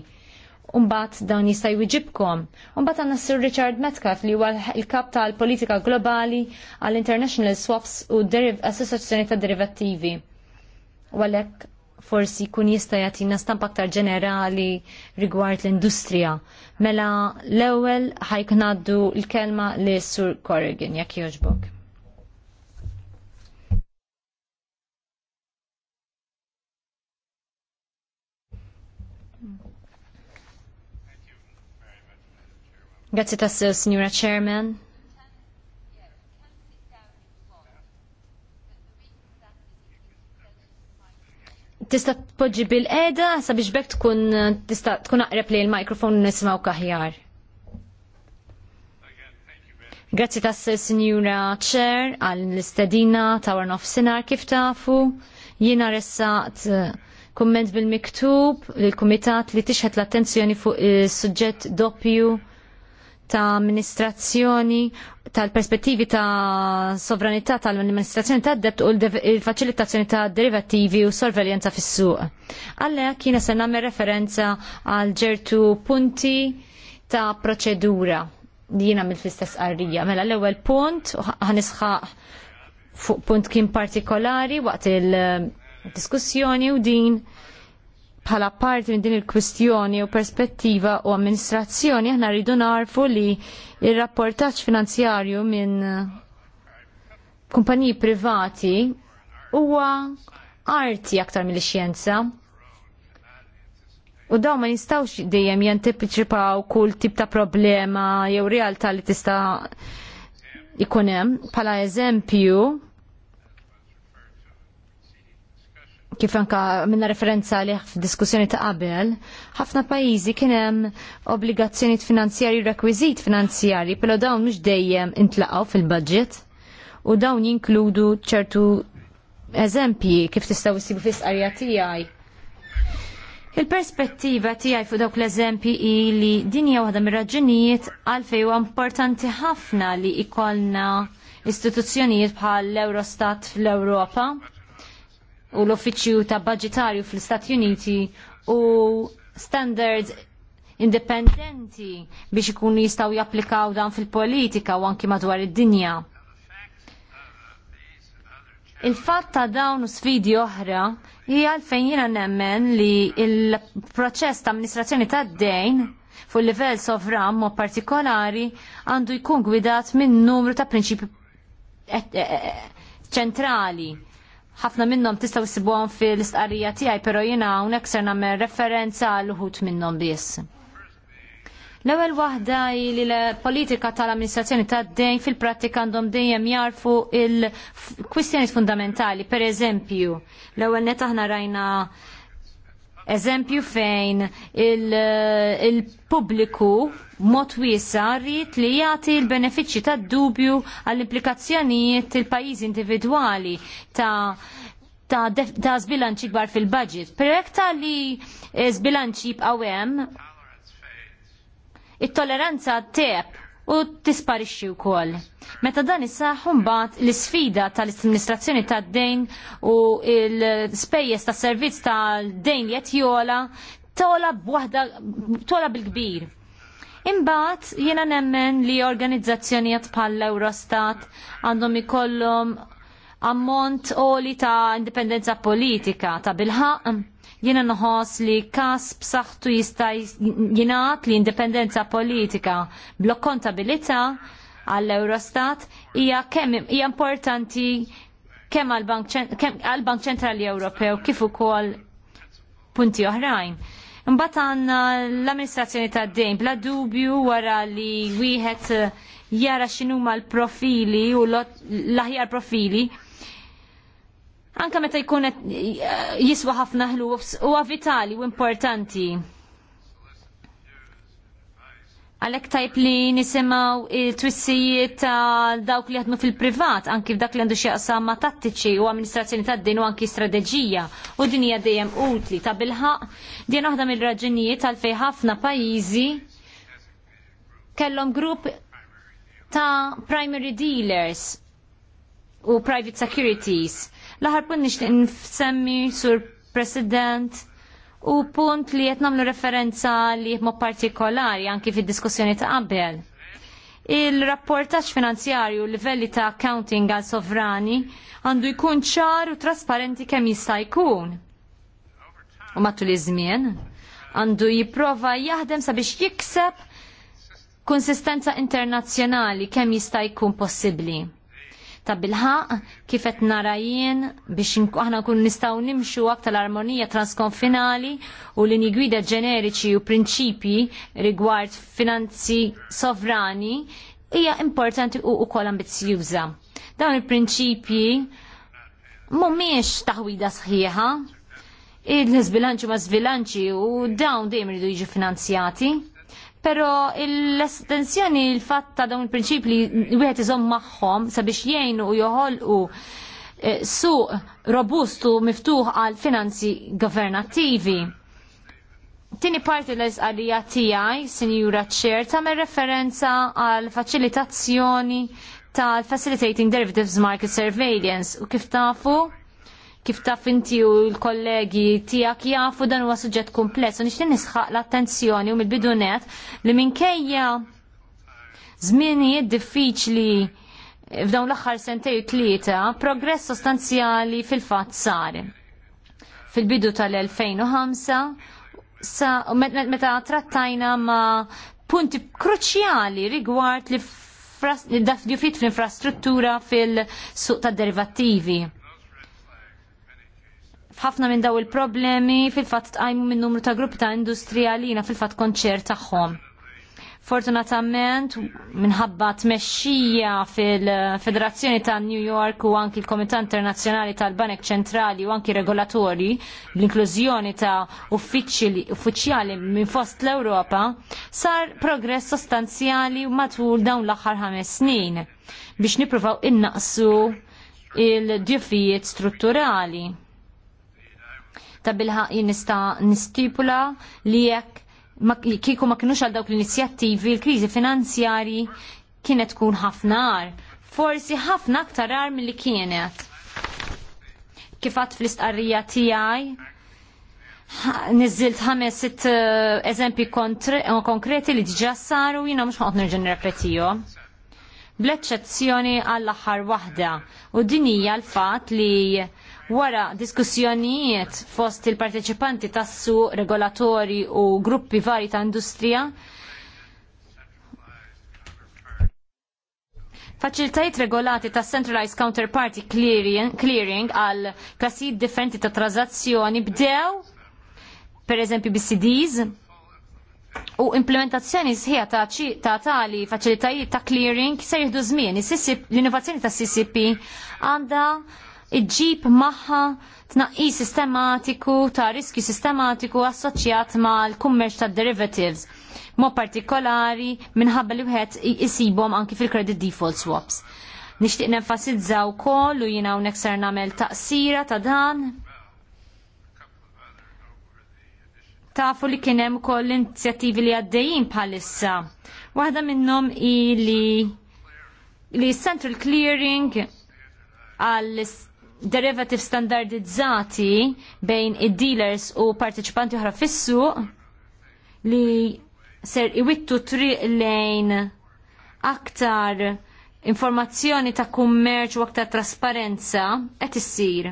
Umbat dawn jista' jwiġibkom. Umbat għanna Sir Richard Metcalf li huwa l-kap tal-politika globali għall international swaps u associazzjoni ta' derivattivi. U għalhekk forsi kun jista' jagħtina stamp aktar ġenerali rigward l-industrija. Mela l-ewwel ħajk l-kelma li Sur Corrigan jekk jogħġbok. Grazzi tassew, Signora Chairman. Tista tpoġġi bil-qeda sabiex bekk tkun tista tkun aqreb li l-mikrofon nisimgħu kaħjar. Grazzi tassew, Signora Chair, għall-istedina of Sinar kif tafu. Jiena ressaqt eh, kumment bil-miktub il kumitat li tixħet l-attenzjoni fuq is eh, suġġett doppju ta' amministrazzjoni tal-perspettivi ta' sovranità tal-amministrazzjoni ta' debt u l-facilitazzjoni ta' derivativi u sorveljanza fis-suq. Għallek kiena se nagħmel referenza għal ġertu punti ta' proċedura li jiena mill-fistess qarrija. Mela l-ewwel punt ħanisħaq fuq punt kien partikolari waqt il-diskussjoni u din bħala parti minn din il-kwistjoni u perspettiva u amministrazzjoni aħna rridu narfu li il-rapportaġġ finanzjarju minn eh, kumpaniji privati huwa arti aktar mill xjenza U daw ma nistawx dejjem jantipiċipaw kull tip ta' problema jew realtà li tista' ikunem. hemm. Bħala eżempju, kif anka minna referenza li f'diskussjoni ta' qabel, ħafna pajjiżi kien hemm obbligazzjonijiet finanzjarji rekwiżit finanzjarji, però dawn mhux dejjem intlaqgħu fil-budget u dawn jinkludu ċertu eżempji kif tistgħu issibu fis-qarja tiegħi. Il-perspettiva tiegħi fuq dawk l-eżempji hi li din hija waħda mir-raġunijiet għalfejn huwa importanti ħafna li jkollna istituzzjonijiet bħal l-Eurostat fl-Ewropa u l-Uffiċċju ta' Budgetarju fl-Istati Uniti u standards indipendenti biex ikunu jistgħu japplikaw dan fil-politika u anki madwar id-dinja. Il-fatt ta' dawn u sfidi oħra hija għalfejn jiena nemmen li il-proċess ta' amministrazzjoni tad-dejn fuq livell sovran mod partikolari għandu jkun gwidat minn numru ta' prinċipi e- e- e- ċentrali ħafna minnhom tista' sibuhom fil-istqarrija tiegħi, pero jiena hawnhekk ser nagħmel referenza għal uħut minnhom biss. L-ewwel waħda li l-politika tal-amministrazzjoni tad-dejn fil-prattika għandhom dejjem jarfu il-kwistjoni fundamentali, per eżempju, l-ewwel net aħna rajna eżempju fejn il-pubbliku il eh, mod wiesa rrit li jagħti l-benefiċċji tad-dubju għall-implikazzjonijiet il-pajjiżi individwali ta' ta', ta zbilanċi kbar fil-budget. Projekta li eh, zbilanċi b'għawem, it-toleranza teb u tisparixxi wkoll. Meta dan issaħħu mbagħad l-isfida tal istministrazzjoni tad-dejn u l-spejjeż tas-servizz tal-dejn li qed jola tola b'waħda tola bil-kbir. Imbagħad jiena nemmen li organizzazzjonijiet bħal Eurostat għandhom ikollhom ammont oli ta' indipendenza politika ta' bilħaq Jiena nħoss li kas b'saħħtu jista' jingħad li indipendenza politika bl-kontabilità għall-Eurostat hija kemm hija importanti kemm għall-Bank Ċentrali Ewropew kif ukoll punti oħrajn. Imbagħad għandna l-amministrazzjoni tad-dejn bla dubju wara li wieħed jara x'inhuma l-profili u l-aħjar profili Anka meta jkun eh, jiswa ħafna ħlufs huwa vitali u importanti. Għalhekk tajb li nisimgħu il-twissijiet ta' dawk li jaħdmu fil-privat, anki f'dak li għandu xieqsam ma' tattiċi u amministrazzjoni tad din u anki strateġija u din hija dejjem utli ta' bilħaq din waħda mill-raġunijiet għalfejn ħafna pajjiżi kellhom grupp ta' primary dealers u private securities L-aħar punt nixtieq nsemmi sur President u punt li qed nagħmlu referenza li mod partikolari anki fid-diskussjoni ta' qabel. Il-rapportaġġ finanzjarju livelli ta' accounting għal sovrani għandu jkun ċar u trasparenti kemm jista' jkun. U matul iż-żmien għandu jipprova jaħdem sabiex jikseb konsistenza internazzjonali kemm jista' jkun possibbli ta' bilħaq kif qed nara jien biex aħna kun nistgħu nimxu aktar l-armonija transkonfinali u linji gwida ġeneriċi u prinċipji rigward finanzi sovrani hija importanti u wkoll ambizzjuża. Dawn il-prinċipji mhumiex taħwida sħiħa, il-sbilanċi ma' sbilanċi u dawn dejjem iridu jiġu finanzjati. Pero l-estensjoni l-fatt ta' dawn il prinċipli li wieħed iżomm magħhom sabiex jgħinu u joħolqu eh, suq robustu miftuħ għal finanzi governattivi. Tini parti l-izqalija tiegħi, Sinjura Chair, tagħmel referenza għal faċilitazzjoni tal-Facilitating Derivatives Market Surveillance u kif tafu kif taf inti u l-kollegi tiegħek jafu dan huwa suġġett kumpless u nixtieq nisħaq l-attenzjoni u mill-bidunet li minkejja żmienijiet diffiċli f'dawn l-aħħar sentej u tlieta progress sostanzjali fil-fatt sar. Fil-bidu tal-2005 sa meta trattajna ma' punti kruċjali rigward li daf fl-infrastruttura fil-suq tad derivattivi ħafna minn daw il-problemi fil-fatt tqajmu minn numru ta' grupp ta' industrijalina fil-fatt konċer tagħhom. Fortunatament, minħabba tmexxija fil-Federazzjoni ta' New York u anki l-Komitat Internazzjonali tal-Banek Ċentrali u anki regolatori bl-inklużjoni ta' uffiċjali minn fost l-Ewropa, sar progress sostanzjali matul dawn l-aħħar ħames snin biex nippruvaw innaqsu il-ġifijiet strutturali ta' bilħa nista nistipula li jekk kieku ma kienux għal dawk l-inizjattivi l-kriżi finanzjari kienet tkun ħafna ar. Forsi ħafna aktar għar mill-li kienet. Kifat fl-istqarrija tiegħi nizzilt ħames sitt eh, eżempi eh, konkreti li diġa saru jina mux ħot nerġa nirrepetijo. Bl-eċċezzjoni għall-aħħar waħda u dinija l-fat li Wara diskussjonijiet fost il-parteċipanti tassu regolatori u gruppi vari ta' industrija, Faċilitajiet regolati ta' Centralized Counterparty Clearing għal klassijiet differenti ta' tranzazzjoni bdew, per eżempju BCDs, u implementazzjoni sħiħa ta', ta tali faċilitajiet ta' clearing se jieħdu żmien. L-innovazzjoni ta' CCP għandha iġġib maħħa tnaqqi sistematiku ta' riskju sistematiku assoċjat mal kummerċ ta' derivatives, mo partikolari minħabba li wieħed isibhom anki fil-credit default swaps. Nixtieq nenfasizzaw kol u jina hawnhekk ser nagħmel taqsira ta' dan tafu li kienem l inizjattivi li għaddejjin bħalissa. Waħda minnom i li li Central Clearing għall derivative standardizzati bejn id-dealers u partiċipanti oħra fis-suq li ser iwittu triq lejn aktar informazzjoni ta' kummerċ u aktar trasparenza qed issir.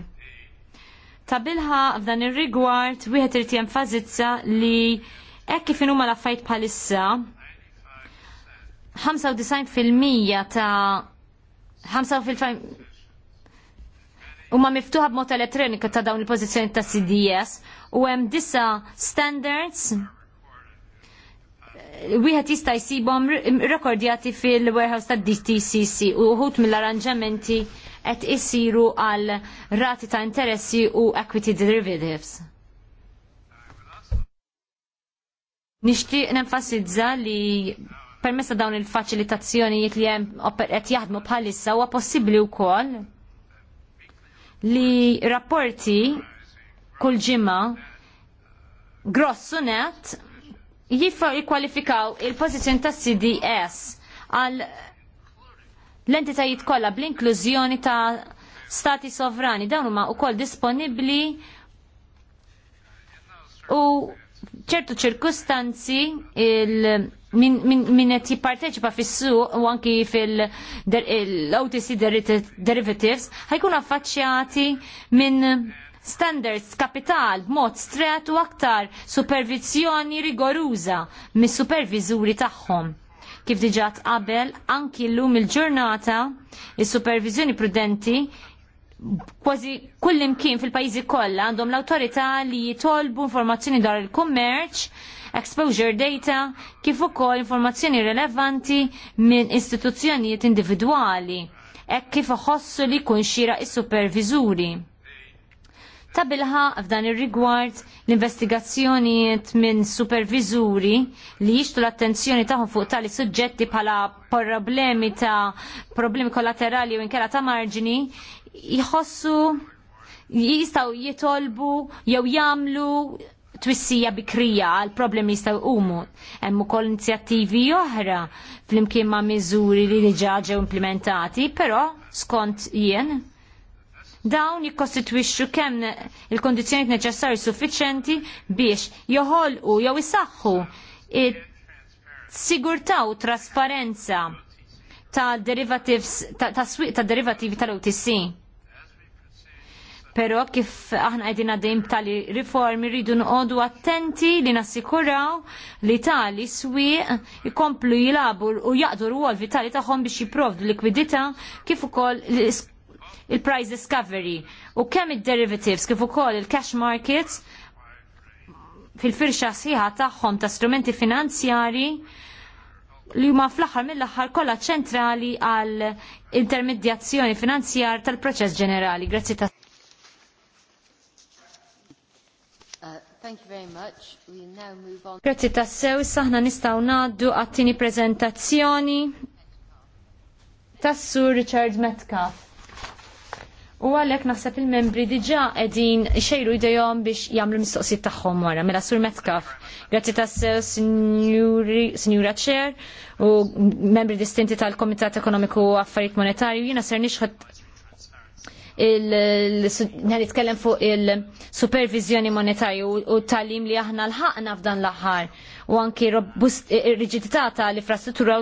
Ta' bilħa f'dan ir-rigward wieħed irid jenfazizza li hekk kif huma l-affajt bħalissa 95% ta' huma miftuħa b'mod elettronika ta' dawn il-pożizzjoni ta' CDS u hemm disa standards wieħed jista' jsibhom rekordjati fil-warehouse ta' DTCC u uħut mill-arranġamenti qed isiru għal rati ta' interessi u equity derivatives. Nixtieq nenfasizza li permessa dawn il-faċilitazzjonijiet li hemm qed jaħdmu bħalissa huwa possibbli wkoll li rapporti kull ġimma grossu net jikwalifikaw il pozizjon tas CDS għal l-entitajiet kollha bl-inklużjoni ta' stati sovrani dawn huma wkoll disponibbli u ċertu ċirkustanzi il- min qed jipparteċipa fis-suq u anki fil-OTC derivatives ħajkun affaċċjati minn standards kapital b'mod stret u aktar supervizjoni rigoruża mis-superviżuri tagħhom. Kif diġà qabel, anki llum il-ġurnata, is-supervizjoni prudenti kważi kullimkien fil-pajjiżi kollha għandhom l-awtorità li jitolbu informazzjoni dwar il-kummerċ exposure data kif ukoll informazzjoni rilevanti minn istituzzjonijiet individwali hekk kif iħossu li jkun xira is-superviżuri. Ta' f'dan ir-rigward l-investigazzjonijiet minn superviżuri li jixtu l-attenzjoni tagħhom fuq tali suġġetti bħala problemi ta' problemi kollaterali u inkera ta' marġini jħossu jistaw jitolbu jew jamlu twissija bikrija għal problemi jistgħu umu. Hemm ukoll inizjattivi oħra flimkien ma' miżuri li diġà ġew implementati, però skont jien dawn jikkostitwixxu kemm il-kondizzjonijiet neċessarji suffiċenti biex joħolqu jew isaħħu sigurtà u trasparenza ta' derivatives ta' ta' derivativi tal-OTC. Pero kif aħna għedin għaddim tali riformi rridu nqodu attenti li nassikuraw li tali swieq ikomplu jilabu u jaqdu rwol vitali taħħom biex jiprovdu likwidita kif ukoll il-price discovery u kemm id-derivatives kif ukoll il-cash markets fil-firxa sħiħa tagħhom ta' strumenti finanzjari li huma fl-aħħar mill-aħħar kollha ċentrali għall intermedjazzjoni finanzjar tal-proċess ġenerali. Grazzi ta' Grazzi tassew, saħna nistaw naddu għattini prezentazzjoni tassu Richard Metcalf. U għalek naħseb il-membri diġa edin xejru idejom biex jamlu mistoqsijiet tagħhom wara mela sur Metcalf. Grazzi tassew, Signora Chair u membri distinti tal-Komitat Ekonomiku u Affarijiet Monetarju, jina ser nixħod il-nitkellem fuq il-supervizjoni monetarju u tal-lim li aħna l-ħaqna f'dan l-aħħar u anki rigidità tal-infrastruttura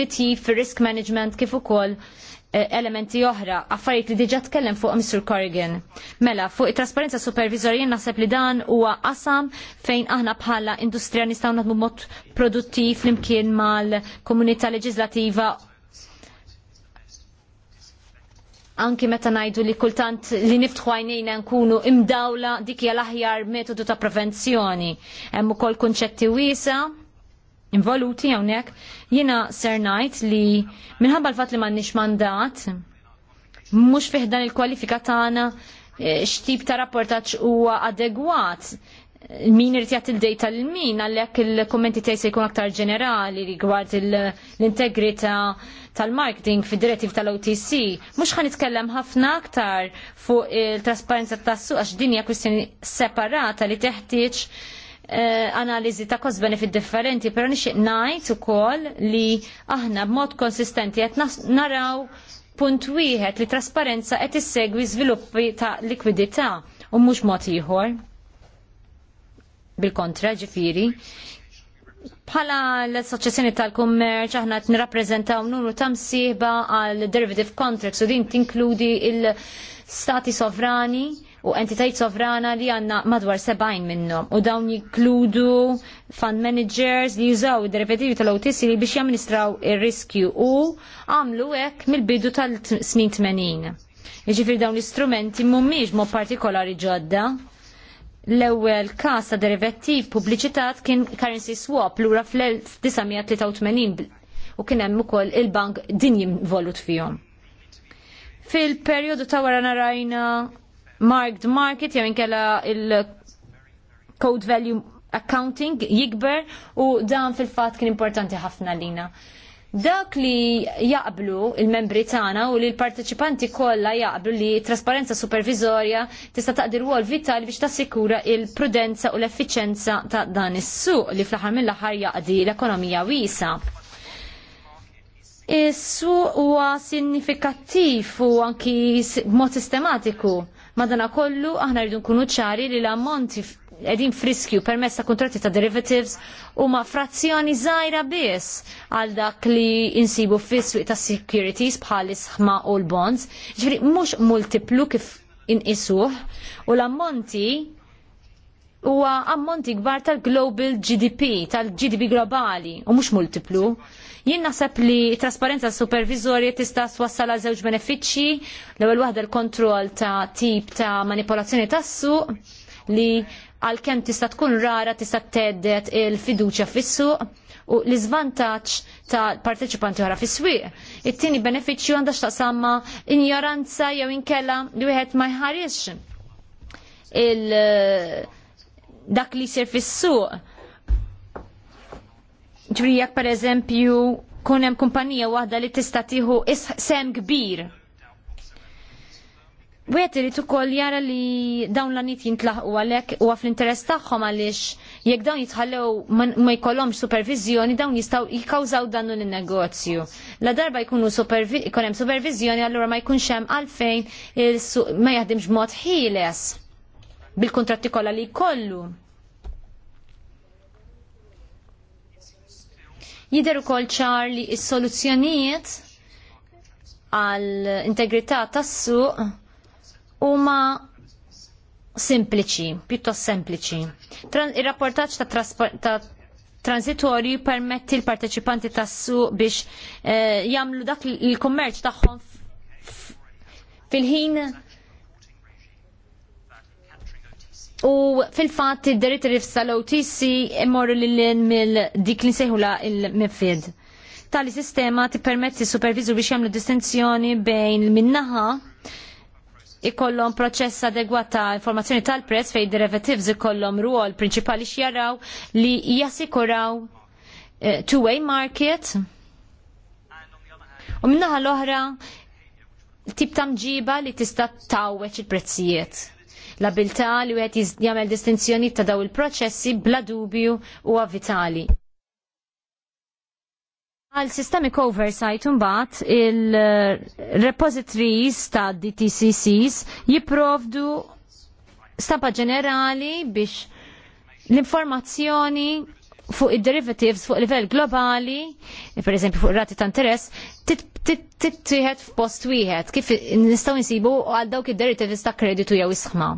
titjib fir risk management kif ukoll e, elementi oħra, affarijiet li diġa tkellem fuq Mr. Corrigan. Mela, fuq it-trasparenza supervizorjen naħseb li dan huwa qasam fejn aħna bħala industrija nistgħu nagħmlu mod produttiv flimkien mal-komunità leġislativa anki meta ngħidu li kultant li niftħu għajnejna nkunu imdawla dik hija l-aħjar metodu ta' prevenzjoni. Hemm ukoll kunċetti wiesa involuti hawnhekk jiena ser ngħid li minħabba l-fatt li m'għandniex mandat mhux fih dan il-kwalifika tagħna eh, x'tip ta' rapportaġġ huwa adegwat min irid jagħti d-dejta lil min għalhekk il-kummenti tiegħi se jkun aktar ġenerali rigward l-integrità tal-marketing fi direttiv tal-OTC, mux ħan itkellem ħafna aktar fuq il-trasparenza tas-suq għax dinja kwistjoni separata li teħtieġ eh, analiżi ta' cost benefit differenti, pero nixtieq ngħid ukoll li aħna b'mod konsistenti qed naraw punt wieħed li trasparenza qed issegwi żviluppi ta' likwidità u mhux mod ieħor. Bil-kontra ġifiri, Bħala l associazzjoni tal-Kummerċ aħna qed nirrappreżentaw numru ta' msieħba għal derivative contracts u din tinkludi il-stati sovrani u entitajiet sovrana li għanna madwar 70 minnhom u dawn jinkludu fund managers li jużaw derivativi tal-OTC li biex jamministraw ir-riskju u għamlu hekk mill-bidu tal-snin 80. Jiġifieri dawn l-istrumenti mhumiex mod partikolari ġodda l-ewwel każ ta' derivattiv pubbliċitat kien currency swap lura fl-1983 u kien hemm ukoll il-bank din jinvolut fihom. Fil-perjodu ta' wara narajna marked market jew inkella il-code value accounting jikber u dan fil-fatt kien importanti ħafna lina. Dak li jaqblu il-membri tagħna u li l-parteċipanti kollha jaqblu li trasparenza supervizorja tista' taqdi rwol vital biex tassikura il-prudenza u l-effiċenza ta' dan is-suq li fl-aħħar mill-aħħar jaqdi l-ekonomija wiesa. Is-suq huwa sinifikattiv u anki b'mod sistematiku. Madana kollu aħna rridu nkunu ċari li l-ammonti edin friskju permessa ta' kontratti ta' derivatives u ma' frazzjoni zaħira biss għal dak li insibu fis-swieq ta' securities bħal isħma u l-bonds, ġifri mux multiplu kif inqisuh u l-ammonti huwa ammonti kbar tal-global GDP, tal-GDP globali u mhux multiplu. Jien naħseb li trasparenza supervizorja tista' swassala żewġ benefiċċji, l-ewwel waħda l-kontroll ta' tip ta' manipolazzjoni tas-suq li għalkemm tista' tkun rara tista' teddet il-fiduċja fis-suq u l-iżvantaġġ tal parteċipanti oħra fis-swieq. It-tieni benefiċċju għandha x'taqsamma injoranza jew inkella li wieħed ma jħarix il eh, dak li jsir fis-suq. Ġrijak pereżempju kun hemm kumpanija waħda li tista' tieħu sem kbir Wiet irid ukoll jara li dawn l-anit jintlaħqu għalhekk huwa fl-interess tagħhom għaliex jekk dawn jitħallew ma jkollhomx supervizjoni dawn jistgħu jikkawżaw dannu lin-negozju. La darba jkunu jkun hemm supervizjoni allura ma jkunx hemm għalfejn ma jaħdimx b'mod ħieles bil-kuntratti kollha li jkollu. Jidher ukoll ċar li s-soluzzjonijiet għall integrità tas-suq huma sempliċi, pjuttost sempliċi. Il-rapportaċ ta', traspo, ta transitorju permetti l-parteċipanti tassu biex eh, jamlu dak il-kommerċ tagħhom fil-ħin U fil-fat id-derivatives tal-OTC imorru lil mill dik li seħula il-mifid. Tali sistema tippermetti supervizu biex jagħmlu distinzjoni bejn minnaħa ikollhom proċess adegwat ta' informazzjoni tal-prezz fejn derivatives ikollhom ruol prinċipali x'jaraw li jassikuraw uh, two-way market. U minnaħa l-oħra tip ta' mġiba li tista' tawweċ il-prezzijiet. L-abilta li wieħed jagħmel distinzjoni ta' daw il-proċessi bla dubju huwa vitali. Għal Systemic Oversight unbat il-repositories ta' DTCCs jipprovdu stampa ġenerali biex l-informazzjoni fuq id-derivatives fuq livell globali, per eżempju fuq rati ta' interess, tittieħed f'post wieħed kif nistgħu nsibu għal dawk id-derivatives ta' kreditu jew isħma.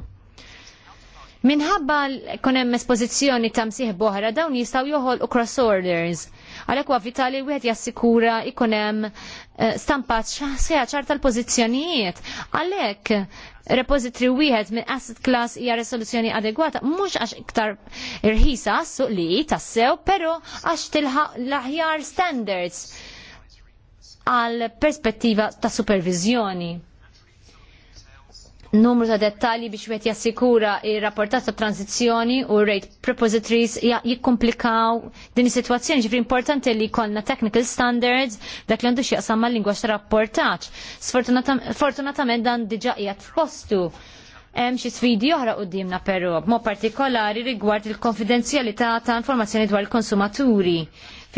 Minħabba konem espożizzjoni ta' msieħ boħra dawn jistgħu joħolqu cross orders Għalhekk huwa vitali wieħed jassikura ikun hemm eh, stampat xaħsija ċarta l-pożizzjonijiet. Għalhekk repository wieħed minn asset class hija resoluzzjoni adegwata mhux għax iktar irħisa suq li tassew, però għax tilħaq l-aħjar standards għal perspettiva ta' supervizjoni numru ta' dettalji biex wieħed jassikura ir-rapportat ta' transizzjoni u rate prepositories jikkomplikaw din is-sitwazzjoni ġifri importanti li jkollna technical standards dak li għandu x'jaqsam mal-lingwaġġ ta' rapportaġġ. Sfortunatament dan diġà qiegħed f'postu. Hemm xi sfidi oħra qudiemna però b'mod partikolari rigward il-konfidenzjalità ta' informazzjoni dwar il-konsumaturi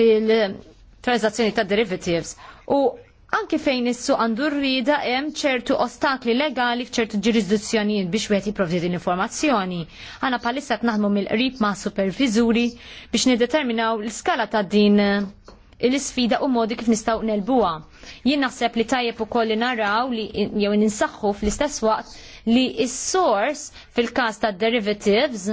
fil-transazzjoni ta' derivatives u anke fejn issu għandu rrida hemm ċertu ostakli legali f'ċertu ġurisdizzjonijiet biex wieħed jipprovdi din informazzjoni. Għana palissa naħdmu mill-qrib ma' supervizuri biex nideterminaw l-skala ta' din l-isfida u modi kif nistgħu nelbuha. Jien naħseb li tajjeb ukoll li naraw li jew ninsaħħu fl-istess waqt li s-source fil-każ tad derivatives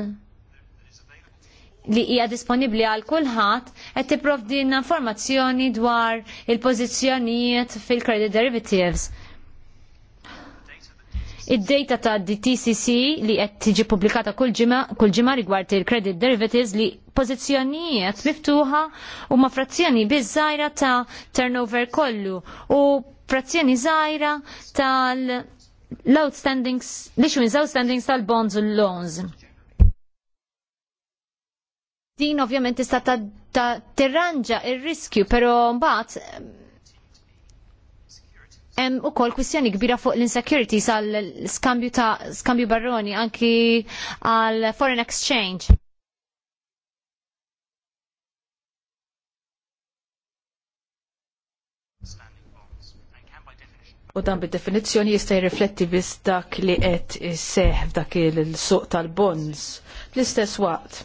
li hija disponibbli għal kulħadd qed tipprovdina informazzjoni dwar il-pożizzjonijiet fil-credit derivatives. Id-data ta' DTCC li qed tiġi pubblikata kull ġimgħa rigward il-credit derivatives li pożizzjonijiet miftuħa huma frazzjoni biżgħira ta' turnover kollu u frazzjoni żgħira tal l-outstandings, l-issuance outstandings l outstandings tal bonds u l-loans Din ovvjament tista' tirranġa ir-riskju, però mbagħad hemm ukoll kwistjoni kbira fuq l-insecurity sal skambju ta' skambju barroni anki għal foreign exchange. U dan bid-definizzjoni jista' jirrifletti biss dak li qed isseħ f'dak il-suq tal-bonds. Fl-istess waqt,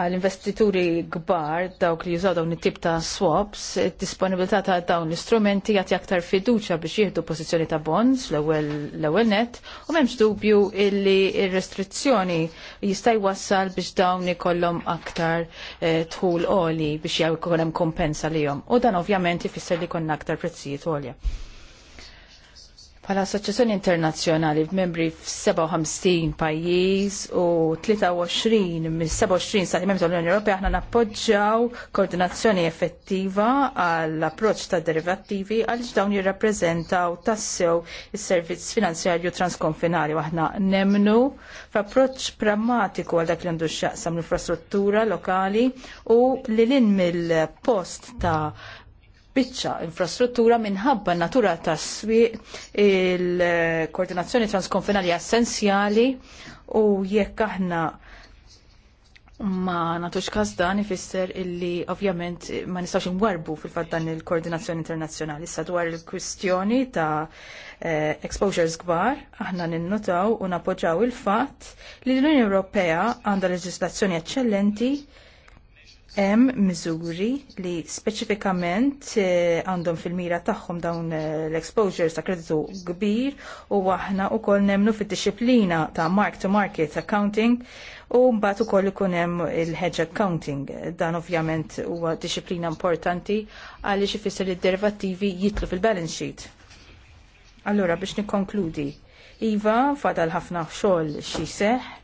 għal investituri kbar dawk li jużaw dawn it-tip ta' swaps, disponibilità ta' dawn l-istrumenti jagħti aktar fiduċja biex jieħdu pożizzjoni ta' bonds l-ewwel net u m'hemmx dubju illi r-restrizzjoni jista' jwassal biex dawn ikollhom aktar eh, tħul għoli biex jgħu hemm kompensa lihom. U dan ovvjament ifisser li jkollna aktar prezzijiet għolja. Pala Assoċjazzjoni Internazzjonali b'membri f-57 pajjiż u 23 mill-27 stati membri tal-Unjoni Ewropea aħna nappoġġjaw koordinazzjoni effettiva għall approċċ ta' derivattivi għaliex dawn jirrappreżentaw tassew is-servizz finanzjarju transkonfinali aħna nemnu f'approċċ prammatiku għal dak li għandu x'jaqsam l-infrastruttura lokali u li mill-post ta' biċċa infrastruttura minħabba natura tas swieq il-koordinazzjoni transkonfinali essenzjali u jekk aħna ma natux każ dan ifisser illi ovvjament ma nistax inwarbu fil-fatt dan il-koordinazzjoni internazzjonali issa dwar il-kwistjoni ta' eh, exposures kbar aħna ninnotaw u napoġġaw il-fatt li l-Unjoni Ewropea għandha leġislazzjoni eċċellenti Hemm miżuri li speċifikament eh, għandhom fil-mira tagħhom dawn eh, l-exposures ta' kreditu kbir u aħna wkoll nemnu fid-disciplina ta' mark-to-market accounting u mbagħad ukoll ikun hemm il-hedge accounting. Dan ovvjament huwa disciplina importanti għaliex ifisser li derivativi derivattivi jitlu fil-balance sheet. Allura biex nikkonkludi, Iva fadal ħafna xogħol xi seħħ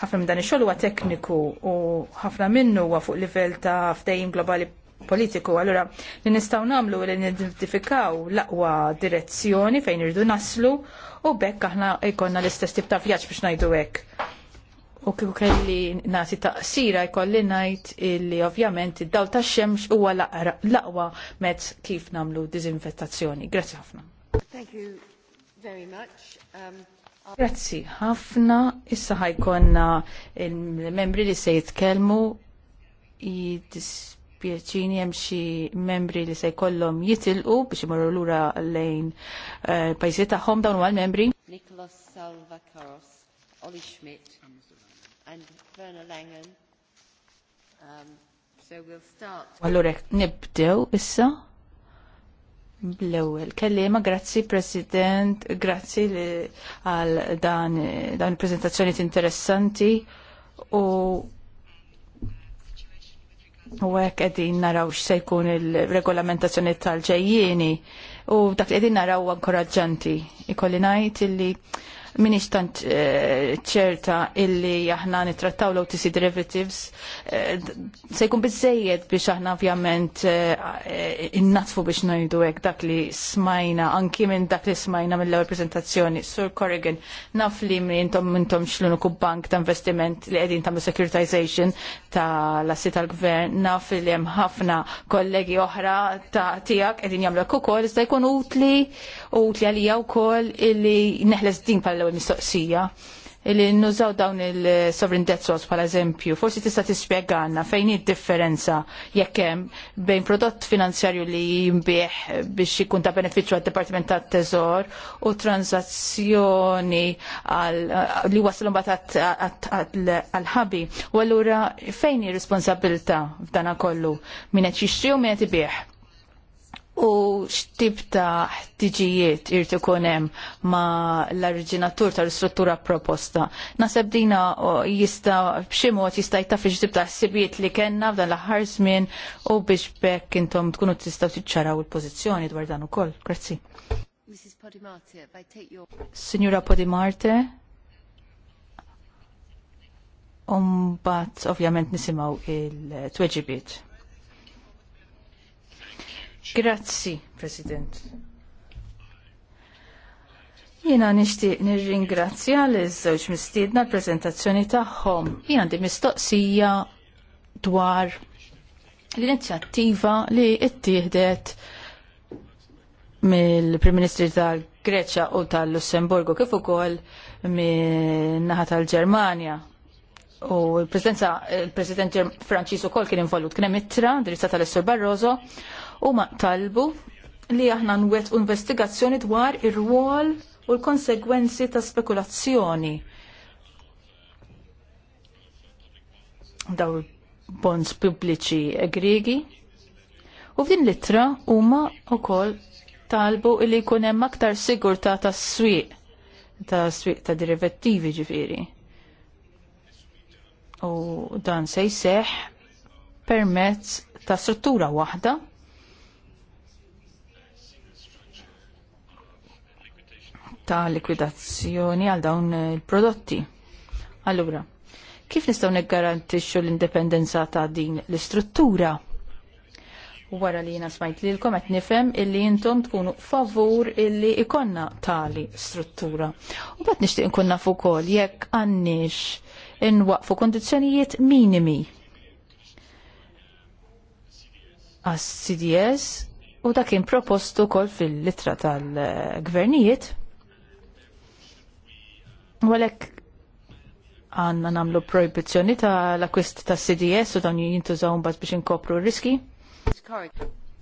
ħafna minn dan ix-xogħol huwa tekniku u ħafna minnu huwa fuq livell ta' ftehim globali politiku. Allura li nistgħu nagħmlu li nidentifikaw l-aqwa direzzjoni fejn irdu naslu u bekk aħna jkollna l-istess tip ta' vjaġġ biex ngħidu hekk. U kieku kelli nagħti taqsira jkolli ngħid illi ovvjament id-dawl tax-xemx huwa l-aqwa mezz kif nagħmlu diżinfettazzjoni. Grazzi ħafna. Thank you very much. Um... Grazzi ħafna, issa ħajkonna il-membri li se jitkellmu jitispieċini hemm xi membri li se jkollhom jitilqu biex imorru lura lejn eh, pajjiżiet tagħhom dawn huma l-membri. Niklas Salvacaros, Oli Schmidt and Verna Langen. Um, so we'll start. Allora, nibdew issa Bl-ewwel kellima, grazzi President, grazzi għal dan dan il-preżentazzjoni interessanti u u għek edin naraw x'se jkun il-regolamentazzjoni tal-ġejjieni u dak li edin naraw għankoraġġanti. Ikolli najt illi minix tant eh, ċerta illi aħna nitrattaw l OTC derivatives eh, se jkun bizzejed biex aħna ovvjament eh, innatfu biex ngħidu hekk dak li smajna anki minn dak li smajna mill-ewwel prezentazzjoni Sur Corrigan, naf li intom intom x'l-uniku bank ta' investiment li qegħdin tagħmlu securitization tal-assi tal-gvern, naf li hemm ħafna kollegi oħra ta' tiegħek qegħdin jagħmlu ukoll, iżda jkun utli utli għalija wkoll illi neħles din pal l-ewwel mistoqsija li nużaw dawn il-sovereign debt swaps pal eżempju, forsi tista' tispjegana fejn id-differenza jekk hemm bejn prodott finanzjarju li jinbieħ biex ikun ta' benefiċċju għad-Dipartiment tat-Teżor u transazzjoni li waslu mbagħad għall-ħabi. U allura fejn ir-responsabilità f'dana kollu? Min qed jixtri u min qed u x'tib ta' ħtiġijiet irid ikun hemm ma' l arriġinatur tal-istruttura proposta. Naseb dina jista' b'xi mod jista' jtaf x'tib ta' ħsibijiet li kellna f'dan l-aħħar żmien u biex bekk intom tkunu tistgħu tiċċaraw il-pożizzjoni dwar dan ukoll. Grazzi. Mrs. Podimarte, I take your... Signora Podimarte, umbat ovvjament nisimaw il-tweġibiet. Grazzi, President. Jena nishtiq nirringrazzja l żewġ mistiedna l-prezentazzjoni tagħhom. Jien għandi mistoqsija dwar l-inizjattiva li ttieħdet mill-Prim Ministri tal-Greċja u tal-Lussemburgu kif ukoll min-naħa tal-Ġermanja U l-President Franċis ukoll kien involut, kien ittra, drizzata l-Essur Barroso, huma talbu li aħna nwet investigazzjoni dwar ir-rwol u l-konsegwenzi ta' spekulazzjoni. Daw bonds pubbliċi egregi. U f'din litra huma wkoll talbu li jkun hemm aktar sigurtà tas-swieq ta' swieq ta', ta, ta derivattivi ġifieri. U dan se jseħħ permezz ta' struttura waħda ta' likwidazzjoni għal dawn il-prodotti. Allura, kif nistgħu niggarantixxu l-indipendenza ta' din l-istruttura? Wara li jiena smajt lilkom qed nifhem illi intom tkunu favur illi ikonna tali struttura. U bat nixtieq nkunna naf ukoll jekk għandniex nwaqfu kondizjonijiet minimi għas-CDS u dak kien propostu kol fil-litra tal-gvernijiet Walek għanna namlu proibizjoni ta' l-akwist ta' CDS u dan jintużaw mbagħad biex inkopru r-riski.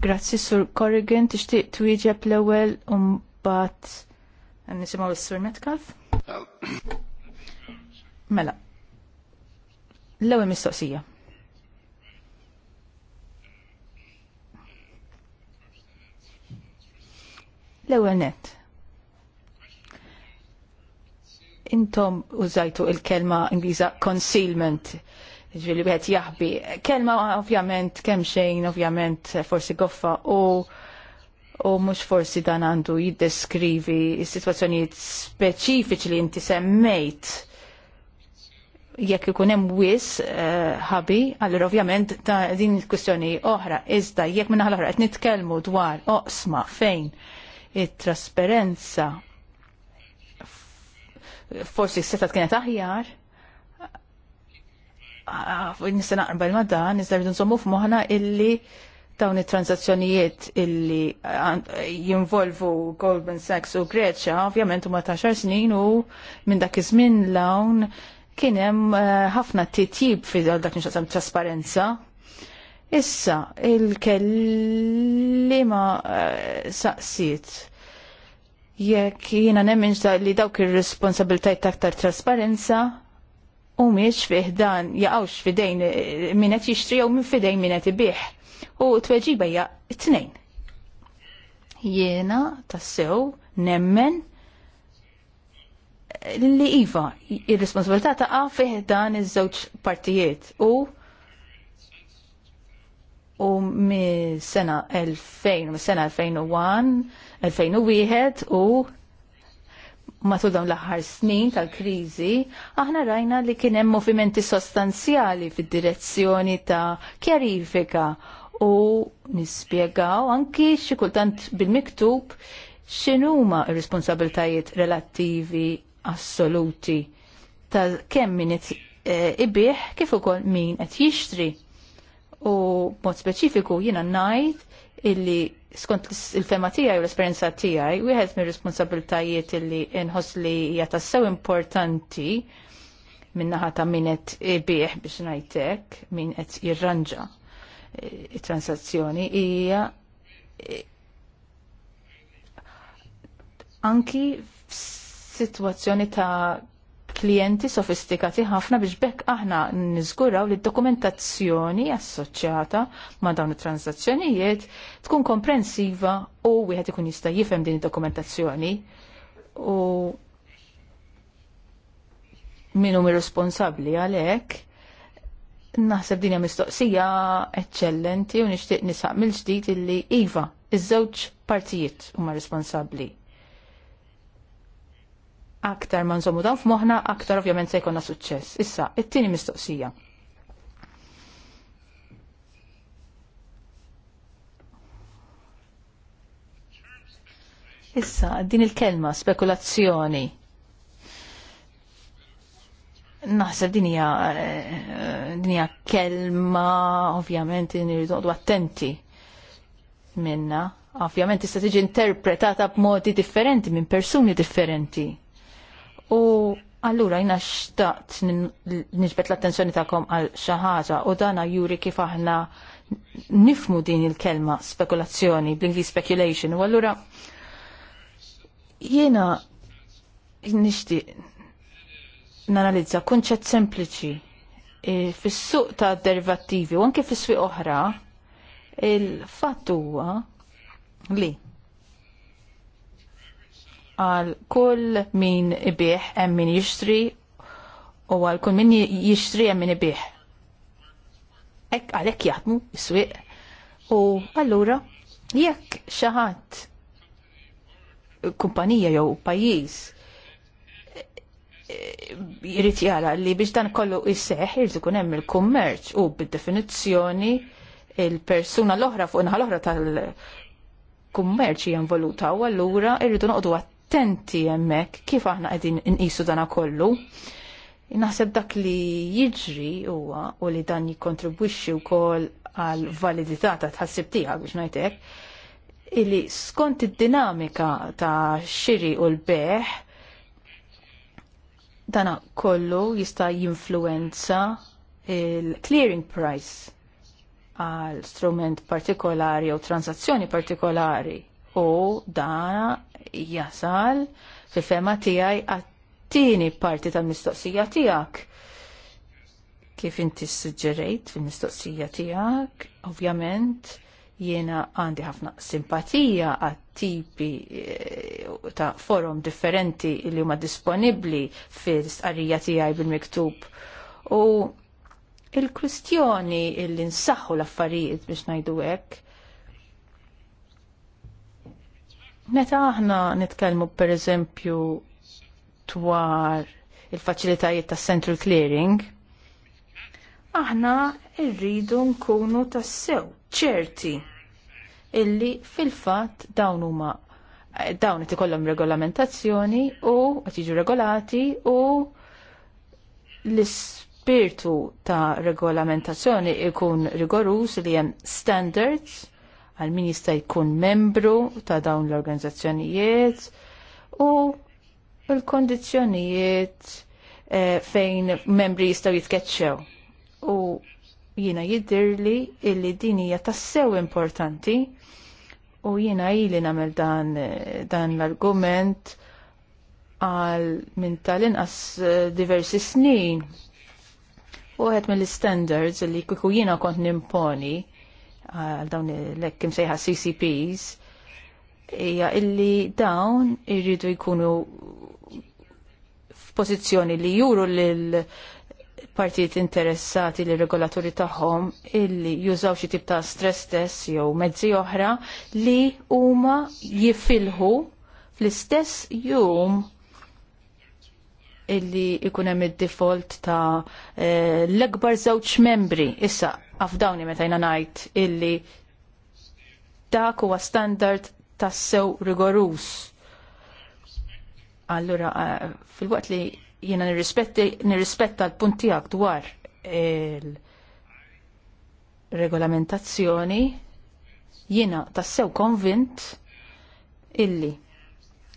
Grazzi Sur Corrigan, tixtieq twieġeb l-ewwel u nisimaw nisimgħu s-Sur Metcalf. Mela. L-ewwel mistoqsija. L-ewwel net intom użajtu il-kelma Ingliża concealment ġvili bħet jahbi. Kelma ovvjament, kem xejn ovvjament forsi goffa u u mux forsi dan għandu jiddeskrivi situazzjonijiet speċifiċi li inti semmejt jekk ikun hemm wis eh, ħabi, uh, allura ovvjament ta' din il-kwistjoni oħra iżda jekk minn oħra qed nitkellmu dwar oqsma fejn it-trasparenza forsi s-setat kienet aħjar. Nista naqrba ma dan, nista rridu nsommu f'moħna illi dawn it-transazzjonijiet illi jinvolvu Goldman Sachs u Greċa, ovvjament huma ta' xar snin u minn dak iż-żmien lawn kien hemm eh, ħafna titjib fi dak nixtaqsam trasparenza. Issa, il-kellima eh, saqsiet jekk jiena nemmen li dawk ir-responsabiltajt aktar trasparenza u miex fiħdan jaqawx fidejn minnet jixtri u minn fidejn minnet ibiħ. U tweġiba weġiba hija t-tnejn. Jiena tassew nemmen li Iva, il-responsabilità taqa dan iż-żewġ partijiet u u mis-sena 2000, mis-sena 2001 2001 u matul dawn l-aħħar snin tal-kriżi, aħna rajna li kien hemm movimenti sostanzjali fid-direzzjoni ta' kjarifika u nispjegaw anki xi kultant bil-miktub x'inhuma r-responsabiltajiet relattivi assoluti ta' kemm min qed eh, ibih kif ukoll min qed jixtri. U mod speċifiku jiena ngħid illi skont il-fema tijaj u l-esperjenza tiegħi, wieħed mir-responsabiltajiet illi inħoss li hija tassew importanti minnaħa ta' min qed ibih biex ngħidlek, min qed jirranġa eh, it-transazzjoni hija eh, anki f'sitwazzjoni ta' klijenti sofistikati ħafna biex bekk aħna niżguraw li d-dokumentazzjoni assoċjata ma' dawn it-transazzjonijiet tkun komprensiva u wieħed ikun jista' jifhem din id-dokumentazzjoni u min huma responsabbli għalhekk naħseb dinja mistoqsija eċċellenti u nixtieq nisaq mill-ġdid illi iva, iż-żewġ partijiet huma responsabbli aktar ma nżommu dan f'moħħna, aktar ovvjament se jkollna suċċess. Issa, it-tieni mistoqsija. Issa, din il-kelma spekulazzjoni. Naħseb din hija eh, din hija kelma ovvjament nirridu attenti minna. Ovvjament tista' tiġi interpretata b'modi differenti minn persuni differenti U allura jina xtaqt nġbet l-attenzjoni ta'kom għal xaħġa u dana juri kif aħna nifmu din il-kelma spekulazzjoni, bl-Ingli speculation, u allura jena nishti nanalizza kunċet sempliċi e, fis-suq ta' derivativi u anke fis-suq oħra il-fatt huwa li għal kull min ibiħ hemm min jixtri u għal kull min jixtri hemm min ibiħ. Ek għalhekk jaħdmu is-swieq u allura jekk xi ħadd kumpanija jew pajjiż jrid jara li biex dan kollu jisseħ irid ikun hemm il-kummerċ u bid-definizzjoni il-persuna l-oħra fuq inħal l-oħra tal-kummerċ hija involuta u allura noqdu għat attenti hemmhekk kif aħna qegħdin inqisu dana kollu. Naħseb dak li jiġri huwa u li dan jikkontribwixxi wkoll għal validità ta' tħassib tiegħek biex ngħidlek illi skont id-dinamika ta' xiri u l-beħ dana kollu jista' jinfluenza il-clearing price għal strument partikolari u transazzjoni partikolari u dana jasal fil-fema tiegħi għat-tieni parti tal-mistoqsija tiegħek. Kif inti suġġerejt fil-mistoqsija tiegħek, ovvjament jiena għandi ħafna simpatija għat tipi eh, ta' forum differenti li huma disponibbli fil-istqarrija tiegħi bil-miktub. U il-kwistjoni il-li nsaħħu l-affarijiet biex ngħidu hekk Meta aħna nitkellmu pereżempju dwar il-faċilitajiet tas Central Clearing, aħna rridu nkunu tassew ċerti illi fil-fatt dawn huma dawn qed ikollhom regolamentazzjoni u qed jiġu regolati u l-ispirtu ta' regolamentazzjoni ikun rigorus li hemm standards għal min jista' jkun membru ta' dawn l-organizzazzjonijiet u l-kondizzjonijiet eh, fejn membri jistgħu jitkeċċew. U jiena jiddirli illi din hija tassew importanti u jiena ili nagħmel dan, dan l-argument għal min tal-inqas eh, diversi snin. U għed mill-standards li kiku jina kont nimponi għal dawn l kim sejħa CCPs hija illi dawn irridu jkunu f'pożizzjoni li juru lil partijiet interessati li regolaturi tagħhom illi jużaw xi tip ta' stress test jew mezzi oħra li huma jifilħu fl-istess jum illi ikun hemm id-default ta' eh, l-akbar żewġ membri issa għafdawni meta jna ngħid illi dak huwa standard tassew rigorus. Allura, uh, fil-waqt li jiena nirrispetta l punti tiegħek dwar il-regolamentazzjoni, jiena tassew konvint illi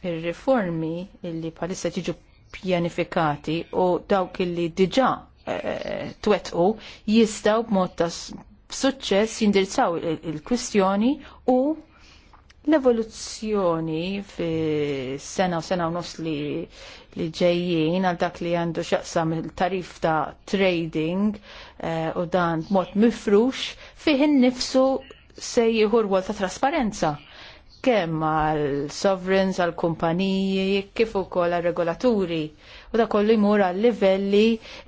il-riformi illi palissa tiġu pjanifikati u dawk illi diġa eh, eh, twettqu jistgħu b'mod ta' b'suċċess jindirizzaw il-kwistjoni u l-evoluzzjoni fi sena u sena u nofs li, li ġejjien għal dak li għandu xaqsam il-tarif ta' trading eh, u dan mod mifrux fih nifsu se jieħu rwol ta' trasparenza kemm għal sovereigns, għal kumpaniji, kif ukoll għal regolaturi. U da kollu jmur għal livelli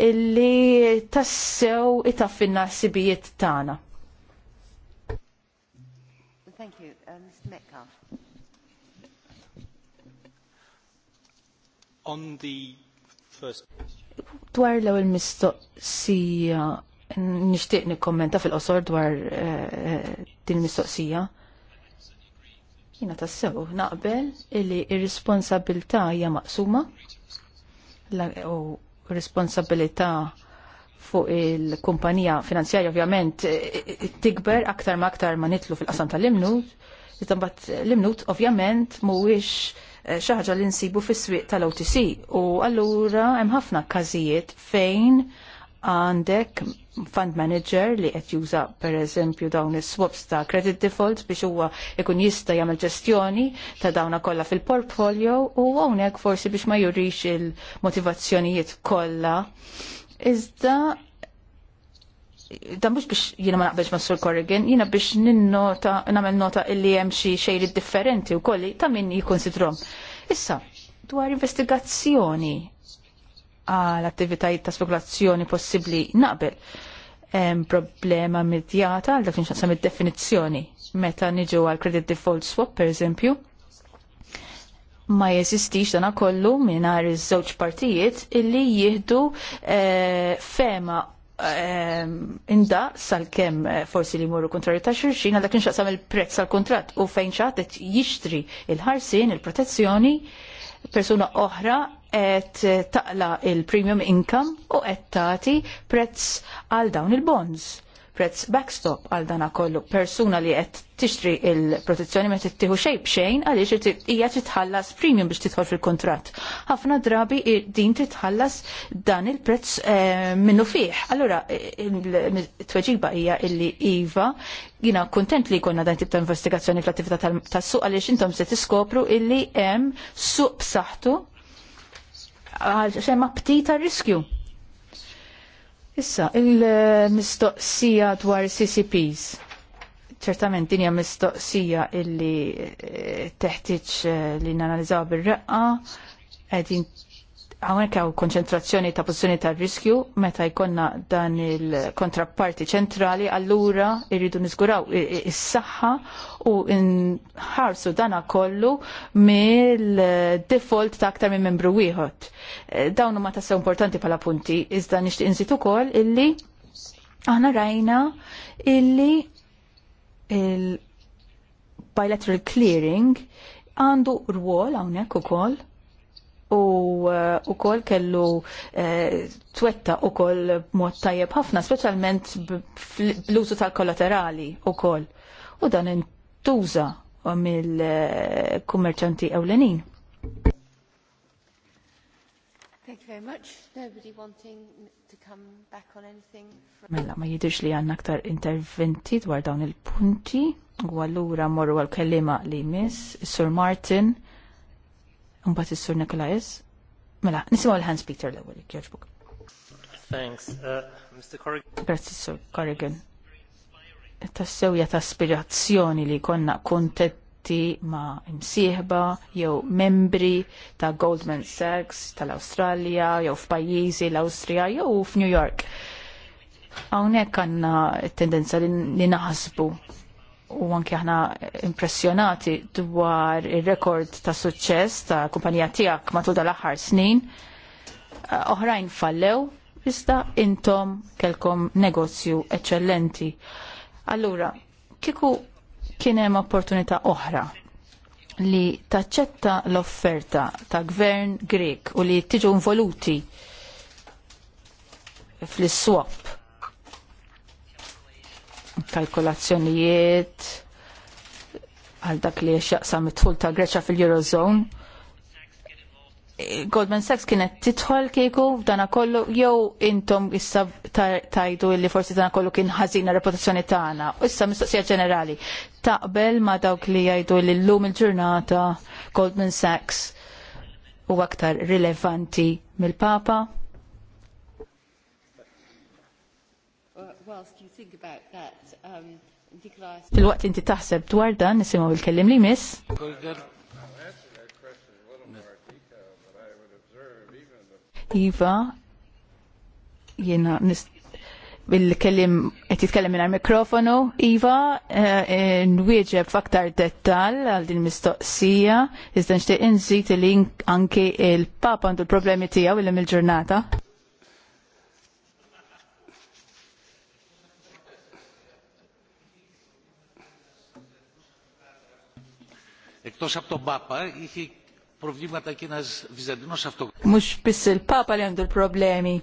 illi tassew taffinna s-sibijiet tagħna. Thank you. Uh, Mr. Metcalf. On the first... Dwar l-ewel mistoqsija, nishtiqni kommenta fil-qosor dwar eh, eh, din mistoqsija. Jina tassew naqbel illi ir-responsabilità hija maqsuma u responsabilità fuq il-kumpanija finanzjarja ovvjament eh, eh, eh, tikber aktar ma aktar ma nitlu fil-qasam tal-imnut. Jitambat l-imnut ovvjament mhuwiex xi ħaġa li nsibu fis-swieq tal-OTC u allura hemm ħafna każijiet fejn għandek fund manager li qed juża pereżempju dawn is-swaps ta' credit default biex huwa jkun jista' jagħmel ġestjoni ta' dawna kollha fil-portfolio u hawnhekk forsi biex ma jurix il-motivazzjonijiet kollha. Iżda dan mhux biex jiena ma naqbilx ma' Sur Corrigan, jiena biex ninnota nagħmel nota illi hemm xi xejrid differenti wkoll ta' min jikkonsidrom. Issa, dwar investigazzjoni għal attivitajiet ta' spekulazzjoni possibbli naqbel hemm problema immedjata għal dak nixaqsam id-definizzjoni meta niġu għal credit default swap per eżempju ma jeżistix dana kollu mingħajr iż-żewġ partijiet illi jieħdu eh, fema eh, inda sal-kem eh, forsi li morru kontrarju ta' xurxin, għal dakin xaqsam il-prezz għal kontrat u fejn xaqtet jixtri il-ħarsin, il-protezzjoni, persuna oħra qed taqla il-premium income u qed tagħti prezz għal dawn il-bonds prezz backstop għal dana kollu persuna li qed tixtri il-protezzjoni ma tittieħu xejn b'xejn għaliex hija titħallas premium biex tidħol fil-kontratt. Ħafna drabi din titħallas dan il-prezz eh, minnu fih. Allura t-tweġiba hija illi iva jina kontent li jkollna dan tip ta' investigazzjoni fl-attività tas-suq għaliex intom se tiskopru illi hemm suq b'saħħtu xemma ptita riskju. Issa, il-mistoqsija dwar CCPs. ċertament dinja mistoqsija illi eh, teħtieġ eh, li nanalizaw bir-reqqa, qegħdin Għawnek għaw konċentrazzjoni ta' pozizjoni ta' riskju, meta jkonna dan il-kontrapparti ċentrali, allura irridu nizguraw is-saħħa u nħarsu dana kollu mill-default ta' aktar minn membru wieħed. Eh, dawn huma tassew importanti pala punti, iżda nixtieq inżid ukoll illi aħna rajna illi il-bilateral clearing għandu rwol hawnhekk ukoll u wkoll eh, kellu e, twetta kol mod tajjeb ħafna, speċjalment bl-użu tal-kollaterali wkoll. U dan intuża mill-kummerċanti ewlenin. Thank you very much. Nobody wanting to come back on anything. From... Mella, ma jidirx li għanna aktar interventi dwar dawn il-punti. U għallura morru għal-kellima li miss, Sir Martin Mbati is-sur Nikolajs. Mela, nisimgħu l-Hans Peter l-ewwel jogħġbok. Thanks, uh, Mr. Corrigan. Grazzi, Sur Corrigan. Tassewja ta' aspirazzjoni li konna kontetti ma' imsieħba jew membri ta' Goldman Sachs tal-Awstralja jew f'pajjiżi l austria jew f'New York. Hawnhekk għandna t tendenza li naħsbu u anke aħna impressjonati dwar ir-rekord ta' suċċess ta' kumpanija tiegħek matul dal-aħħar snin. Eh, oħrajn fallew, iżda intom kelkom negozju eċċellenti. Allura, kieku kien hemm opportunità oħra li taċċetta l-offerta ta' gvern Grek u li tiġu involuti fl-swap kalkolazzjonijiet għal dak li xaqsam it-tħul ta' Greċa fil-Eurozone. Goldman Sachs kienet titħol kieku dana kollu jew intom issa tajdu li forsi dana kollu kien ħażina reputazzjoni tagħna. Issa mistoqsija ġenerali. Taqbel ma dawk li jgħidu li llum il-ġurnata Goldman Sachs u aktar rilevanti mill-Papa? Whilst you think about that, Um, Fil-waqt inti taħseb dwar dan nisimgħu il-kellim li miss. Iva, jena bil-kellim qed jitkellem mingħajr mikrofonu. Iva, eh, eh, nwieġeb f'aktar dettal għal din mistoqsija, iżda nixtieq inżid li anke il-Papa għandu l-problemi tiegħu illum il-ġurnata. Mhux biss il Papa li għandu l-problemi.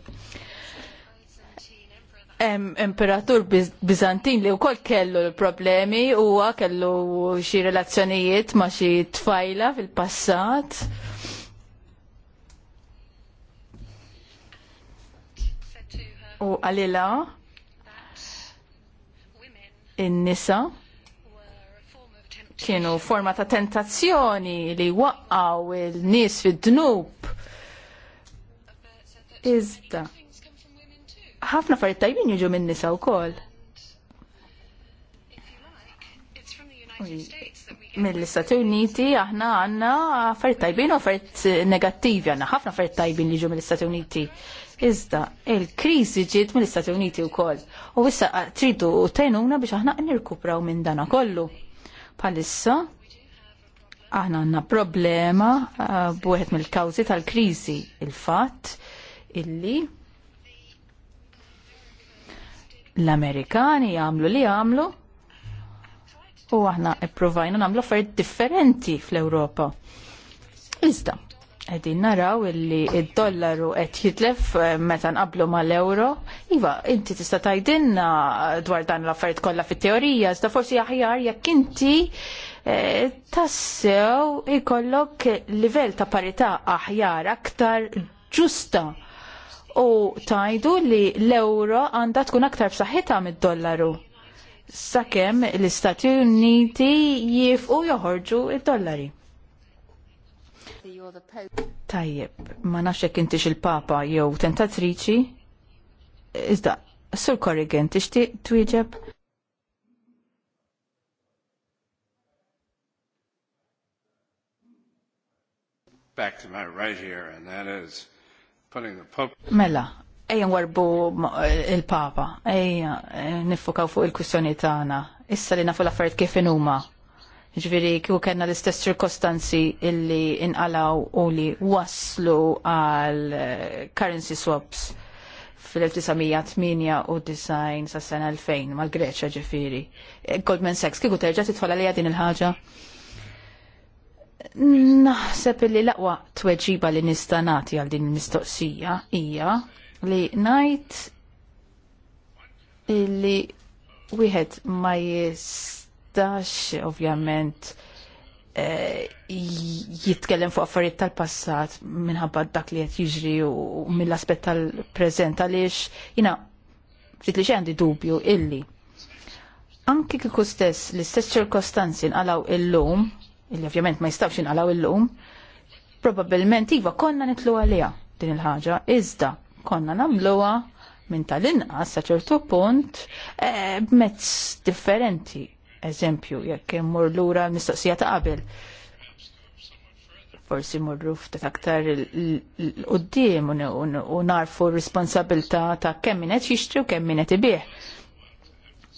Imperatur Bizantin li wkoll kellu l-problemi huwa kellu xi relazzjonijiet ma' xi tfajla fil-passat. U għalila in-nisa kienu forma ta' tentazzjoni li waqqaw il-nies fid-dnub. Iżda, ħafna farid tajbin jiġu minn nisa wkoll. Mill-Istati Uniti aħna għandna affarijiet tajbin u affarijiet negattivi għandna ħafna affarijiet tajbin li ġu mill-Istati Uniti. Iżda, il-kriżi ġiet mill-Istati Uniti wkoll. U issa tridu tgħinuna biex aħna nirkupraw minn dana kollu. Palissa, aħna għanna problema uh, buħet mill-kawzi tal-krizi il-fat illi l-Amerikani għamlu li għamlu u aħna ipprovajna namlu affarijiet differenti fl-Ewropa. Iżda, Edin naraw illi id-dollaru qed jitlef eh, meta nqablu mal-euro. Iva, inti tista' tgħidilna dwar dan l-affarijiet kollha fit-teorija, iżda forsi aħjar jekk inti eh, tassew ikollok livell ta' parità aħjar aktar ġusta u tajdu li l-euro għandha tkun aktar b'saħħitha mid-dollaru. Sakemm l-Istati Uniti jifqu joħorġu id-dollari. Tajjeb, ma nafx jekk intix il-Papa jew tentatriċi, iżda, Sur Corrigan, tixtieq twieġeb? back to my right here, and that is putting the Pope. Mela, ejja warbu il-Papa, ejja eh, nifukaw fuq il-kwistjoni tagħna. Issa li nafu l-affarijiet kif huma. Ġviri, kieku kena l-istess ċirkostanzi illi inqalaw u li waslu għal eh, currency swaps fil-1998 sa' sena 2000 mal-Greċa ġifiri. Eh, Goldman Sachs, kieku terġa titfall li din il-ħaġa? Naħseb li l-aqwa tweġiba li nista' nagħti għal din il-mistoqsija hija li ngħid illi wieħed ma jist 2011 ovvjament eh, jitkellem fuq affarijiet tal-passat minħabba dak li qed jiġri u mill-aspett tal-preżent għaliex jiena ftit li għandi dubju illi anki kieku stess l-istess ċirkostanzi nqalaw illum, illi ovvjament ma jistgħux inqalgħu illum, probabbilment iva konna nitlu għaliha din il-ħaġa, iżda konna nagħmluha minn tal-inqas sa ċertu punt eh, b'mezz differenti eżempju, jekk immur lura l-mistoqsija ta' qabel. Forsi morru ftit aktar l-qoddim u narfu r-responsabilta ta' kemm min qed jixtri u kemm min qed ibih.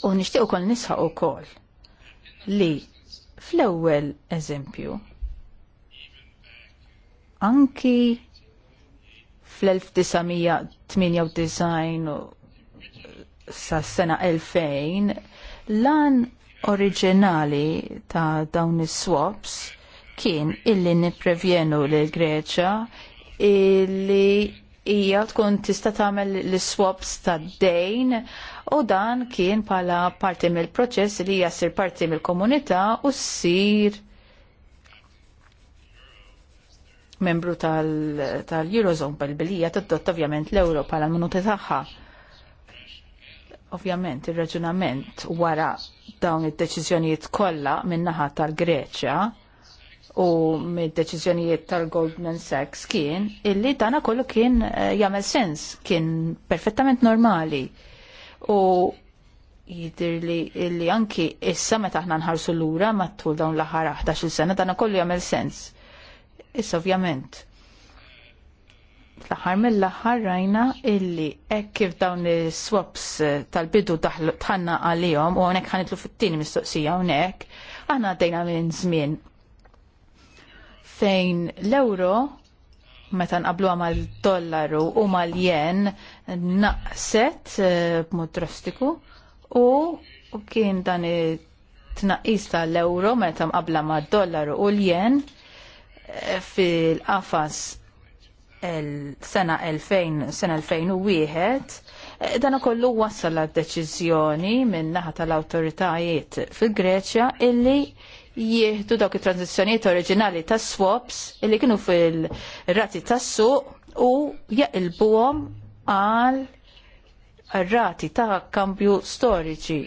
U nixtieq ukoll nisħaq ukoll li fl-ewwel eżempju anki fl-1998 sa s-sena 2000 lan oriġinali ta' dawn is-swaps kien illi nipprevjenu l Greċja illi hija tkun tista' tagħmel l-swaps tad-dejn u dan kien bħala parti mill-proċess li hija ssir parti mill-komunità u ssir membru tal-Eurozone tal bil-bilija tad-dott ovvjament l-Ewro bħala l-minuti tagħha. Ovvjament, ir-raġunament wara dawn id-deċiżjonijiet kollha min-naħa tal-Greċja u mid-deċiżjonijiet tal-Goldman Sachs kien illi dana kollu kien eh, jagħmel sens, kien perfettament normali. U jidir li illi anki issa meta aħna nħarsu lura matul dawn l-aħħar 11-il sena dana kollu jagħmel sens. Issa ovvjament fl-aħħar mill-aħħar rajna illi hekk kif dawn is-swaps eh, tal-bidu tħanna għalihom u għonek ħanitlu fit-tieni mistoqsija hawnhekk, aħna għaddejna minn żmien fejn l-euro meta nqabluha mal-dollaru u mal-jen naqset eh, b'mod drastiku u kien dan it-tnaqqis tal-euro meta mqabla mal dollaru u l-jen eh, fil-qafas sena 2000, sena 2001, eh, dan kollu wassal għad deċiżjoni minn naħa tal-autoritajiet fil-Greċja illi jieħdu dawk it-tranzizzjonijiet oriġinali tas swaps illi kienu fil-rati tas-suq u jaqilbuhom għal rati ta' kambju storiċi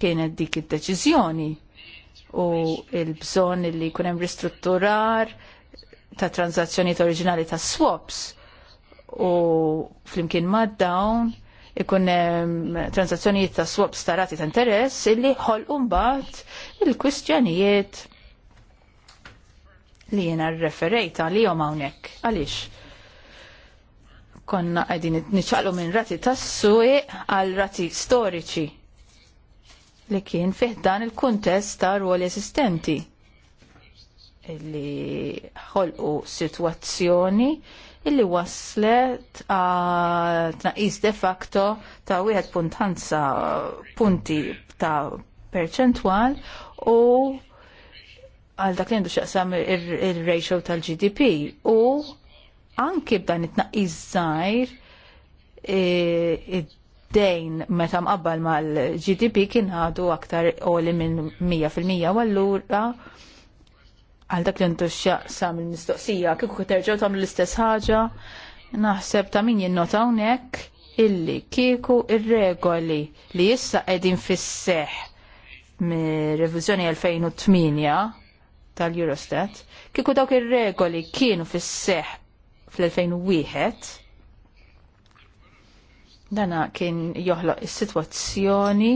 kienet dik id-deċiżjoni u l bżonn li jkun hemm ristrutturar ta' tranzazzjonijiet oriġinali ta' swaps u flimkien mad dawn ikun tranzazzjonijiet ta' swaps ta' rati ta' interess illi ħol mbagħad il-kwistjonijiet li jena referejta li jom hawnhekk. Għaliex? Konna qegħdin niċċaqlu minn rati tas-suq għal rati storiċi li kien fih dan il-kuntest ta' ruoli esistenti li ħolqu situazzjoni illi waslet għal tnaqis de facto ta' wieħed puntanza punti ta' perċentwal u għal dak li għandu xaqsam il-ratio tal-GDP u anki b'dan it-tnaqis żgħir e, id-dejn meta mqabbal mal-GDP kien għadu aktar oli minn 100% u allura għal dak li għandu xaqsam il-mistoqsija, kieku terġaw tamlu l-istess ħaġa, naħseb ta' min jinnota hawnhekk illi kieku ir-regoli li issa qegħdin fis-seħ mir revizjoni 2008 tal-Eurostat, kieku dawk ir-regoli kienu fis-seħ fl-2001, dana kien joħloq is-sitwazzjoni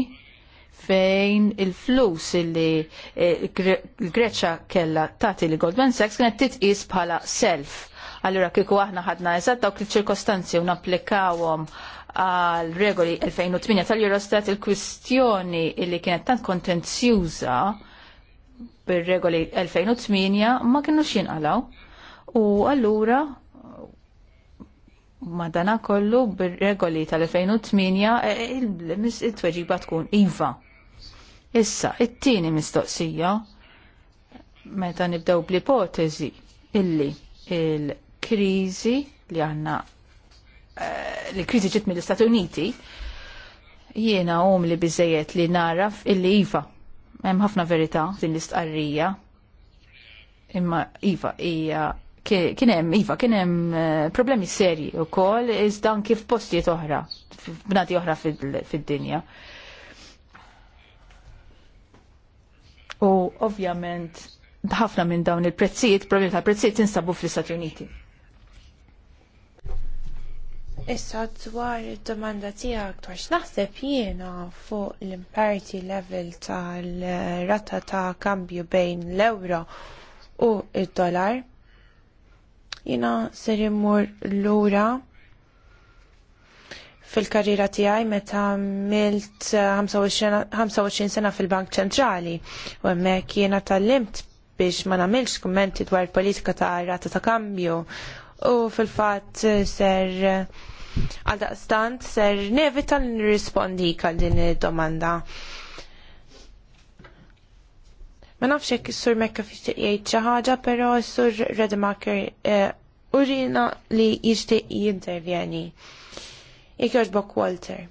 fejn il-flus li l-Greċa eh, kella tati li Goldman Sachs kienet titqis bħala self. Allura kieku aħna ħadna eżatt dawk il-ċirkostanzi u napplikawhom għal regoli 2008 tal-Eurostat il-kwistjoni li kienet tant kontenzjuża bir-regoli 2008 ma kienux jinqalaw. U allura madana kollu bir-regoli tal-2008 eh, il-tweġiba tkun IVA. Issa, it-tieni mistoqsija, meta nibdew bl-ipotezi illi il-krizi li għanna uh, eh, li krizi ġiet mill-Istati Uniti, jiena um li bizzejiet li naraf illi iva. Hemm ħafna verità din l-istqarrija. Imma iva hija kien hemm iva kien hemm eh, problemi serji wkoll iżda kif f'postijiet oħra, bnadi oħra fid-dinja. Fid U ovvjament ħafna minn dawn il-prezzijiet, problemi tal prezzijiet tinsabu fl-Istati Uniti. Issa dwar id-domanda tiegħek dwar x'naħseb jiena fuq l-imparity level tal-rata ta' kambju bejn l ewro u id-dollar. Jiena ser immur lura fil-karriera tiegħi meta għamilt 25 eh, sena fil-Bank Ċentrali u hemmhekk jiena tallimt biex ma nagħmilx kummenti dwar politika ta' rata ta' kambju u fil-fatt eh, ser eh, stant ser nevita li nirrispondi għal din id-domanda. Ma nafx jekk is-sur Mekka fixtieq jgħid xi ħaġa, però s-sur Redemaker urina li jixtieq jintervjeni. Ikjoġbok Walter.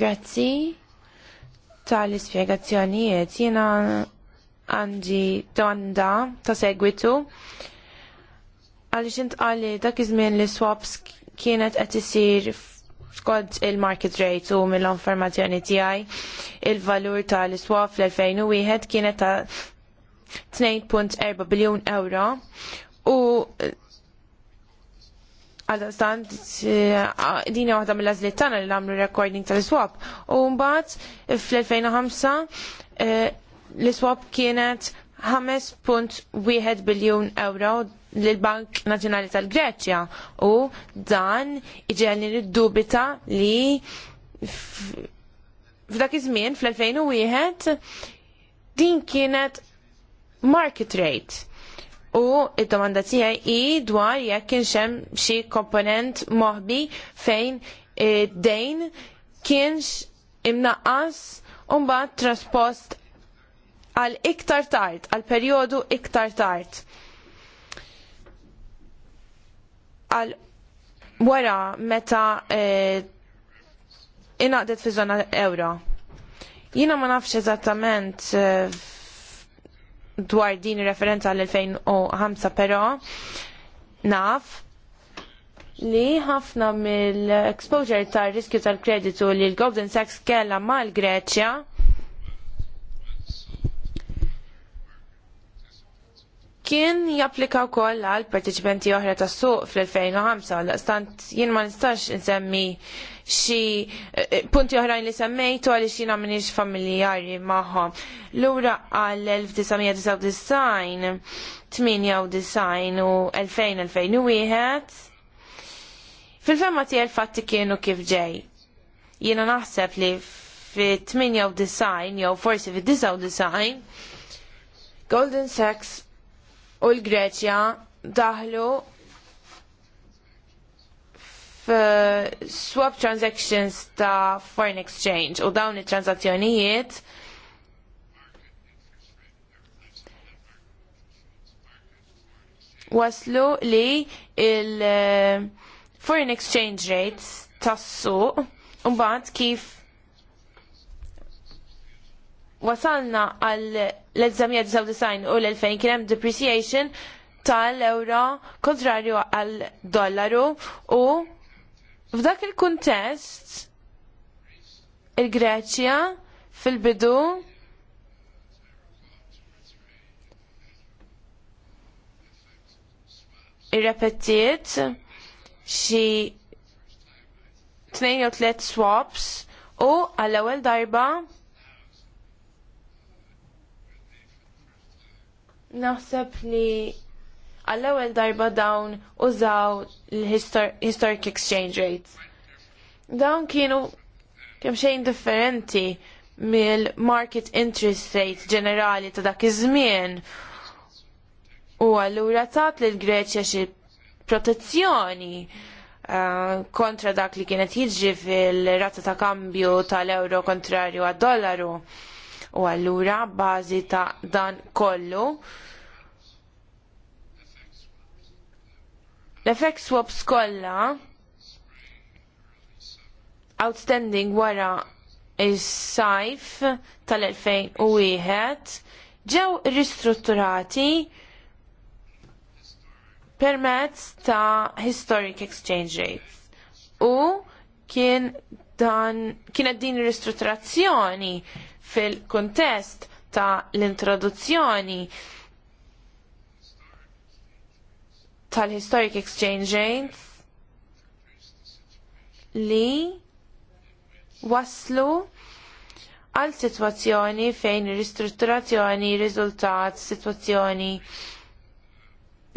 Grazzi tal-ispiegazzjonijiet. Jena għandi domanda ta' segwitu. għaliex intqali għalli dak iż-żmien li swaps kienet qed isir skont il-market rate u mill-informazzjoni tiegħi il-valur tal-iswaf fl-2001 kienet ta' 2.4 biljun euro u Għaldastant, eh, dini waħda mill-azliet tana li għamlu recording tal-iswap. U mbagħad fl-2005 eh, l-iswap kienet 5.1 biljun euro l-Bank Nazzjonali tal-Greċja u dan iġelni niddubita li f'dak iż-żmien fl-2001 din kienet market rate U id-domanda tiegħi hi dwar jekk kienx hemm xi komponent moħbi fejn id-dejn e, kienx imnaqqas u mbagħad traspost għal iktar tard, għal perjodu iktar tard. Għal wara meta e, inaqdet fi żona euro. Jiena ma nafx eżattament e, dwar din referenza għal 2005 però naf li ħafna mill-exposure tar riskju tal-kreditu li l-Golden Sachs kellha mal-Greċja kien japplika wkoll għal partiċipenti oħra tas suq fl-2005 l-istant jien ma nistax insemmi xi eh, eh, punti oħrajn li semmejtu għaliex jiena m'iniex familjari magħhom. Lura għal 1999, u 2000-2001 Fil-femma tiegħi fatti kienu kif ġej. Jiena naħseb li fit-98 jew forsi fit-99 Golden Sachs u l-Greċja daħlu Uh, swap transactions ta' foreign exchange u dawn it-transazzjonijiet waslu li il- uh, foreign exchange rates tas-suq Mbagħad kif wasalna għal l-1999 u l-2000 kien hemm depreciation tal-euro kontrarju għal dollaru u F'dak il-kuntest, il-Greċja fil-bidu irrepetiet xi tnejn jew tliet swaps u għall-ewwel darba naħseb li għall-ewwel darba dawn użaw l-historic exchange rates. Dawn kienu kemm xejn differenti mill-market interest rate ġenerali ta' dak iż-żmien. U allura tat l Greċja xi protezzjoni uh, kontra dak li kienet jiġri fil-rata ta' kambju tal-euro kontrarju għad-dollaru. U allura bażi ta' dan kollu l effek swaps kollha outstanding wara il sajf tal-2001 ġew ristrutturati permezz ta' historic exchange rates. U kien dan kienet din ristrutturazzjoni fil-kontest ta' l-introduzzjoni tal-Historic Exchange Rates li waslu għal situazzjoni fejn ristrutturazzjoni riżultat situazzjoni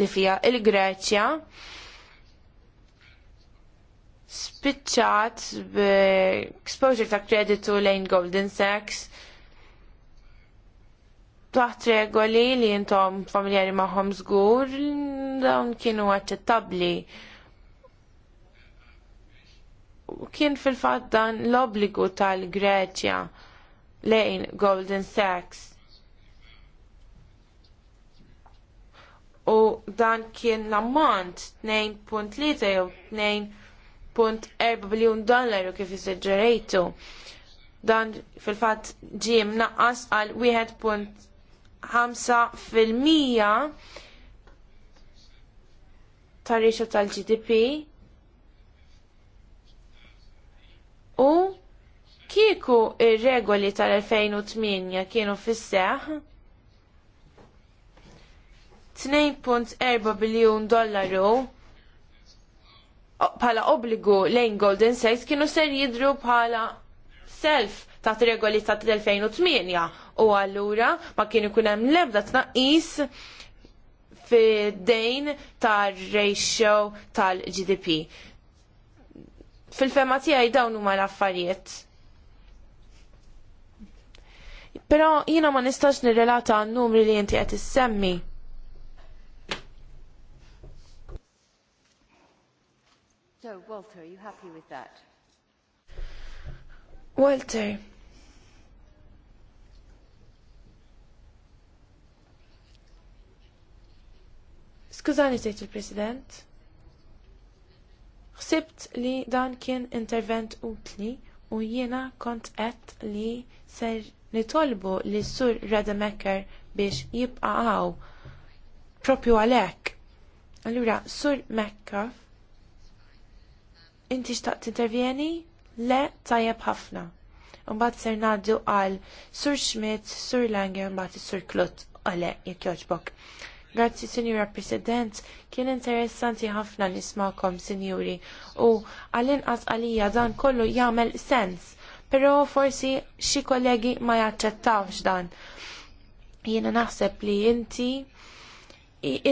li fija il-Greċja spiċċat b'exposure ta' kreditu lejn Golden Sachs taħt regoli li jintom familjari maħom zgur, dawn kienu aċċettabli. Kien fil-fat dan l-obligu tal-Greċja lejn Golden Sachs. U dan kien l-ammont 2.3 jew 2.4 biljun dollaru kif jisġġerejtu. Dan fil-fat ġim naqqas għal 1. 5% tar-rixa tal-GDP u kieku ir-regoli tal-2008 kienu fis 2.4 biljun dollaru bħala obbligu lejn Golden Sachs kienu ser jidru bħala self ta' regoli ta' 2008 u allura ma kien ikun hemm l-ebda tnaqqis fid-dejn tar-ratio tal-GDP. Fil-fema tiegħi dawn huma l-affarijiet. Però jiena ma nistax nirrelata għan numri li inti qed issemmi. So, Walter, are you happy with that? Walter, Skużani sejt il-President. Ħsibt li dan kien intervent utli u jiena kont qed li ser nitolbu li sur Rademecker biex jibqa' għaw propju għalhekk. Allura, sur Mekka, inti xtaqt intervjeni? Le, tajjeb ħafna. Mbagħad ser ngħaddu għal Sur Schmidt, Sur Lange, mbagħad is-Sur Klut, għale jekk jogħġbok. Grazzi, Sinjura President, kien interessanti ħafna nismakom, Sinjuri, u għal inqas għalija dan kollu jagħmel sens, però forsi xi kollegi ma jaċċettawx dan. Jiena naħseb li inti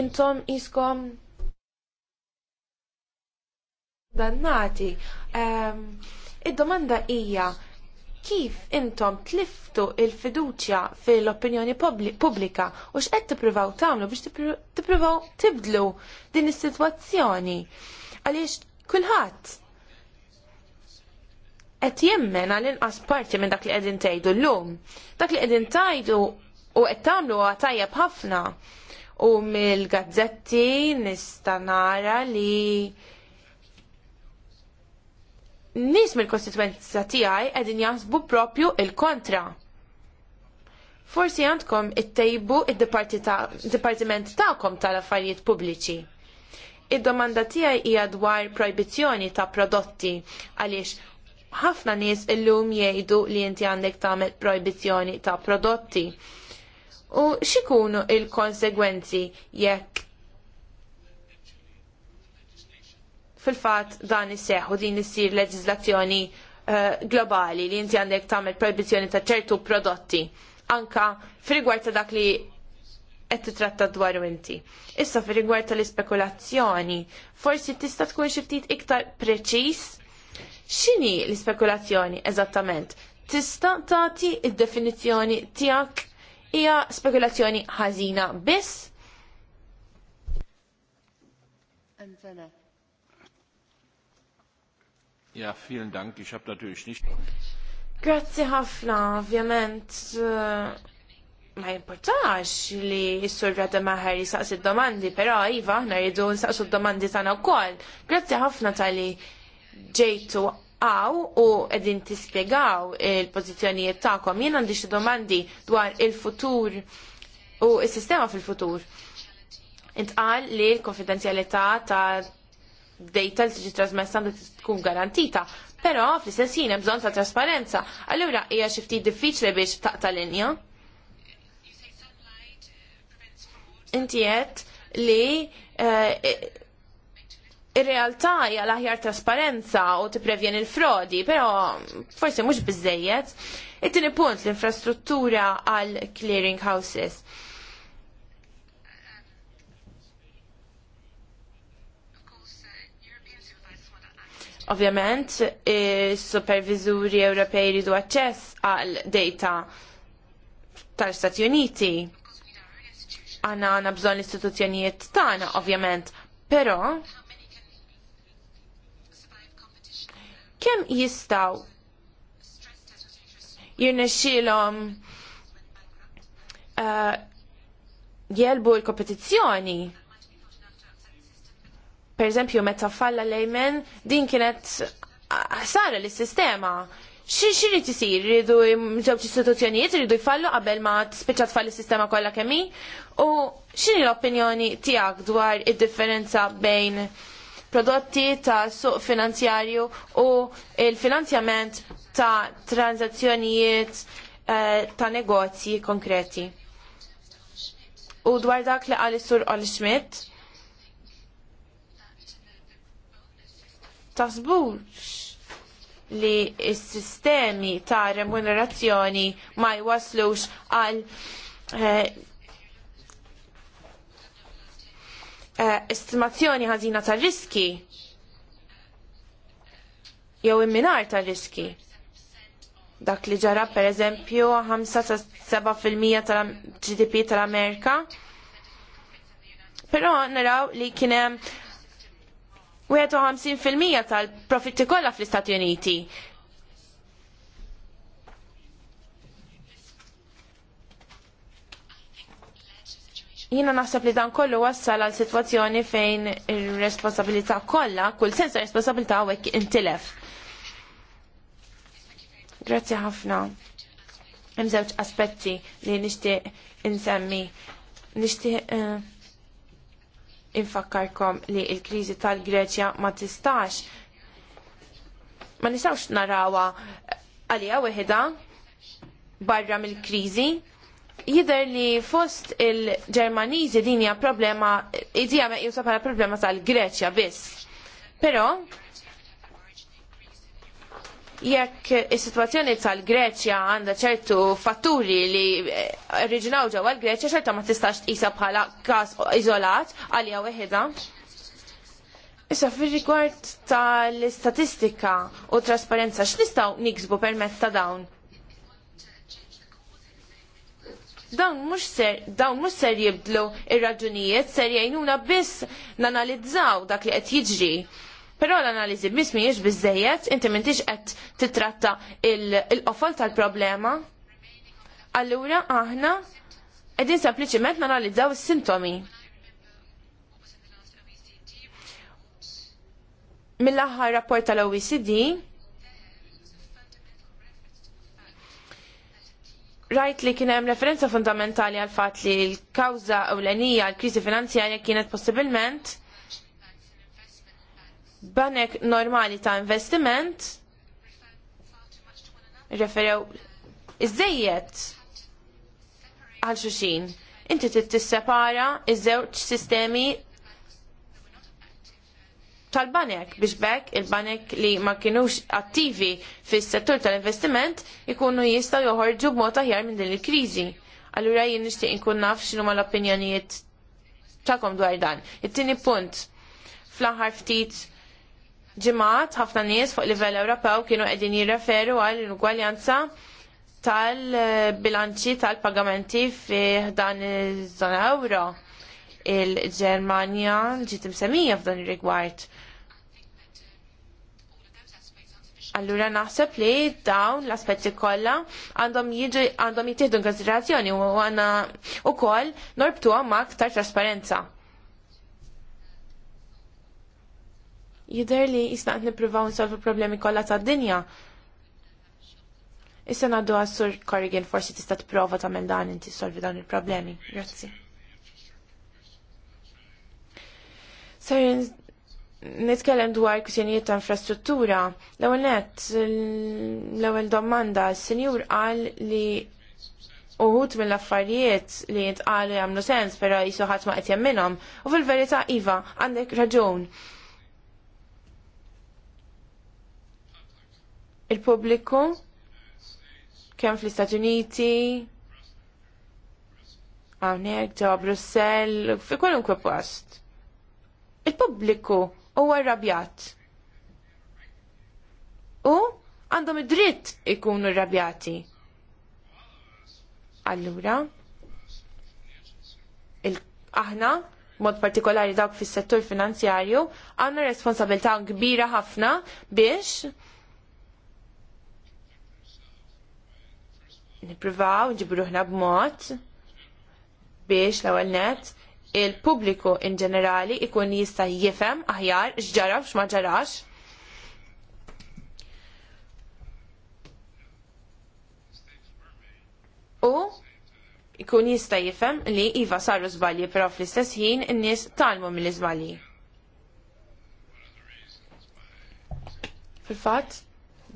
intom iskom dannati. Um, Id-domanda hija kif intom tliftu il-fiduċja fil-opinjoni pubblika u x'qed tippruvaw tagħmlu biex tippruvaw tibdlu din is-sitwazzjoni. Għaliex kulħadd qed jemmen għal inqas parti minn dak li qegħdin tgħidu llum. Dak li qegħdin tgħidu u qed tagħmlu huwa tajjeb ħafna. U mill-gazzetti nista' nara li nis mill-kostituenza tiegħi qegħdin jaħsbu propju il-kontra. Forsi għandkom it-tejbu id-dipartiment tagħkom tal-affarijiet pubbliċi id-domanda tiegħi hija dwar projbizzjoni ta' prodotti għaliex ħafna nies illum jgħidu li inti għandek tagħmel proibizzjoni ta' prodotti. U xikunu il-konsegwenzi jekk fil-fat dan isseħ u din issir leġizlazzjoni uh, globali li inti għandek tagħmel proibizzjoni ta' ċertu prodotti anka f'rigward ta' dak li qed titratta dwar inti. Issa fil-rigward tal-ispekulazzjoni, forsi tista' tkun xi ftit iktar preċiż x'inhi l-ispekulazzjoni eżattament? Tista' tagħti id-definizzjoni tiegħek hija spekulazzjoni ħażina biss? Ja, vielen Dank. Ich habe natürlich nicht. Grazzi ħafna, ovvjament. Eh, ma importax li s-sur Rada Maher jisaqs id-domandi, però Iva, ħna rridu nsaqsu d-domandi tagħna wkoll. Grazzi ħafna tali ġejtu għaw u edin tispiegaw il-pozizjonijiet tagħkom. Jien għandi xi domandi dwar il-futur u s-sistema fil-futur. Intqal li l-konfidenzjalità ta' data li tiġi trasmessa għandha tkun garantita, però fl-istess jien hemm bżonn ta' trasparenza. Allura hija xi ftit diffiċli biex taqta' linja. Inti qed li eh, ir-realtà hija l-aħjar trasparenza u tipprevjen il-frodi, però forsi mhux biżejjed. It-tieni punt l-infrastruttura għal clearing houses. Ovvjament, is-superviżuri Ewropej ridu aċċess għal data tal-Stati Uniti. Għana għana bżon l-istituzzjonijiet tagħna, ovvjament, però kemm jistaw jirnexxilhom uh, jelbu l-kompetizzjoni Per eżempju, meta falla lejmen, din kienet sara li sistema Xirri tisir, rridu ġewċ istituzzjonijiet, rridu jfallu qabel ma t-spicċa tfall sistema kolla kemmi, u xirri l-opinjoni tijak dwar id-differenza bejn prodotti ta' suq finanzjarju u il-finanzjament ta' tranzazzjonijiet eh, ta' negozji konkreti. U dwar dak li għal-sur Schmidt, tasbux li s-sistemi ta' remunerazzjoni ma jwaslux għal eh, eh, estimazzjoni ħażina ta' riski jew imminar ta' riski. Dak li ġara per eżempju 5-7% tal-GDP tal-Amerika. Però naraw li kienem 51% tal-profitti kollha fl-Istati Uniti. jina naħseb li dan kollu wassal għal situazzjoni fejn ir responsabilità kollha, kull sens responsabilità hekk intilef. Grazzi ħafna. Hemm żewġ aspetti li nixtieq insemmi. Nixtieq uh, infakkarkom li il-kriżi tal-Greċja ma tistax ma nistawx narawa għalija weħda barra mill-kriżi jider li fost il-Ġermaniżi din hija problema idija meqjusa bħala problema tal-Greċja biss. Però jekk is-sitwazzjoni tal-Greċja għandha ċertu fatturi li eh, oriġinaw ġewwa l-Greċja xorta ma tistax tqisha bħala każ iżolat għalija weħida. Issa fir-rigward tal-istatistika u trasparenza x'nistgħu niksbu permezz ta' dawn? Dawn mhux ser dawn mhux ser jibdlu ir-raġunijiet ser jgħinuna biss nanalizzaw dak li qed jiġri Però l-analiżi biss mhijiex biżejjed, inti m'intix qed titratta il-qofol tal-problema. Allura aħna qegħdin sempliċement nanalizzaw is-sintomi. Mill-aħħar rapport tal-OECD rajt li kien hemm referenza fundamentali għal fatt li l-kawża ewlenija għall kriżi finanzjarja kienet possibilment banek normali ta' investiment referew iżejjed għal xuxin. Inti tissepara iż-żewġ sistemi tal-banek biex bekk il-banek li ma kienux attivi fis settur tal-investiment ikunu jistaw joħorġu b'mod aħjar minn din il-kriżi. Allura jien nixtieq inkun naf x'inhu l-opinjonijiet tagħkom dwar dan. It-tieni punt fl-aħħar ftit ġimgħat ħafna nies fuq livell Ewropew kienu qegħdin jirreferu għal l-ugwaljanza tal-bilanċi tal-pagamenti fi dan iż-żona euro. Il-Ġermanja ġiet imsemmija f'dan ir-rigward. Allura naħseb li dawn l-aspetti kollha għandhom jiġu għandhom jittieħdu konsiderazzjoni u għandna wkoll norbtuhom ma' aktar trasparenza. Jider li jisna għat niprivaw nsolvu problemi kollha ta' dinja. Issa għaddu għassur Corrigan forsi tista' ta' tagħmel dan inti solvi dan il-problemi. Grazzi. Ser nitkellem dwar kusjonijiet ta' infrastruttura. L-ewwel nett l-ewwel domanda s-senjur qal li uħut mill-affarijiet li li għamlu sens, però jisuħat ma qed minnom. U fil-verità iva, għandek raġun. il-pubbliku kemm fl-Istati Uniti, hawnhekk ġewwa Brussell, fi kwalunkwe post. Il-pubbliku huwa rrabjat. U għandhom id-dritt ikunu rrabjati. Allura, aħna, mod partikolari dawk fis settur finanzjarju, għandna responsabilità kbira ħafna biex niprivaw nġibru ħna b'mod biex l-ewwel net il-pubbliku in ġenerali ikun jista' jifhem aħjar x'ġara x'ma ġarax. U ikun jista' jifhem li iva saru żbalji però fl-istess ħin in-nies talmu mill-iżbalji. Fil-fatt,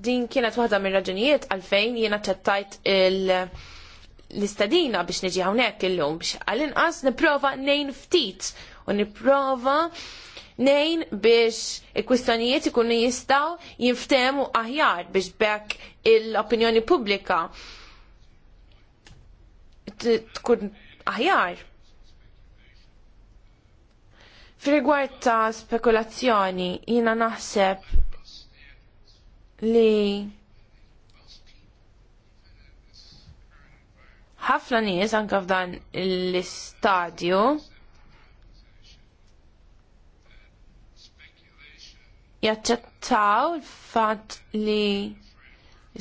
din kienet waħda mir raġunijiet għalfejn jien aċċettajt l-istadina biex niġi hawnhekk illum biex għall-inqas nipprova nejn ftit u nipprova nejn biex il-kwistjonijiet ikunu jistaw jinftemu aħjar biex bekk l-opinjoni pubblika tkun aħjar. Fir-rigward ta' spekulazzjoni, jina naħseb li ħafna nies anke f'dan l-istadju jaċċettaw l-fatt li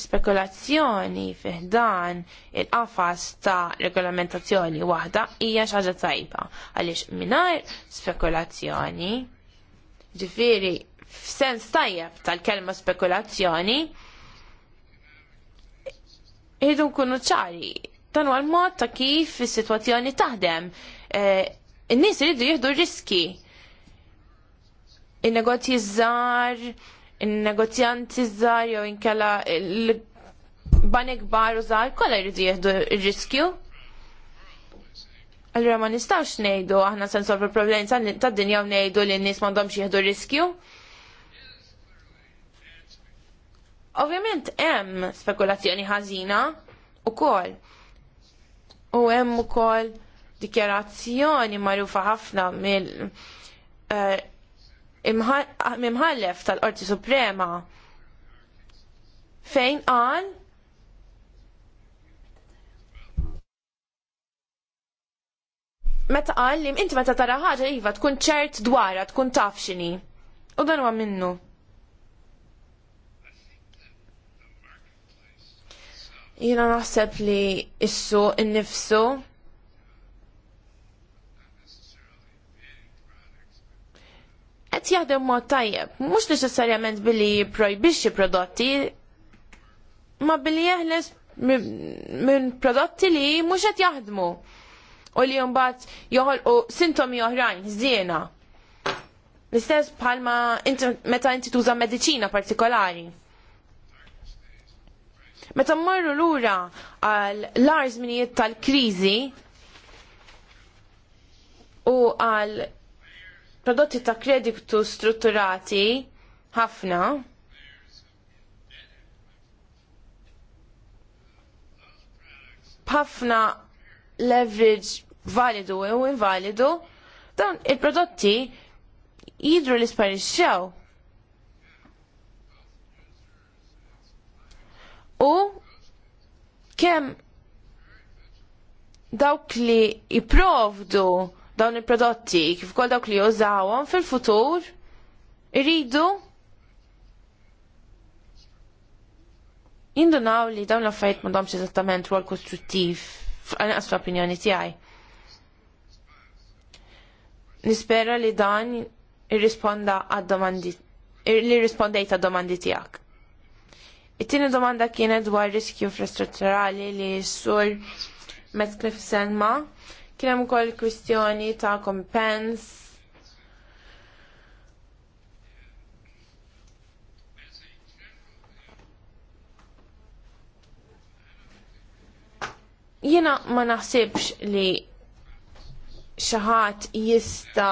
spekulazzjoni fiħdan il-qafas ta' regolamentazzjoni waħda hija xi ħaġa tajba għaliex mingħajr spekulazzjoni ġifieri f'sens tajjeb tal-kelma spekulazzjoni, jidun nkunu ċari. Dan huwa l-mod ta' kif is-sitwazzjoni taħdem. Eh, in-nies iridu jieħdu riski. In-negozji żgħar, in-negozjanti żgħar jew inkella il banek baru u żgħar kollha jridu jieħdu r-riskju. Allura ma nistgħux ngħidu aħna se nsolvu problemi tad-dinja u ngħidu li n-nies m'għandhomx jieħdu riskju. riskju Ovvjament hemm spekulazzjoni ħażina ukoll. U hemm ukoll dikjarazzjoni magħrufa ħafna mill eh, imħallef tal-Qorti Suprema fejn qal meta qal li inti meta tara ħaġa iva tkun ċert dwarha tkun taf U dan huwa minnu. Jiena naħseb li issu innifsu qed jaħdem mod tajjeb, mhux neċessarjament billi jipprojbixxi prodotti, ma billi jeħles minn prodotti li mhux qed jaħdmu u li mbagħad joħolqu sintomi oħrajn zjena. L-istess bħalma meta inti tuża mediċina partikolari. Meta mmorru lura għal l-ar tal-kriżi u għal prodotti ta' kreditu strutturati ħafna, b'ħafna leverage validu u invalidu, dan il-prodotti jidru li sparixxew. u kemm dawk li jiprovdu dawn il-prodotti kif ukoll dawk li jużawhom fil-futur iridu jindunaw li dawn l ma m'għandhomx eżattament rwol kostruttiv għanqas fl-opinjoni tiegħi. Nispera li dan irrisponda għad-domandi li rispondejt għad-domandi tiegħek. It-tieni domanda kienet dwar riskju infrastrutturali li s-sur Metcliffe Selma. Kien hemm ukoll kwistjoni ta' kompens Jiena ma naħsibx li xaħat jista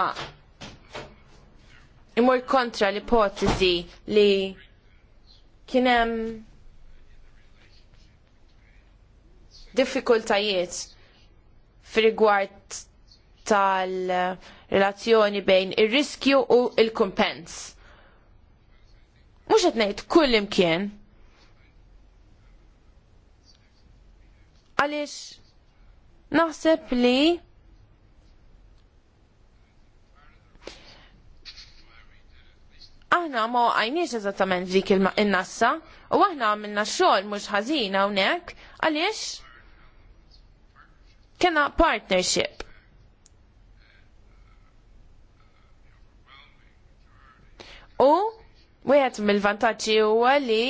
imur kontra l-ipotezi li kienem diffikultajiet fil-rigward tal-relazzjoni bejn ir-riskju u il-kumpens. Mhux qed ngħid kull imkien. Għaliex naħseb li aħna ma għajniex eżattament dik il-nassa u aħna għamilna xogħol mhux ħażin hawnhekk għaliex kena partnership. U wieħed mill-vantaġġi huwa li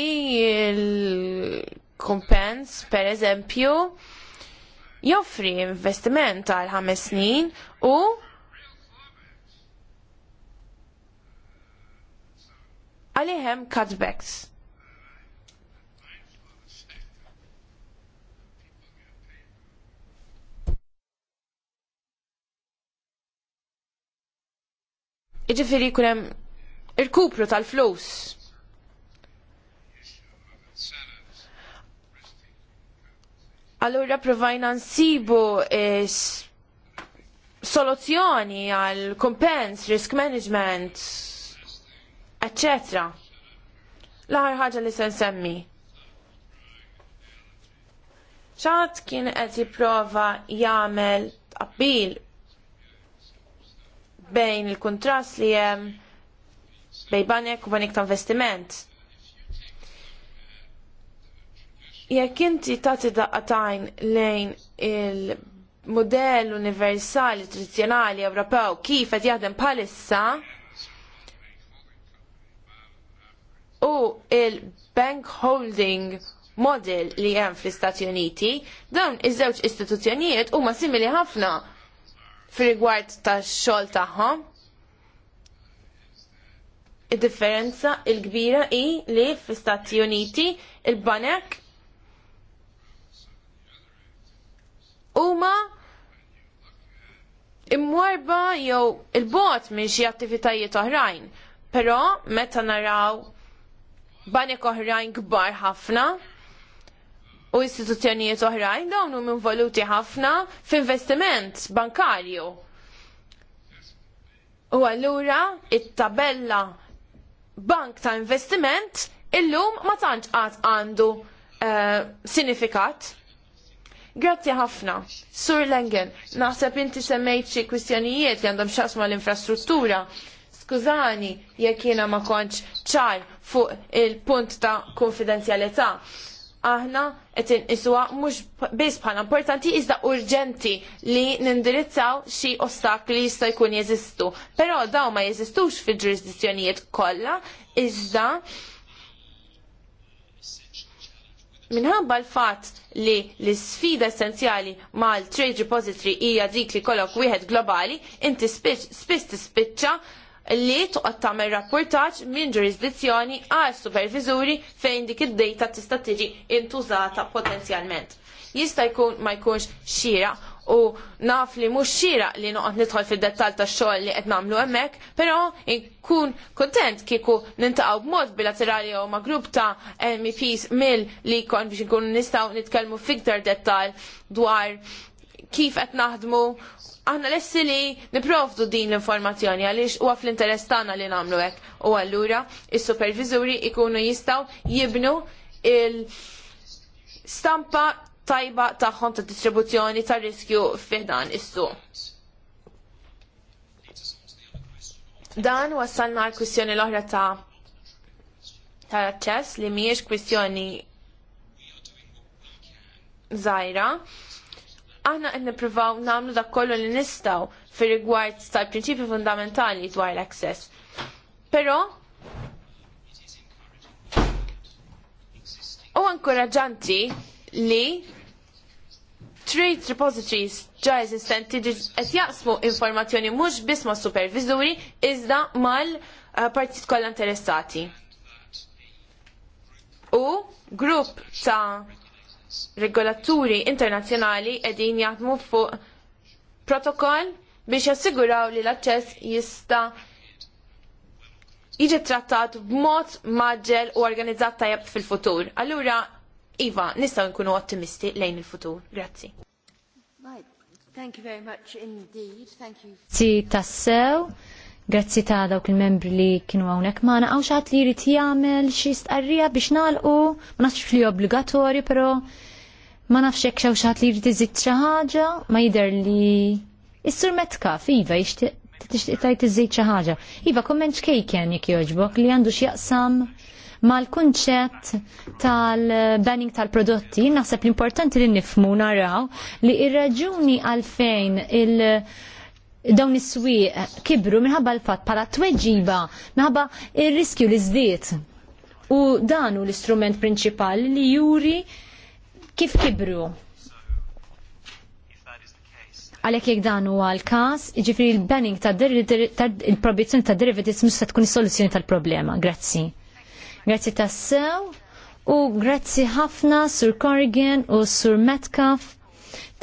l-kumpens pereżempju joffri investiment għal ħames snin u għalihem cutbacks. Iġifiri kunem il-kupru tal-flus. Allura provajna nsibu eh, soluzzjoni għal compense risk management, eccetera. L-aħħar ħaġa li se nsemmi. ċat kien qed jipprova jagħmel tqabbil bejn il-kontrast li hemm bejn banek u banek ta' investiment. Jekk inti tagħti daqqatajn lejn il mudell universali tradizzjonali Ewropew kif qed jaħdem bħalissa, u il-Bank Holding Model li hemm fl-Istati Uniti, dawn iż-żewġ istituzzjonijiet huma simili ħafna fil-rigward tax-xogħol tagħhom. Id-differenza il-kbira hi li fl-Istati Uniti il-banek huma imwarba jew il-bot minn xi attivitajiet oħrajn. Però meta naraw banek oħrajn kbar ħafna u istituzzjonijiet oħrajn dawn huma involuti ħafna f'investiment bankarju. U allura it-tabella bank ta' investiment illum ma tantx qatt għandu uh, sinifikat. Grazzi ħafna. Sur Lengen, naħseb inti semmejt xi kwistjonijiet li għandhom xasma l-infrastruttura skużani jekk jiena ma kontx ċar fuq il-punt ta' konfidenzjalità. Aħna qed inqisuha mhux biss bħala importanti iżda urġenti li nindirizzaw xi ostakli jista' jkun jeżistu. Però daw ma jeżistux fil-ġurisdizzjonijiet kollha iżda minħabba l-fat li l-sfida essenzjali mal trade repository hija dik li kollok wieħed globali, inti spiss tispiċċa li toqgħod tagħmel rapportaġġ minn ġurisdizzjoni għal superviżuri fejn dik id-dejta tista' tiġi intużata potenzjalment. Jista' jkun ma jkunx xira u naf li mhux xira li noqgħod nidħol fid-dettall tax-xogħol li qed nagħmlu hemmhekk, però nkun kuntent kieku nintaqgħu b'mod bilaterali jew ma' grupp ta' MEPs mill li jkun biex nkunu nistgħu nitkellmu fiktar dettall dwar kif qed naħdmu aħna lessi li niprofdu din l-informazzjoni għaliex huwa fl-interess tagħna li nagħmlu hekk u allura il supervizuri ikunu jistgħu jibnu il-stampa tajba tagħhom ta' distribuzzjoni ta' riskju fiħdan is Dan wassalna għal kwistjoni l-oħra ta' ta' li mhijiex kwistjoni żgħira aħna qed nippruvaw nagħmlu dak kollu li nistgħu fir-rigward tal-prinċipji fundamentali dwar l-access. Però u inkoraġanti li trade repositories ġa eżistenti qed jaqsmu informazzjoni mhux biss ma' supervizuri iżda mal-partit eh, kollha interessati. U grupp ta' regolaturi internazzjonali edin jatmu fuq protokoll biex jassiguraw li l-aċċess jista jiġi trattat b'mod maġġel u organizzat tajab fil-futur. Allura, Iva, nistaw nkunu ottimisti lejn il-futur. Grazzi. Thank you very much indeed. Thank you. Si tassew. Grazzi ta' dawk il-membri li kienu hawnhekk maħna hawn xi ħadd li jrid jagħmel xi stqarrija biex nagħlqu, ma nafx li obbligatorju però ma nafx hekk xi ħadd li jrid iżid xi ħaġa, ma jidher li jissur metka iva jixtieq tixtieq xaħġa. xi ħaġa. Iva kumment xkejken jekk jogħġbok li għandu x'jaqsam mal-kunċett tal-banning tal-prodotti, naħseb l-importanti li nifmu naraw li ir-raġuni għalfejn il- dawn is-swieq kibru minħabba l-fatt bħala tweġiba minħabba ir-riskju li żdied. U dan hu l-istrument prinċipali li juri kif kibru. Għalhekk jekk dan huwa l-każ, jiġifieri l-banning il probizjoni ta' derivatives musa tkun is-soluzzjoni tal-problema. Grazzi. Grazzi tassew u grazzi ħafna sur Corrigan u sur Metcalf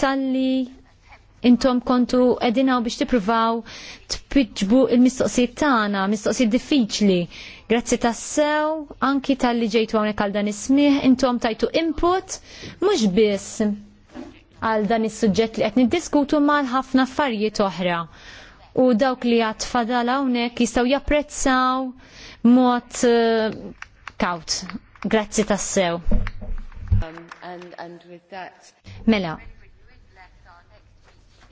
talli intom kontu u biex tipruvaw tpiġbu il-mistoqsijiet tagħna, mistoqsijiet diffiċli. Grazzi tassew, anki tal-li ġejtu hawnhekk għal dan ismiħ, intom tajtu input, mhux biss għal dan is-suġġett li qed niddiskutu mal ħafna affarijiet oħra. U dawk li għat fadal hawnhekk jistgħu japprezzaw mod eh, kaut. Grazzi tassew. Um, and, and that... Mela,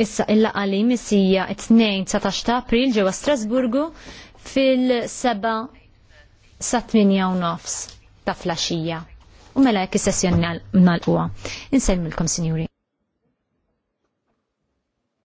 Issa illa għali misija 2-19 ta' april ġewa Strasburgu fil-7 sa' 8 u nofs ta' flasġija. U mela jek sessjoni nal-qwa. Nsellmilkom, signori.